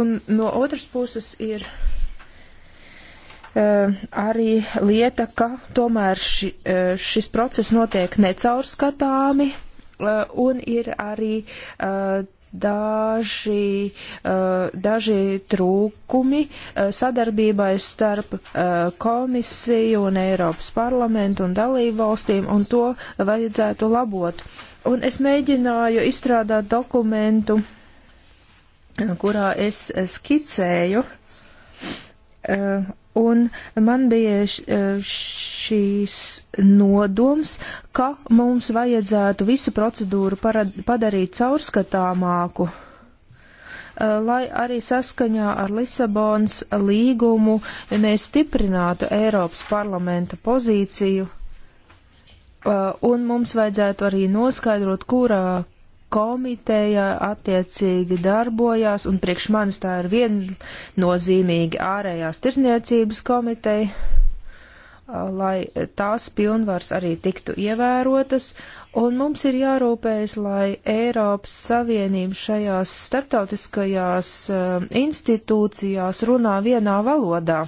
Un no otras puses ir Uh, arī lieta, ka tomēr ši, uh, šis process notiek necaurskatāmi uh, un ir arī daži, daži trūkumi sadarbībai starp komisiju un Eiropas parlamentu un dalību valstīm, un to vajadzētu labot. Un es mēģināju izstrādāt dokumentu, kurā es skicēju, eh, un man bija eh, šīs nodoms, ka mums vajadzētu visu procedūru padarīt caurskatāmāku, eh, lai arī saskaņā ar Lisabonas līgumu mēs stiprinātu Eiropas parlamenta pozīciju Uh, un mums vajadzētu arī noskaidrot, kurā komiteja attiecīgi darbojās, un priekš manis tā ir viennozīmīgi ārējās tirzniecības komiteja, uh, lai tās pilnvars arī tiktu ievērotas, un mums ir jārūpējas, lai Eiropas Savienība šajās starptautiskajās uh, institūcijās runā vienā valodā.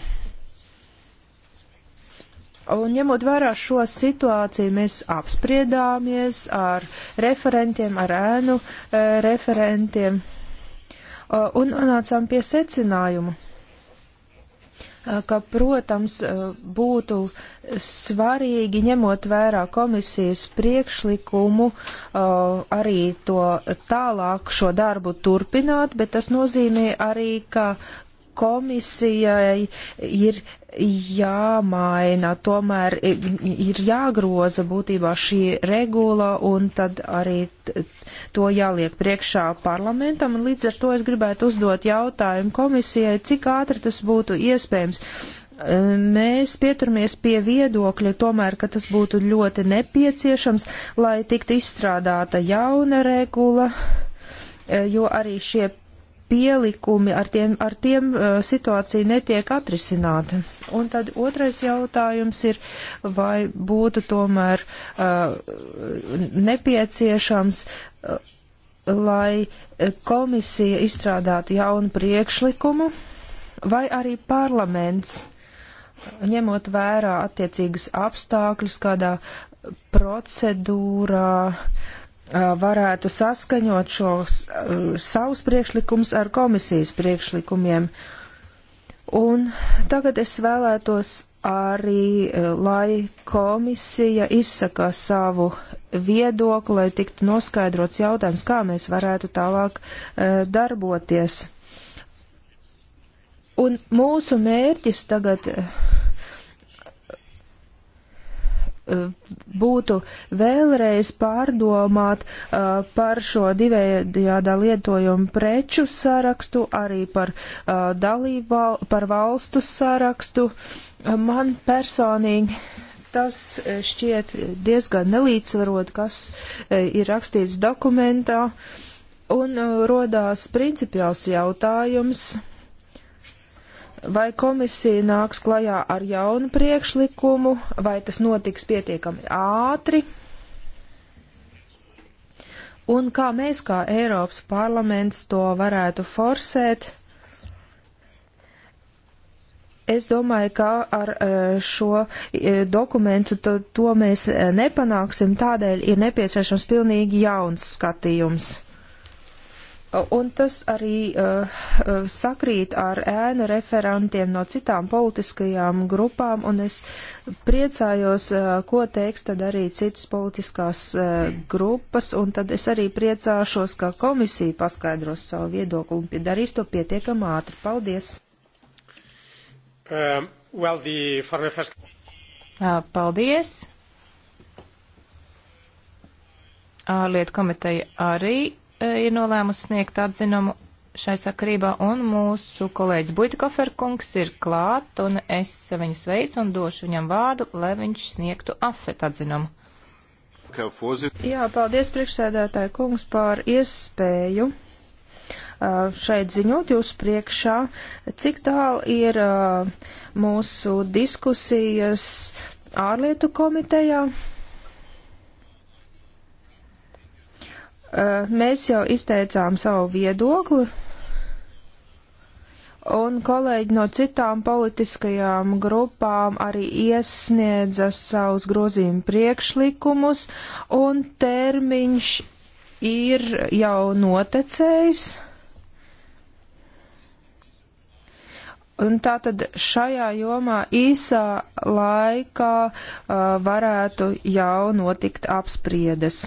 Un ņemot vērā šo situāciju, mēs apspriedāmies ar referentiem, ar ēnu e, referentiem eh, un nonācām pie secinājumu, eh, ka, protams, būtu svarīgi ņemot vērā komisijas priekšlikumu arī to tālāk šo darbu turpināt, bet tas nozīmē arī, ka komisijai ir jāmaina, tomēr ir jāgroza būtībā šī regula un tad arī to jāliek priekšā parlamentam. Un līdz ar to es gribētu uzdot jautājumu komisijai, cik ātri tas būtu iespējams. E, mēs pieturamies pie viedokļa tomēr, ka tas būtu ļoti nepieciešams, lai tiktu izstrādāta jauna regula, e, jo arī šie pielikumi, ar tiem, ar tiem uh, situācija netiek atrisināta. Un tad otrais jautājums ir, vai būtu tomēr uh, nepieciešams, uh, lai komisija izstrādātu jaunu priekšlikumu, vai arī parlaments, ņemot vērā attiecīgas apstākļus kādā procedūrā, uh, varētu saskaņot šos savus priekšlikumus ar komisijas priekšlikumiem. Un tagad es vēlētos arī, lai komisija izsaka savu viedokli, lai tiktu noskaidrots jautājums, kā mēs varētu tālāk darboties. Un mūsu mērķis tagad Eh, būtu vēlreiz pārdomāt uh, par šo divējādā lietojumu preču sarakstu, arī par, uh, dalību, par valstu sarakstu. Man personīgi tas šķiet diezgan nelīdzsvarot, kas ir rakstīts dokumentā, un uh, rodās principiāls jautājums Vai komisija nāks klajā ar jaunu priekšlikumu, vai tas notiks pietiekami ātri? Un kā mēs, kā Eiropas parlaments, to varētu forsēt? Es domāju, ka ar e, šo e, dokumentu to, to mēs e, nepanāksim, tādēļ ir nepieciešams pilnīgi jauns skatījums. Un tas arī uh, sakrīt ar ēnu referantiem no citām politiskajām grupām, un es priecājos, uh, ko teiks tad arī citas politiskās uh, grupas, un tad es arī priecāšos, ka komisija paskaidros savu viedokli un darīs to pietiekam ātri. Paldies! Um, well, the foreign affairs... uh, paldies! Ārlietu uh, komiteja arī E, ir nolēmusi sniegt atzinumu šai sakarībā, un mūsu kolēģis Buitikoferkungs ir klāt, un es viņu sveicu un došu viņam vārdu, lai viņš sniegtu afet atzinumu. Jā, paldies priekšsēdētāji kungs par iespēju e, šeit ziņot jūs priekšā, cik tālu ir e, mūsu diskusijas ārlietu komitejā Eh, mēs jau izteicām savu viedokli, un kolēģi no citām politiskajām grupām arī iesniedza savus grozījumu priekšlikumus, un termiņš ir jau notecējis. Un tātad šajā jomā īsā laikā uh, varētu jau notikt apspriedes.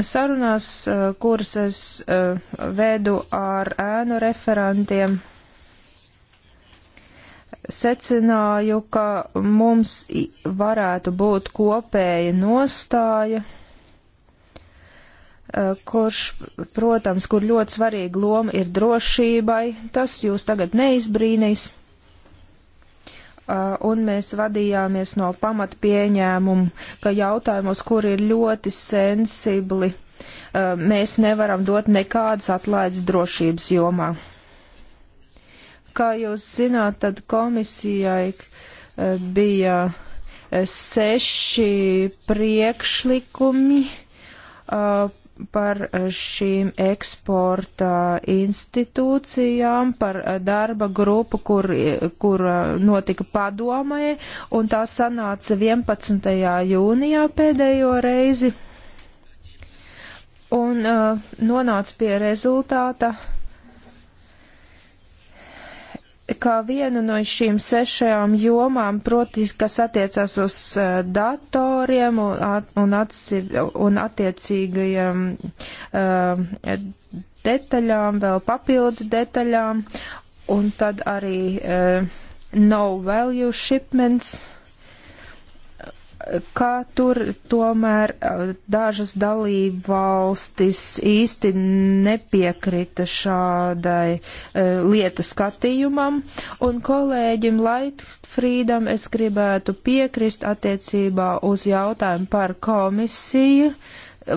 Sarunās, eh, kuras es eh, vedu ar ēnu referentiem, secināju, ka mums varētu būt kopēja nostāja, eh, kurš, protams, kur ļoti svarīga loma ir drošībai, tas jūs tagad neizbrīnīs. Uh, un mēs vadījāmies no pamat pieņēmumu, ka jautājumos, kur ir ļoti sensibli, uh, mēs nevaram dot nekādas atlaides drošības jomā. Kā jūs zināt, tad komisijai uh, bija seši priekšlikumi par eh, šīm eksporta institūcijām, par eh, darba grupu, kur, eh, kur notika padomē, un tā sanāca 11. jūnijā pēdējo reizi, un uh, nonāca pie rezultāta, uh, kā vienu no šīm sešajām jomām, proti, kas attiecās uz eh, datoriem un, atsi, un attiecīgajiem uh, detaļām, vēl papildu detaļām, un tad arī uh, no value shipments. Uh, ka tur tomēr dažas dalībvalstis īsti nepiekrita šādai lietu skatījumam, un kolēģim Laitfrīdam es gribētu piekrist attiecībā uz jautājumu par komisiju.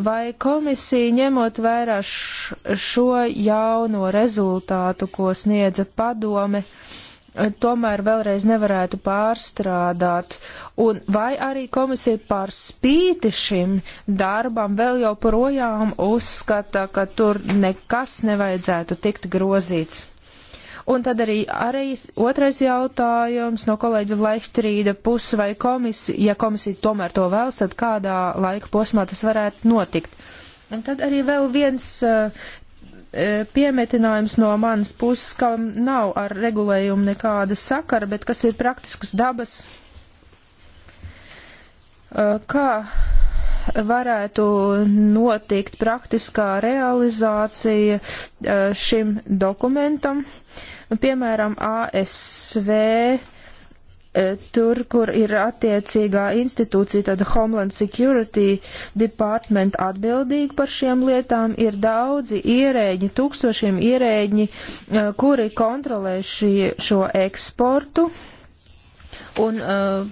Vai komisija, ņemot vērā šo jauno rezultātu, ko sniedza padome, uh, Eh, tomēr vēlreiz nevarētu pārstrādāt, un vai arī komisija par spīti šim darbam vēl joprojām uzskata, ka tur nekas nevajadzētu tikt grozīts. Un tad arī, arī otrais jautājums no kolēģa Leiftrīda puses, vai komisija, ja komisija tomēr to vēlas, tad kādā laika posmā tas varētu notikt. Un tad arī vēl viens uh, piemetinājums no manas puses, kam nav ar regulējumu nekāda sakara, bet kas ir praktiskas dabas. Kā varētu notikt praktiskā realizācija šim dokumentam? Piemēram, ASV E, tur, kur ir attiecīgā institūcija, tad Homeland Security Department atbildīgi par šiem lietām, ir daudzi ierēģi, tūkstošiem ierēģi, e, kuri kontrolē šī, šo eksportu. Un uh,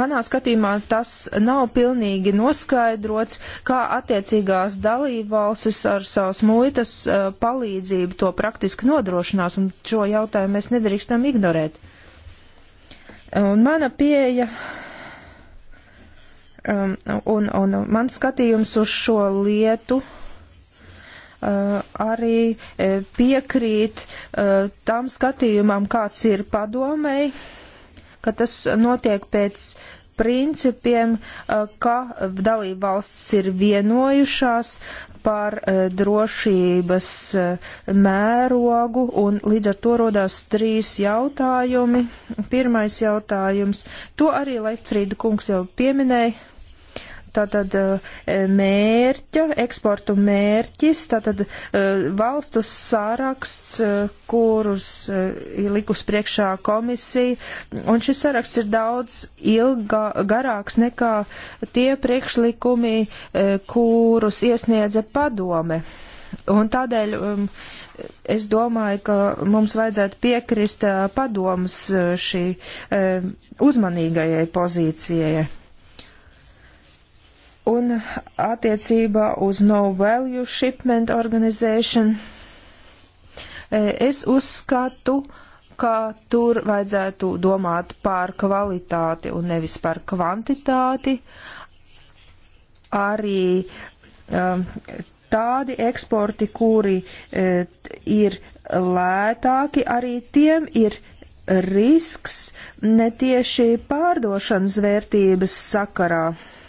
manā skatījumā tas nav pilnīgi noskaidrots, kā attiecīgās dalībvalstis ar savas muitas uh, palīdzību to praktiski nodrošinās, un šo jautājumu mēs nedrīkstam ignorēt. Un mana pieeja um, un, un mans skatījums uz šo lietu uh, arī uh, piekrīt uh, tam skatījumam, kāds ir padomēji, ka tas notiek pēc principiem, uh, ka dalība valsts ir vienojušās par eh, drošības eh, mērogu, un līdz ar to rodās trīs jautājumi. Pirmais jautājums, to arī Leitfrīda kungs jau pieminēja, tātad e, mērķa, eksportu mērķis, tātad e, valstu saraksts, e, kurus ir likus priekšā komisija, un šis saraksts ir daudz ilga, garāks nekā tie priekšlikumi, kurus iesniedza padome. Un tādēļ um, es domāju, ka mums vajadzētu piekrist uh, padoms uh, šī uh, uzmanīgajai pozīcijai un attiecībā uz no value shipment organization. E, es uzskatu, ka tur vajadzētu domāt par kvalitāti un nevis par kvantitāti. Arī um, tādi eksporti, kuri uh, ir lētāki, arī tiem ir risks netieši pārdošanas vērtības sakarā. Uh,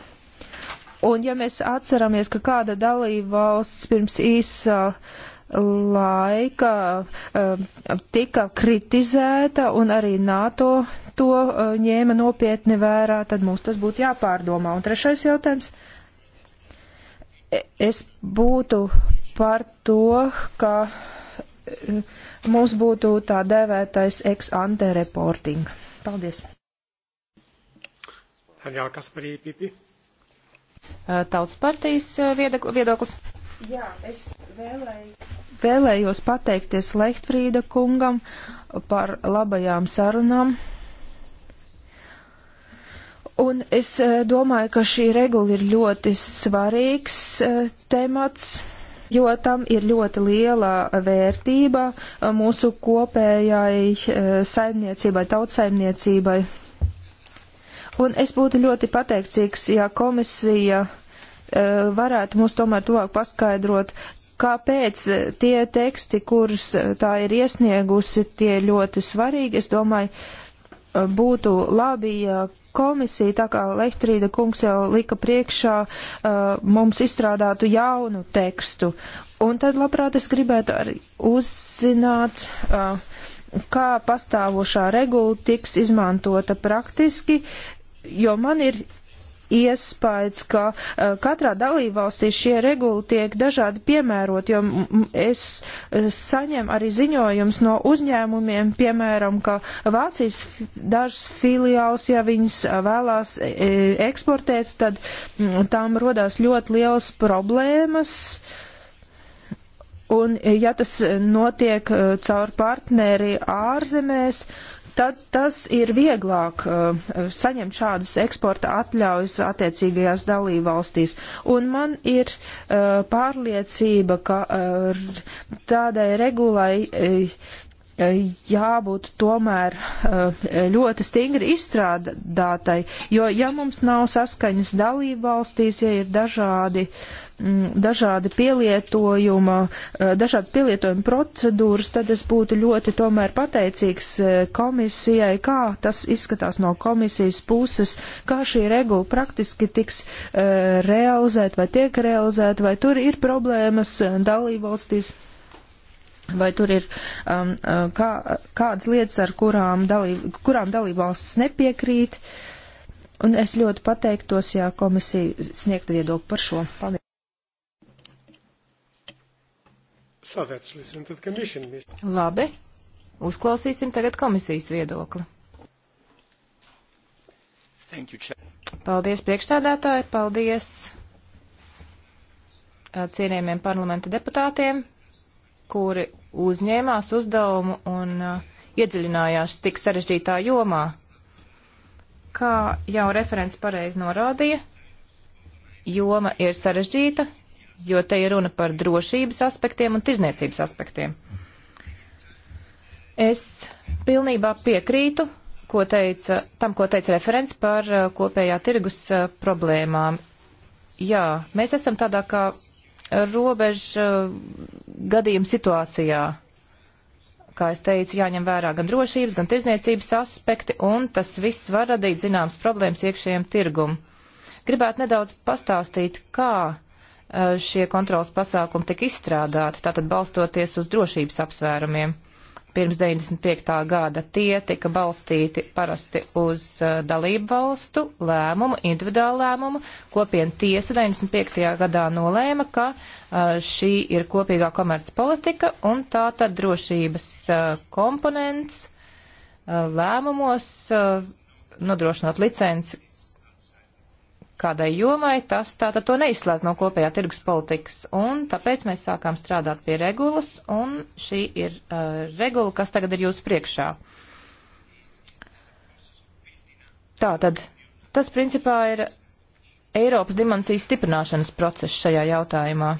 Un ja mēs atceramies, ka kāda dalība valsts pirms īsa laika eh, tika kritizēta un arī NATO to eh, ņēma nopietni vērā, tad mums tas būtu jāpārdomā. Un trešais jautājums e, es būtu par to, ka eh, mums būtu tā dēvētais ex ante reporting. Paldies. Taļā Kasparī Pipi. Eh, tautas partijas eh, viedoklis. Jā, es vēlēju. vēlējos pateikties Lehtfrīda kungam par labajām sarunām. Un es eh, domāju, ka šī regula ir ļoti svarīgs temats, jo tam ir ļoti liela vērtība mūsu kopējai saimniecībai, tautsaimniecībai Un es būtu ļoti pateicīgs, ja komisija eh, varētu mums tomēr tuvāk paskaidrot, kāpēc eh, tie teksti, kurus eh, tā ir iesniegusi, tie ir ļoti svarīgi. Es domāju, būtu labi, ja komisija, tā kā Lehtrīda kungs jau lika priekšā, mums izstrādātu jaunu tekstu. Un tad labprāt es gribētu arī uzzināt, kā pastāvošā regula tiks izmantota praktiski, jo man ir iespējas, ka uh, katrā dalībvalstī šie reguli tiek dažādi piemērot, jo es e, saņemu arī ziņojums no uzņēmumiem, piemēram, ka Vācijas dažas filiāls, ja viņas e, vēlās e, eksportēt, tad m, tām rodās ļoti liels problēmas. Un, ja tas notiek caur partneri ārzemēs, tad tas ir vieglāk uh, saņemt šādas eksporta atļaujas attiecīgajās dalībvalstīs. Un man ir uh, pārliecība, ka uh, tādai regulai uh, jābūt tomēr eh, ļoti stingri izstrādātai, jo ja mums nav saskaņas dalībvalstīs, ja ir dažādi, mm, dažādi pielietojuma, eh, dažādas pielietojuma procedūras, tad es būtu ļoti tomēr pateicīgs eh, komisijai, kā tas izskatās no komisijas puses, kā šī regula praktiski tiks realizēta vai tiek realizēta, vai tur ir problēmas dalībvalstīs. Vai tur ir um, uh, kā, kādas lietas, ar kurām, dalīb, kurām dalībvalsts nepiekrīt? Un es ļoti pateiktos, ja komisija sniegtu viedokli par šo. Paldies. So Labi, uzklausīsim tagad komisijas viedokli. You, paldies priekšsēdētāji, paldies uh, cienījumiem parlamenta deputātiem, kuri uzņēmās uzdevumu un uh, iedziļinājās tik sarežģītā jomā. Kā jau referents pareizi norādīja, joma ir sarežģīta, jo te ir runa par drošības aspektiem un tirzniecības aspektiem. Es pilnībā piekrītu ko teica, tam, ko teica referents par uh, kopējā tirgus uh, problēmām. Jā, mēs esam tādā kā robežu uh, gadījumu situācijā. Kā es teicu, jāņem vērā gan drošības, gan tirzniecības aspekti, un tas viss var radīt zināmas problēmas iekšējiem tirgum. Gribētu nedaudz pastāstīt, kā uh, šie kontrolas pasākumi tika izstrādāti, tātad balstoties uz drošības apsvērumiem pirms 95. gada. Tie tika balstīti parasti uz dalību valstu lēmumu, individuālu lēmumu. Kopiena tiesa 95. gadā nolēma, ka šī ir kopīgā komercpolitika un tā tad drošības komponents lēmumos nodrošinot licenci kādai jomai, tas tātad to neizslēdz no kopējā tirgus politikas. Un tāpēc mēs sākām strādāt pie regulas, un šī ir uh, regula, kas tagad ir jūsu priekšā. Tātad tas principā ir Eiropas dimensijas stiprināšanas process šajā jautājumā.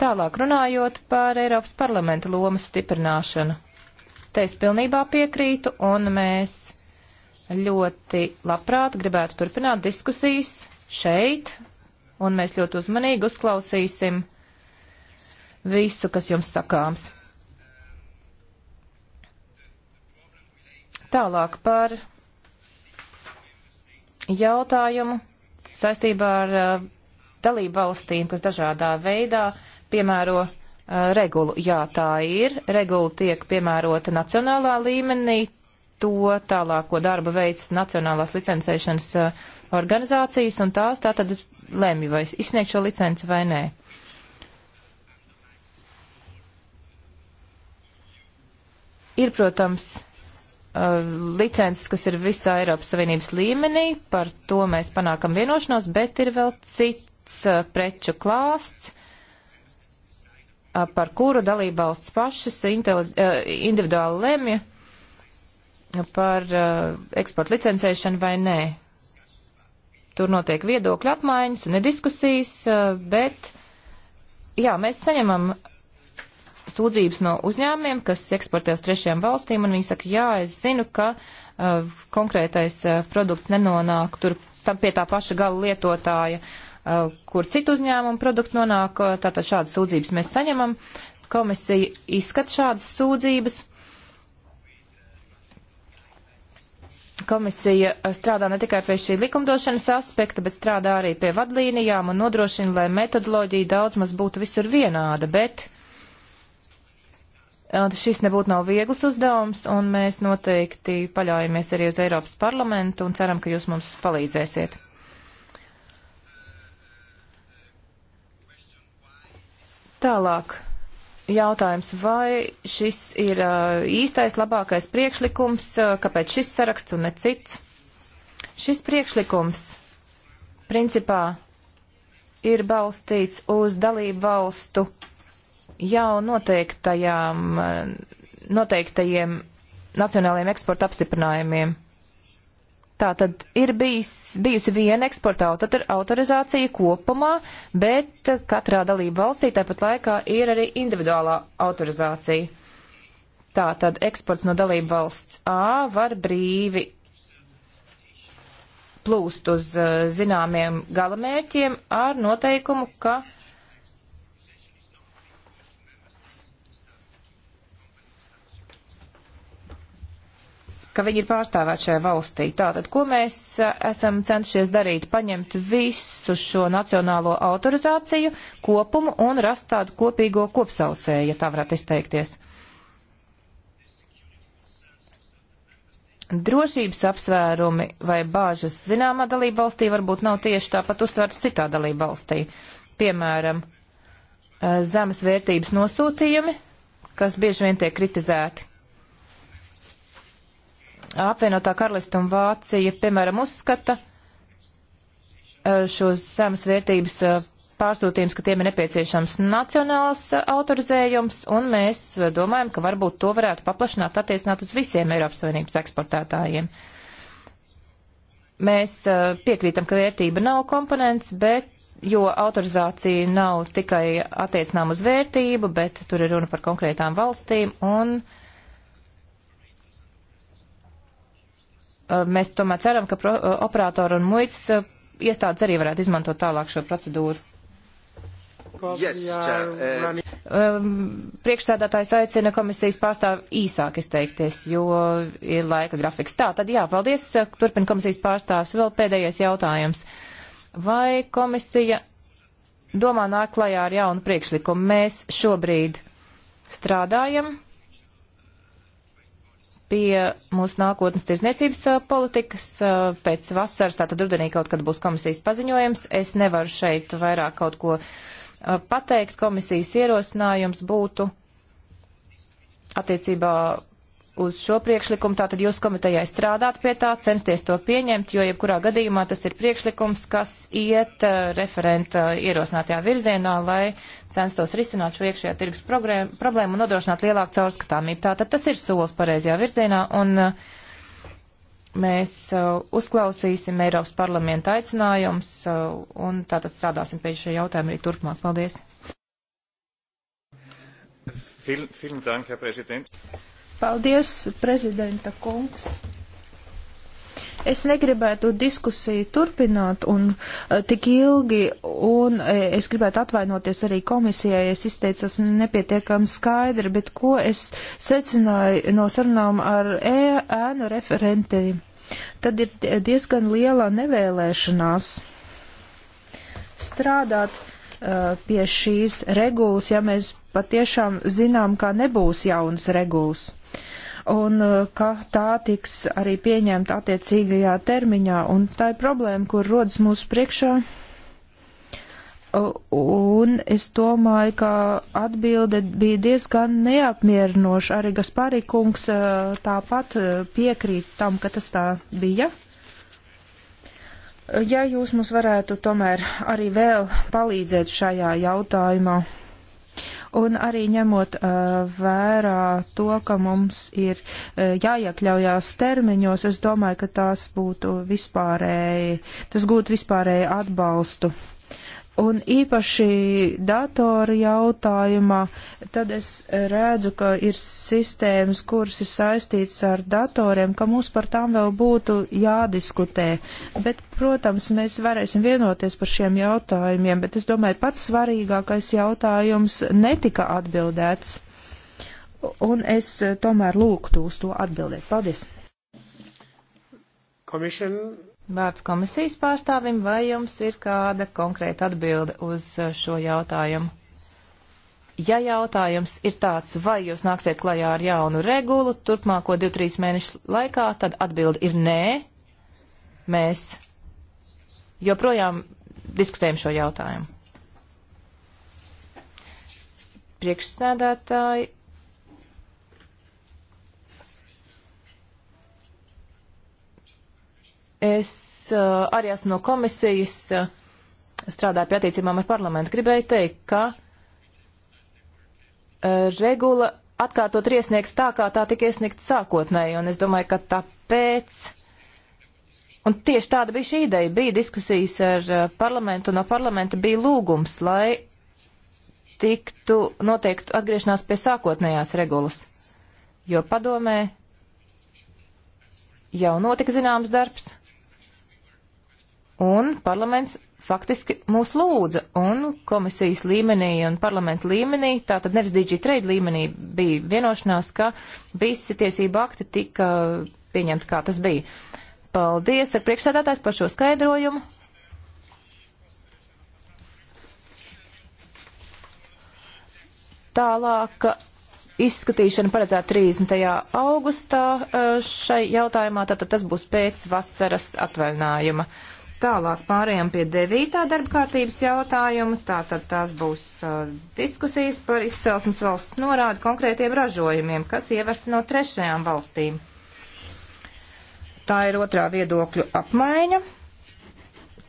Tālāk runājot par Eiropas parlamenta lomas stiprināšanu. Te es pilnībā piekrītu, un mēs ļoti labprāt gribētu turpināt diskusijas šeit, un mēs ļoti uzmanīgi uzklausīsim visu, kas jums sakāms. Tālāk par jautājumu saistībā ar uh, dalību valstīm, kas dažādā veidā piemēro uh, regulu. Jā, tā ir. Regula tiek piemērota nacionālā līmenī, to tālāko darbu veids Nacionālās licencēšanas uh, organizācijas, un tās tātad lemj, vai izsniegt šo licenci vai nē. Ir, protams, uh, licences, kas ir visā Eiropas Savienības līmenī, par to mēs panākam vienošanos, bet ir vēl cits uh, preču klāsts, par kuru dalībvalsts pašas individuāli lemja, par uh, eksporta licencēšanu vai nē. Tur notiek viedokļu apmaiņas, ne diskusijas, uh, bet jā, mēs saņemam sūdzības no uzņēmumiem, kas eksportē uz trešajām valstīm, un viņi saka, jā, es zinu, ka uh, konkrētais uh, produkts nenonāk tur tam pie tā paša gala lietotāja, uh, kur citu uzņēmumu produktu nonāk, uh, tātad šādas sūdzības mēs saņemam. Komisija izskat šādas sūdzības Komisija strādā ne tikai pie šī likumdošanas aspekta, bet strādā arī pie vadlīnijām un nodrošina, lai metodoloģija daudz maz būtu visur vienāda, bet uh, šis nebūtu nav viegls uzdevums, un mēs noteikti paļaujamies arī uz Eiropas parlamentu un ceram, ka jūs mums palīdzēsiet. Tālāk jautājums, vai šis ir uh, īstais labākais priekšlikums, uh, kāpēc šis saraksts un ne cits. Šis priekšlikums principā ir balstīts uz dalību valstu jau noteiktajām, uh, noteiktajiem nacionālajiem eksporta apstiprinājumiem. Tātad ir bijis, bijusi viena eksporta autorizācija kopumā, bet katrā dalība valstī tāpat laikā ir arī individuālā autorizācija. Tātad eksports no dalība valsts A var brīvi plūst uz eh, zināmiem galamērķiem ar noteikumu, ka uh, ka viņi ir pārstāvēti šajā valstī. Tātad, ko mēs esam cenšies darīt? Paņemt visu šo nacionālo autorizāciju kopumu un rast tādu kopīgo kopsaucēju, ja tā varētu izteikties. Drošības apsvērumi vai bāžas zināmā dalība valstī varbūt nav tieši tāpat uztvērts citā dalība valstī. Piemēram, zemes vērtības nosūtījumi, kas bieži vien tiek kritizēti apvienotā karalista un Vācija, piemēram, uzskata e, šos zemes vērtības e, pārsūtījums, ka tiem ir nepieciešams nacionāls e, autorizējums, un mēs domājam, ka varbūt to varētu paplašināt, attiecināt uz visiem Eiropas Savienības eksportētājiem. Mēs piekrītam, ka vērtība nav komponents, bet, jo autorizācija nav tikai attiecinām uz vērtību, bet tur ir runa par konkrētām valstīm, un uh, mēs tomēr ceram, ka pro, operātori un muitas iestādes arī varētu izmantot tālāk šo procedūru. Yes, Priekšsēdētājs aicina komisijas pārstāvi īsāk izteikties, jo ir laika grafiks. Tā, tad jā, paldies. Turpin komisijas pārstāvs. Vēl pēdējais jautājums. Vai komisija domā nāk klajā ar jaunu priekšlikumu? Mēs šobrīd strādājam pie mūsu nākotnes tirzniecības politikas. Pēc vasaras, tātad rudenī kaut kad būs komisijas paziņojums. Es nevaru šeit vairāk kaut ko pateikt. Komisijas ierosinājums būtu attiecībā uz šo priekšlikumu, tātad jūs komitejai strādāt pie tā, censties to pieņemt, jo jebkurā gadījumā tas ir priekšlikums, kas iet uh, referenta ierosinātajā virzienā, lai censtos risināt šo iekšējā tirgus problēmu un nodrošināt lielāku caurskatāmību. Tātad tas ir solis pareizajā virzienā un uh, mēs uh, uzklausīsim Eiropas parlamenta aicinājums uh, un tātad strādāsim pie šī jautājuma arī turpmāk. Paldies! Vielen, vielen Dank, Herr Präsident. Paldies, prezidenta kungs. Es negribētu diskusiju turpināt un e, tik ilgi, un e, es gribētu atvainoties arī komisijai, es izteicos nepietiekami skaidri, bet ko es secināju no sarunām ar e, ēnu e referentiem, tad ir diezgan liela nevēlēšanās strādāt uh, pie šīs regulas, ja mēs patiešām zinām, ka nebūs jaunas regulas un uh, ka tā tiks arī pieņemta attiecīgajā termiņā, un tā ir problēma, kur rodas mūsu priekšā. Un es domāju, ka atbilde bija diezgan neapmierinoša. Arī Gaspārī kungs uh, tāpat uh, piekrīt tam, ka tas tā bija. Ja jūs mums varētu tomēr arī vēl palīdzēt šajā jautājumā un arī ņemot uh, vērā to, ka mums ir uh, jāiekļaujās termiņos, es domāju, ka tās būtu vispārēji, tas gūtu vispārēji atbalstu. Uh, Un īpaši datora jautājumā, tad es redzu, ka ir sistēmas, kuras ir saistītas ar datoriem, ka mums par tām vēl būtu jādiskutē. Bet, protams, mēs varēsim vienoties par šiem jautājumiem, bet es domāju, pats svarīgākais jautājums netika atbildēts. Un es tomēr lūgtu uz to atbildēt. Paldies! Commission Vārds komisijas pārstāvim, vai jums ir kāda konkrēta atbilde uz uh, šo jautājumu? Ja jautājums ir tāds, vai jūs nāksiet klajā ar jaunu regulu turpmāko 2-3 mēnešu laikā, tad atbilde ir nē. Mēs joprojām diskutējam šo jautājumu. Priekšsēdētāji Es uh, arī esmu no komisijas, uh, strādāju pie attiecībām ar parlamentu. Gribēju teikt, ka uh, regula atkārtot ir iesniegts tā, kā tā tika iesniegta sākotnēji, un es domāju, ka tāpēc. Un tieši tāda bija šī ideja. Bija diskusijas ar parlamentu, un no parlamenta bija lūgums, lai tiktu noteikti atgriešanās pie sākotnējās regulas. Jo padomē jau notika zināms darbs, Un parlaments faktiski mūs lūdza, un komisijas līmenī un parlamenta līmenī, tātad nevis DG trade līmenī, bija vienošanās, ka visi tiesība akti tika pieņemti, kā tas bija. Paldies, ar priekšsēdētājs par šo skaidrojumu. Tālāk izskatīšana paredzēta 30. augustā eh, šai jautājumā, tātad tas būs pēc vasaras atvaļinājuma. Tālāk pārējām pie devītā darba kārtības jautājuma. Tātad tās būs uh, diskusijas par izcelsmes valsts norādi konkrētiem ražojumiem, kas ievesti no trešajām valstīm. Tā ir otrā viedokļu apmaiņa,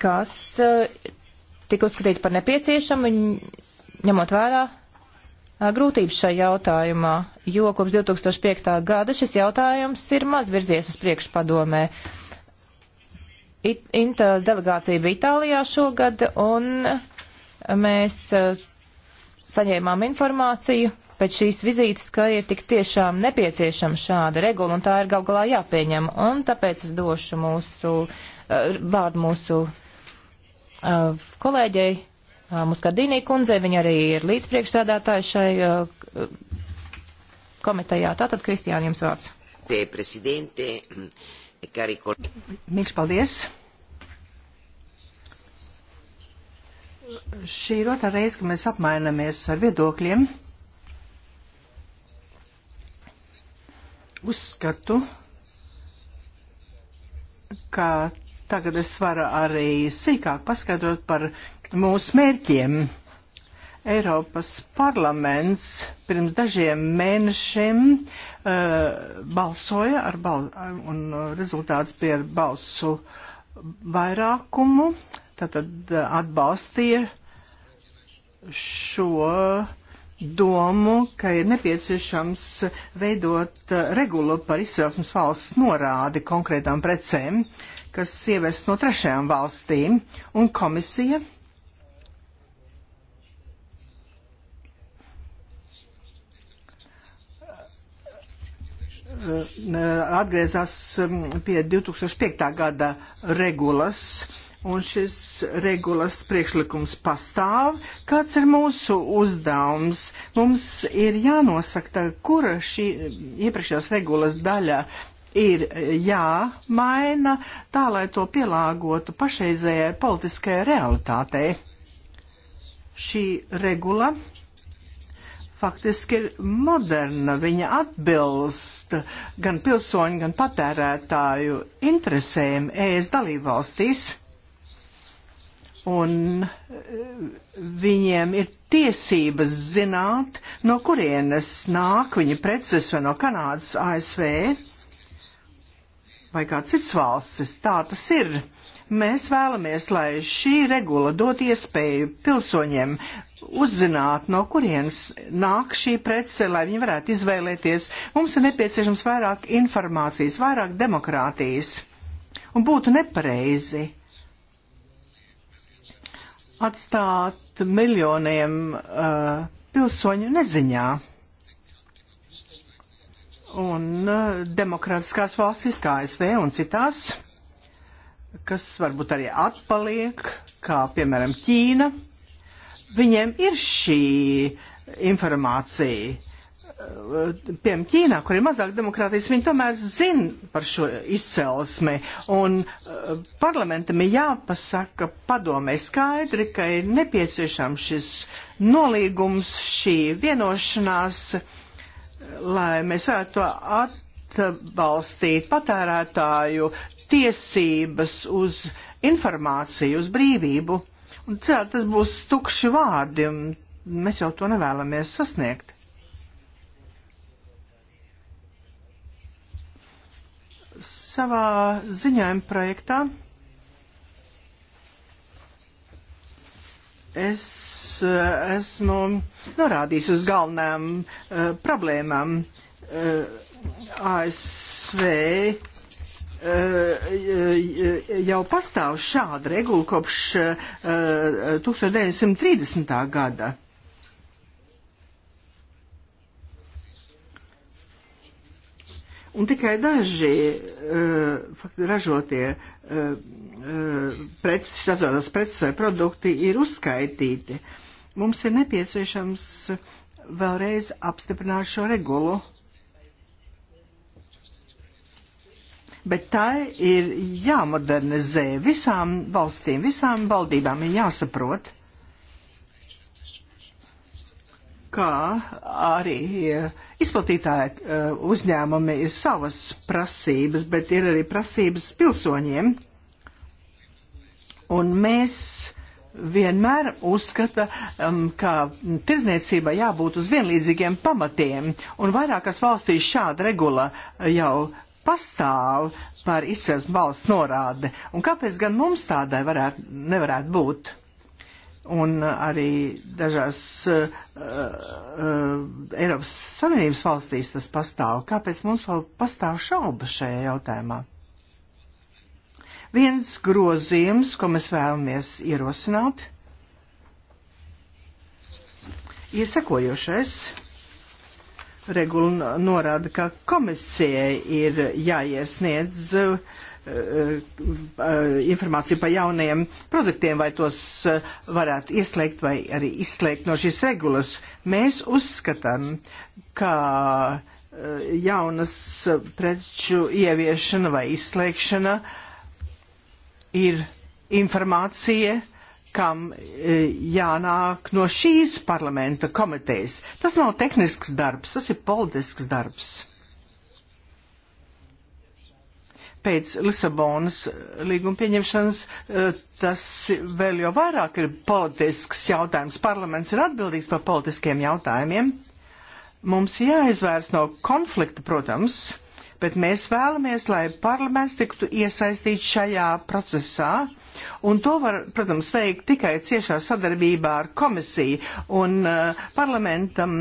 kas uh, tika uzskatīta par nepieciešamu, ņemot vērā uh, grūtības šajā jautājumā, jo kopš 2005. gada šis jautājums ir maz virzies uz priekšu padomē. Uh, It, Inta delegācija bija Itālijā šogad, un mēs eh, saņēmām informāciju pēc šīs vizītes, ka ir tik tiešām nepieciešama šāda regula, un tā ir gal galā jāpieņem. Un tāpēc es došu mūsu, eh, vārdu mūsu eh, kolēģei Muskardīnī kundzei, viņa arī ir līdzpriekšsēdētāja šai komitejā. Tātad, Kristiāna, jums vārds. Te, cari Mīļš, paldies! Šī ir otrā reize, ka mēs apmainamies ar viedokļiem. Uzskatu, ka tagad es varu arī sīkāk paskaidrot par mūsu mērķiem. Eiropas parlaments pirms dažiem mēnešiem uh, Uh, balsoja ar bal un uh, rezultāts bija ar balsu vairākumu, tātad uh, atbalstīja šo domu, ka ir nepieciešams veidot regulu par izcelsmes valsts norādi konkrētām precēm, kas ievest no trešajām valstīm, un komisija Eh, atgriezās mm, pie 2005. gada regulas, un šis regulas priekšlikums pastāv. Kāds ir mūsu uzdevums? Mums ir jānosaka, kura šī iepriekšējās regulas daļa ir jāmaina tā, lai to pielāgotu pašreizējai politiskajai realitātei. Šī regula faktiski ir moderna, viņa atbilst gan pilsoņu, gan patērētāju interesēm ES dalībvalstīs. Un e, viņiem ir tiesības zināt, no kurienes nāk viņa preces vai no Kanādas, ASV vai kāds cits valstis. Tā tas ir. Mēs vēlamies, lai šī regula dot iespēju pilsoņiem uzzināt, no kurienes nāk šī prece, lai viņi varētu izvēlēties. Mums ir nepieciešams vairāk informācijas, vairāk demokrātijas. Un būtu nepareizi atstāt miljoniem uh, pilsoņu neziņā. Un uh, demokrātiskās valstīs, kā ASV un citās, uh, kas varbūt arī atpaliek, kā piemēram Ķīna, viņiem ir šī informācija. Uh, piemēram, Ķīnā, kur ir mazāk demokrātijas, viņi tomēr zina par šo izcelsmi. Un uh, parlamentam ir jāpasaka padomē skaidri, ka ir nepieciešams šis nolīgums, šī vienošanās, lai mēs varētu to at atbalstīt patērētāju tiesības uz informāciju, uz brīvību. Un cēl, tas būs tukši vārdi, un mēs jau to nevēlamies sasniegt. Savā ziņojuma projektā es eh, esmu norādījis uz galvenām uh, problēmām. Uh, ASV eh, eh, jau pastāv šāda regula kopš 1930. Eh, gada. Un tikai daži fakti, ražotie preces, štatotās preces vai produkti ir uzskaitīti. Mums ir nepieciešams vēlreiz apstiprināt šo regulu. Uh, bet tā ir jāmodernizē visām valstīm, visām valdībām ir jāsaprot, kā arī izplatītāji eh, uzņēmumi ir savas prasības, bet ir arī prasības pilsoņiem. Un mēs vienmēr uzskata, um, ka tirzniecība jābūt uz vienlīdzīgiem pamatiem, un vairākas valstīs šāda regula jau pastāv par izcelsmes balss norāde, un kāpēc gan mums tādai varētu, nevarētu būt? Un uh, arī dažās uh, uh, Eiropas Savienības valstīs tas pastāv. Kāpēc mums vēl pastāv šaubas šajā jautājumā? Viens grozījums, ko mēs vēlamies ierosināt, ir sekojošais regula uh, norāda, ka komisijai ir jāiesniedz uh, uh, informāciju par jaunajiem produktiem, vai tos uh, varētu ieslēgt vai arī izslēgt no šīs regulas. Mēs uzskatām, ka jaunas preču ieviešana vai izslēgšana ir informācija, kam e, jānāk no šīs parlamenta komitejas. Tas nav tehnisks darbs, tas ir politisks darbs. Pēc Lisabonas līguma pieņemšanas e, tas vēl jau vairāk ir politisks jautājums. Parlaments ir atbildīgs par politiskiem jautājumiem. Mums jāizvērs no konflikta, protams, bet mēs vēlamies, lai parlaments tiktu iesaistīts šajā procesā Un to var, protams, veikt tikai ciešā sadarbībā ar komisiju. Un uh, parlamentam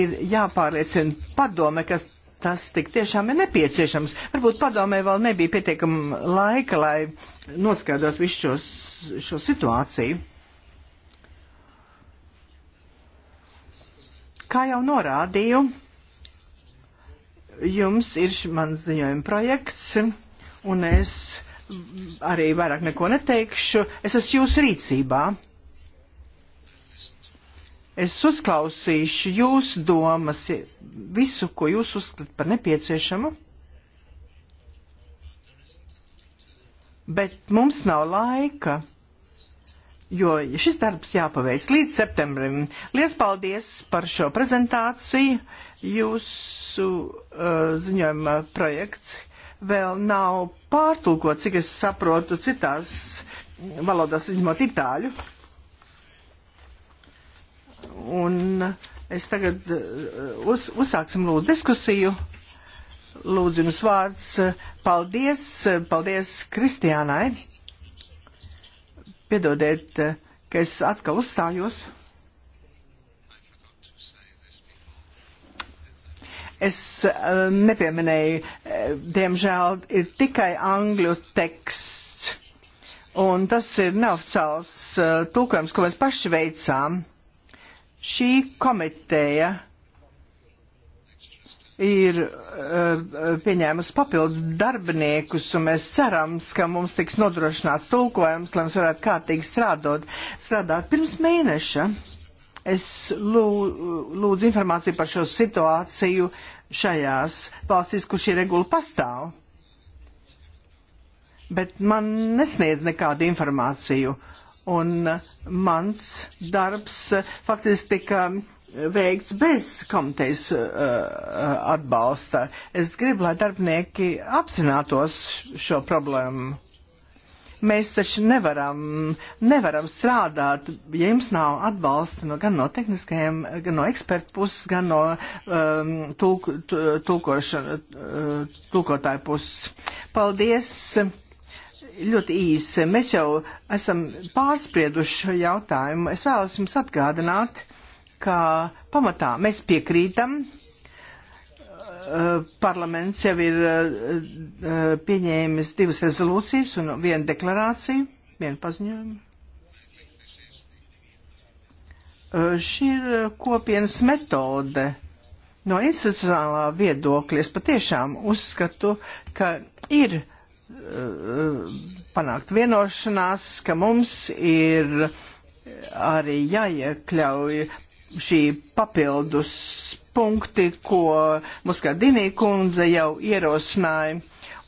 ir jāpārliecina padome, ka tas tik tiešām ir nepieciešams. Varbūt padomē vēl nebija pietiekama laika, lai noskaidrot visu šos, šo situāciju. Kā jau norādīju, jums ir mans ziņojuma projekts, un es arī vairāk neko neteikšu. Es esmu jūsu rīcībā. Es uzklausīšu jūsu domas, visu, ko jūs uzskatāt par nepieciešamu. Bet mums nav laika, jo šis darbs jāpaveic līdz septembrim. Lielas paldies par šo prezentāciju. Jūsu uh, ziņojuma projekts vēl nav pārtulkot, cik es saprotu, citās valodās, izņemot itāļu. Un es tagad uh, uz, uzsāksim lūdzu diskusiju. Lūdzu, jums vārds. Paldies, paldies Kristiānai. Piedodiet, ka es atkal uzstājos. es uh, nepieminēju, eh, diemžēl ir tikai angļu teksts, un tas ir neoficiāls uh, tulkojums, ko mēs paši veicām. Šī komiteja ir uh, pieņēmusi papildus darbiniekus, un mēs cerams, ka mums tiks nodrošināts tulkojums, lai mēs varētu kārtīgi strādot. strādāt. Pirms mēneša es lūdzu informāciju par šo situāciju uh, šajās valstīs, kur šī regula pastāv. Bet man nesniedz nekādu informāciju. Un mans darbs faktiski tika veikts bez komitejas uh, uh atbalsta. Es gribu, lai darbinieki apzinātos šo problēmu. Mēs taču nevaram, nevaram strādāt, ja jums nav atbalsta no, gan no tehniskajiem, gan no ekspertu puses, gan no um, tulk, uh, tulkotāju puses. Paldies! Ļoti īsi. Mēs jau esam pārsprieduši šo jautājumu. Es vēlos jums atgādināt, ka pamatā mēs piekrītam Eh, parlaments jau ir eh, eh, pieņēmis divas rezolūcijas un vienu deklarāciju, vienu paziņojumu. Šī ir kopienas metode. No institucionālā viedokļa es patiešām uzskatu, ka ir panākt vienošanās, ka mums ir arī jāiekļauj šī papildus punkti, ko Muskardinī kundze jau ierosināja.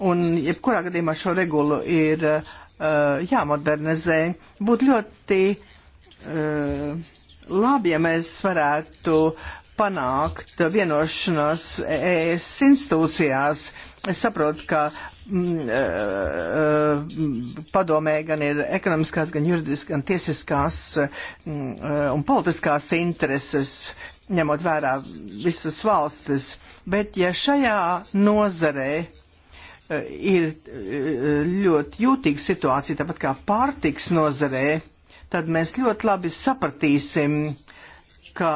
Un jebkurā gadījumā šo regulu ir uh, jāmodernizē. Būtu ļoti uh, labi, ja mēs varētu panākt vienošanos ES institūcijās. Es saprotu, ka mm, uh, uh, padomē gan ir ekonomiskās, gan juridiskās, gan tiesiskās mm, uh, un politiskās intereses ņemot vērā visas valstis. Bet ja šajā nozarē eh, ir eh, ļoti jūtīga situācija, tāpat kā pārtiks nozarē, tad mēs ļoti labi sapratīsim, ka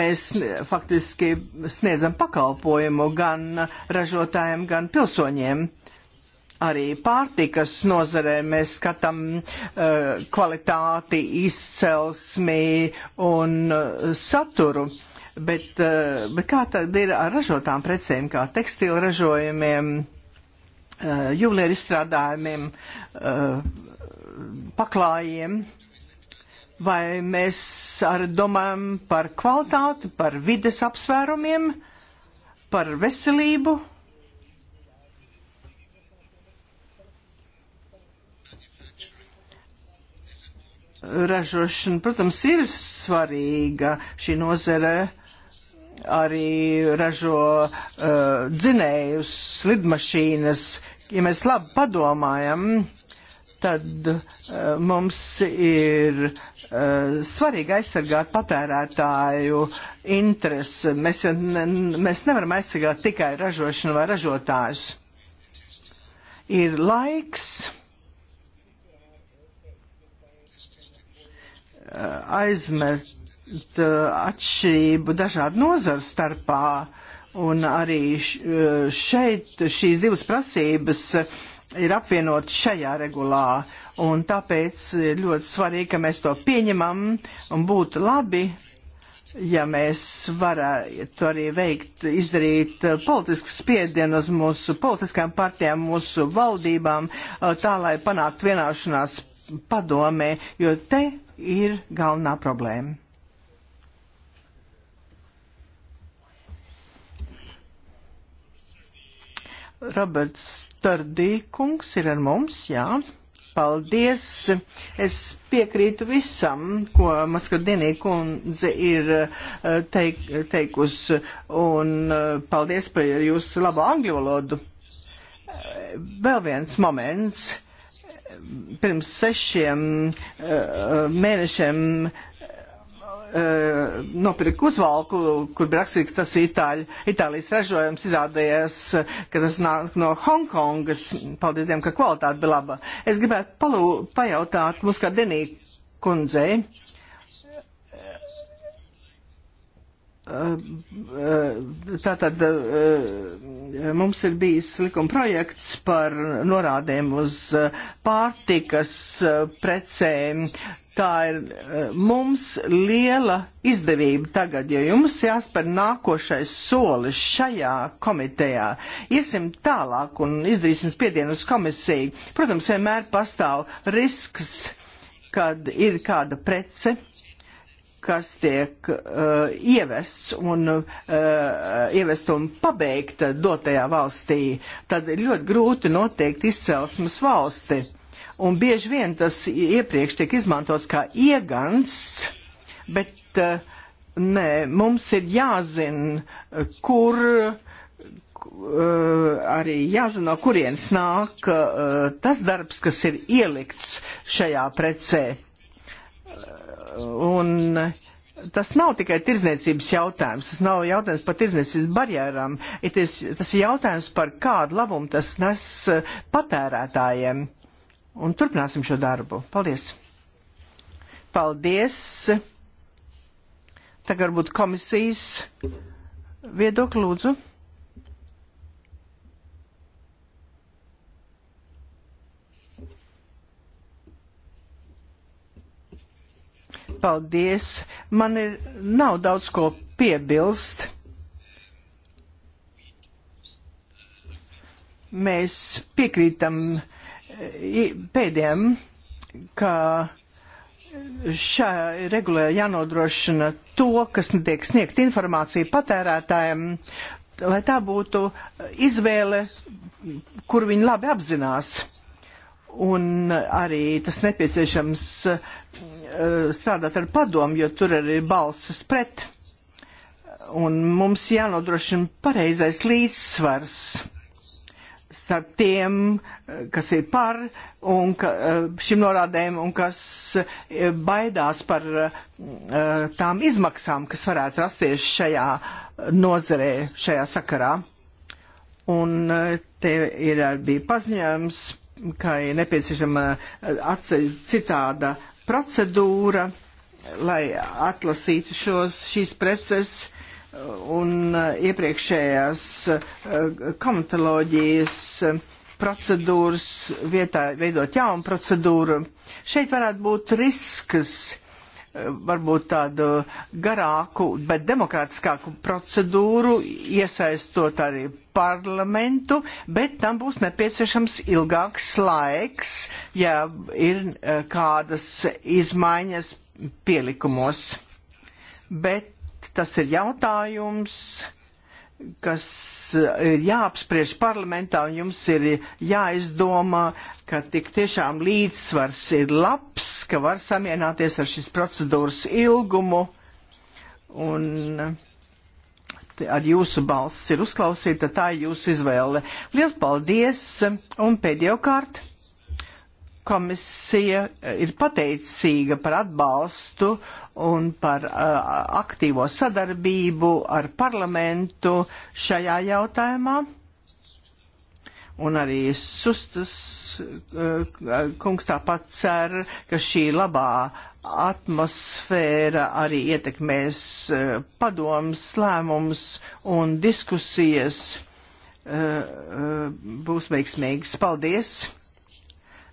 mēs faktiski sniedzam pakalpojumu gan ražotājiem, gan pilsoņiem. Arī pārtikas nozarē mēs skatām uh, kvalitāti, izcelsmi un uh, saturu. Bet, uh, bet kā tad ir ar ražotām precēm, kā tekstilu ražojumiem, uh, juvelieru izstrādājumiem, uh, paklājiem? Vai mēs ar domājam par kvalitāti, par vides apsvērumiem, par veselību? ražošana, protams, ir svarīga šī nozare arī ražo uh, dzinējus, lidmašīnas. Ja mēs labi padomājam, tad uh, mums ir uh, svarīgi aizsargāt patērētāju interesi. Mēs, ne, mēs nevaram aizsargāt tikai ražošanu vai ražotājus. Ir laiks Eh, aizmirst eh, atšķirību dažādu nozaru starpā. Un arī eh, šeit šīs divas prasības ir apvienot šajā regulā. Un tāpēc ir ļoti svarīgi, ka mēs to pieņemam un būtu labi, ja mēs varētu arī veikt, izdarīt politisku spiedienu uz mūsu politiskām partijām, mūsu valdībām, tā lai panāktu vienāšanās padomē, jo te ir galvenā problēma. Roberts Stardīkungs ir ar mums, jā. Paldies! Es piekrītu visam, ko Maskardinī kundze ir eh, teik, teikusi, un eh, paldies par jūsu labo angļu valodu. Eh, vēl viens moments pirms sešiem eh, mēnešiem eh, nopirku uzvalku, kur bija rakstīts, ka tas ir Itāļu, Itālijas ražojums, izrādījās, ka tas nāk no Hongkongas. Paldies Dievam, ka kvalitāte bija laba. Es gribētu palū, pajautāt mums kā Denī kundzei. Uh, Tātad mums ir bijis likuma projekts par norādēm uz pārtikas precēm. Tā ir mums liela izdevība tagad, jo jums jāspēr nākošais solis šajā komitejā. Iesim tālāk un izdarīsim spiedienu uz komisiju. Protams, vienmēr pastāv risks, kad ir kāda prece kas tiek uh, ievests un uh, ievest un pabeigta dotajā valstī, tad ir ļoti grūti noteikt izcelsmes valsti. Un bieži vien tas iepriekš tiek izmantots kā iegansts, bet uh, nē, mums ir jāzina, kur Uh, arī jāzina, no kurienes nāk uh, tas darbs, kas ir ielikts šajā precē. Un tas nav tikai tirdzniecības jautājums, tas nav jautājums par tirdzniecības barjerām, tas ir jautājums par kādu labumu tas nes eh, patērētājiem. Un turpināsim šo darbu. Paldies! Paldies! Tagad varbūt komisijas viedokli lūdzu. paldies. Man ir, nav daudz ko piebilst. Mēs piekrītam pēdējiem, ka šā regulē jānodrošina to, kas netiek sniegt informāciju patērētājiem, lai tā būtu izvēle, kur viņi labi apzinās. Un arī tas nepieciešams uh, Eh, strādāt ar padomu, jo tur arī ir balsas pret. Un mums jānodrošina pareizais līdzsvars starp tiem, eh, kas ir par un ka, eh, šim norādēm un kas baidās par tām izmaksām, kas varētu rasties šajā nozarē, šajā sakarā. Un te ir arī paziņojums, ka ir nepieceļama citāda procedūra, lai atlasītu šos, šīs preces un uh, iepriekšējās uh, komitoloģijas uh, procedūras vietā veidot jaunu procedūru. Šeit varētu būt risks varbūt tādu garāku, bet demokrātiskāku procedūru, iesaistot arī parlamentu, bet tam būs nepieciešams ilgāks laiks, ja ir eh, kādas izmaiņas pielikumos. Bet tas ir jautājums, kas eh, ir jāapspriež parlamentā un jums ir jāizdomā, ka tik tiešām līdzsvars ir labs, ka var samienāties ar šis procedūras ilgumu un eh, ar jūsu balss ir uzklausīta, tā ir jūsu izvēle. Liels paldies un pēdējo kārtu. Komisija ir pateicīga par atbalstu un par uh, aktīvo sadarbību ar parlamentu šajā jautājumā. Un arī Sustas uh, kungs tāpat cer, ka šī labā atmosfēra arī ietekmēs uh, padomus, lēmumus un diskusijas uh, uh būs veiksmīgas. Paldies!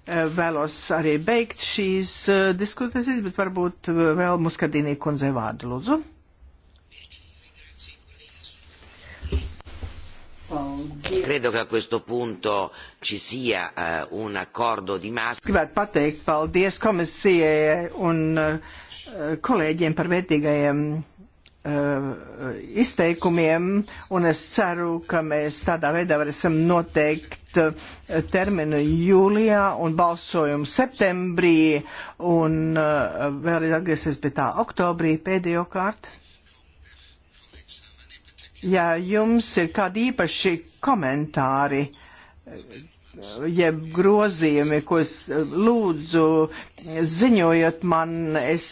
Eh, vēlos arī beigt šīs eh, diskusijas, bet varbūt eh, vēl Muskardīnī kundzei vārdu lūdzu. Credo che a questo punto ci sia uh, un accordo di massa. Gribētu pateikt paldies komisijai un uh, kolēģiem par vērtīgajiem Eh, izteikumiem, un es ceru, ka mēs tādā veidā varēsim noteikt eh, terminu jūlijā un balsojumu septembrī, un eh, vēlreiz atgriezties pie tā oktobrī pēdējo kārtu. Ja jums ir kādi īpaši komentāri, jeb grozījumi, ko es eh, lūdzu, ziņojot man, es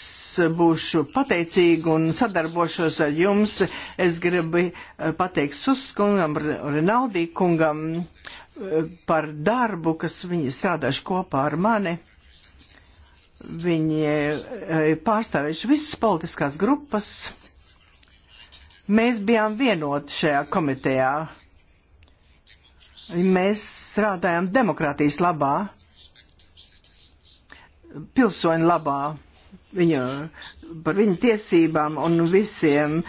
būšu pateicīgi un sadarbošos ar jums. Es gribu eh, pateikt Suskungam, Rinaldī kungam eh, par darbu, kas viņi strādājuši kopā ar mani. Viņi pārstāvējuši visas politiskās grupas. Mēs bijām vienoti šajā komitejā Mēs strādājam demokrātijas labā, pilsoņu labā, viņu, par viņu tiesībām un visiem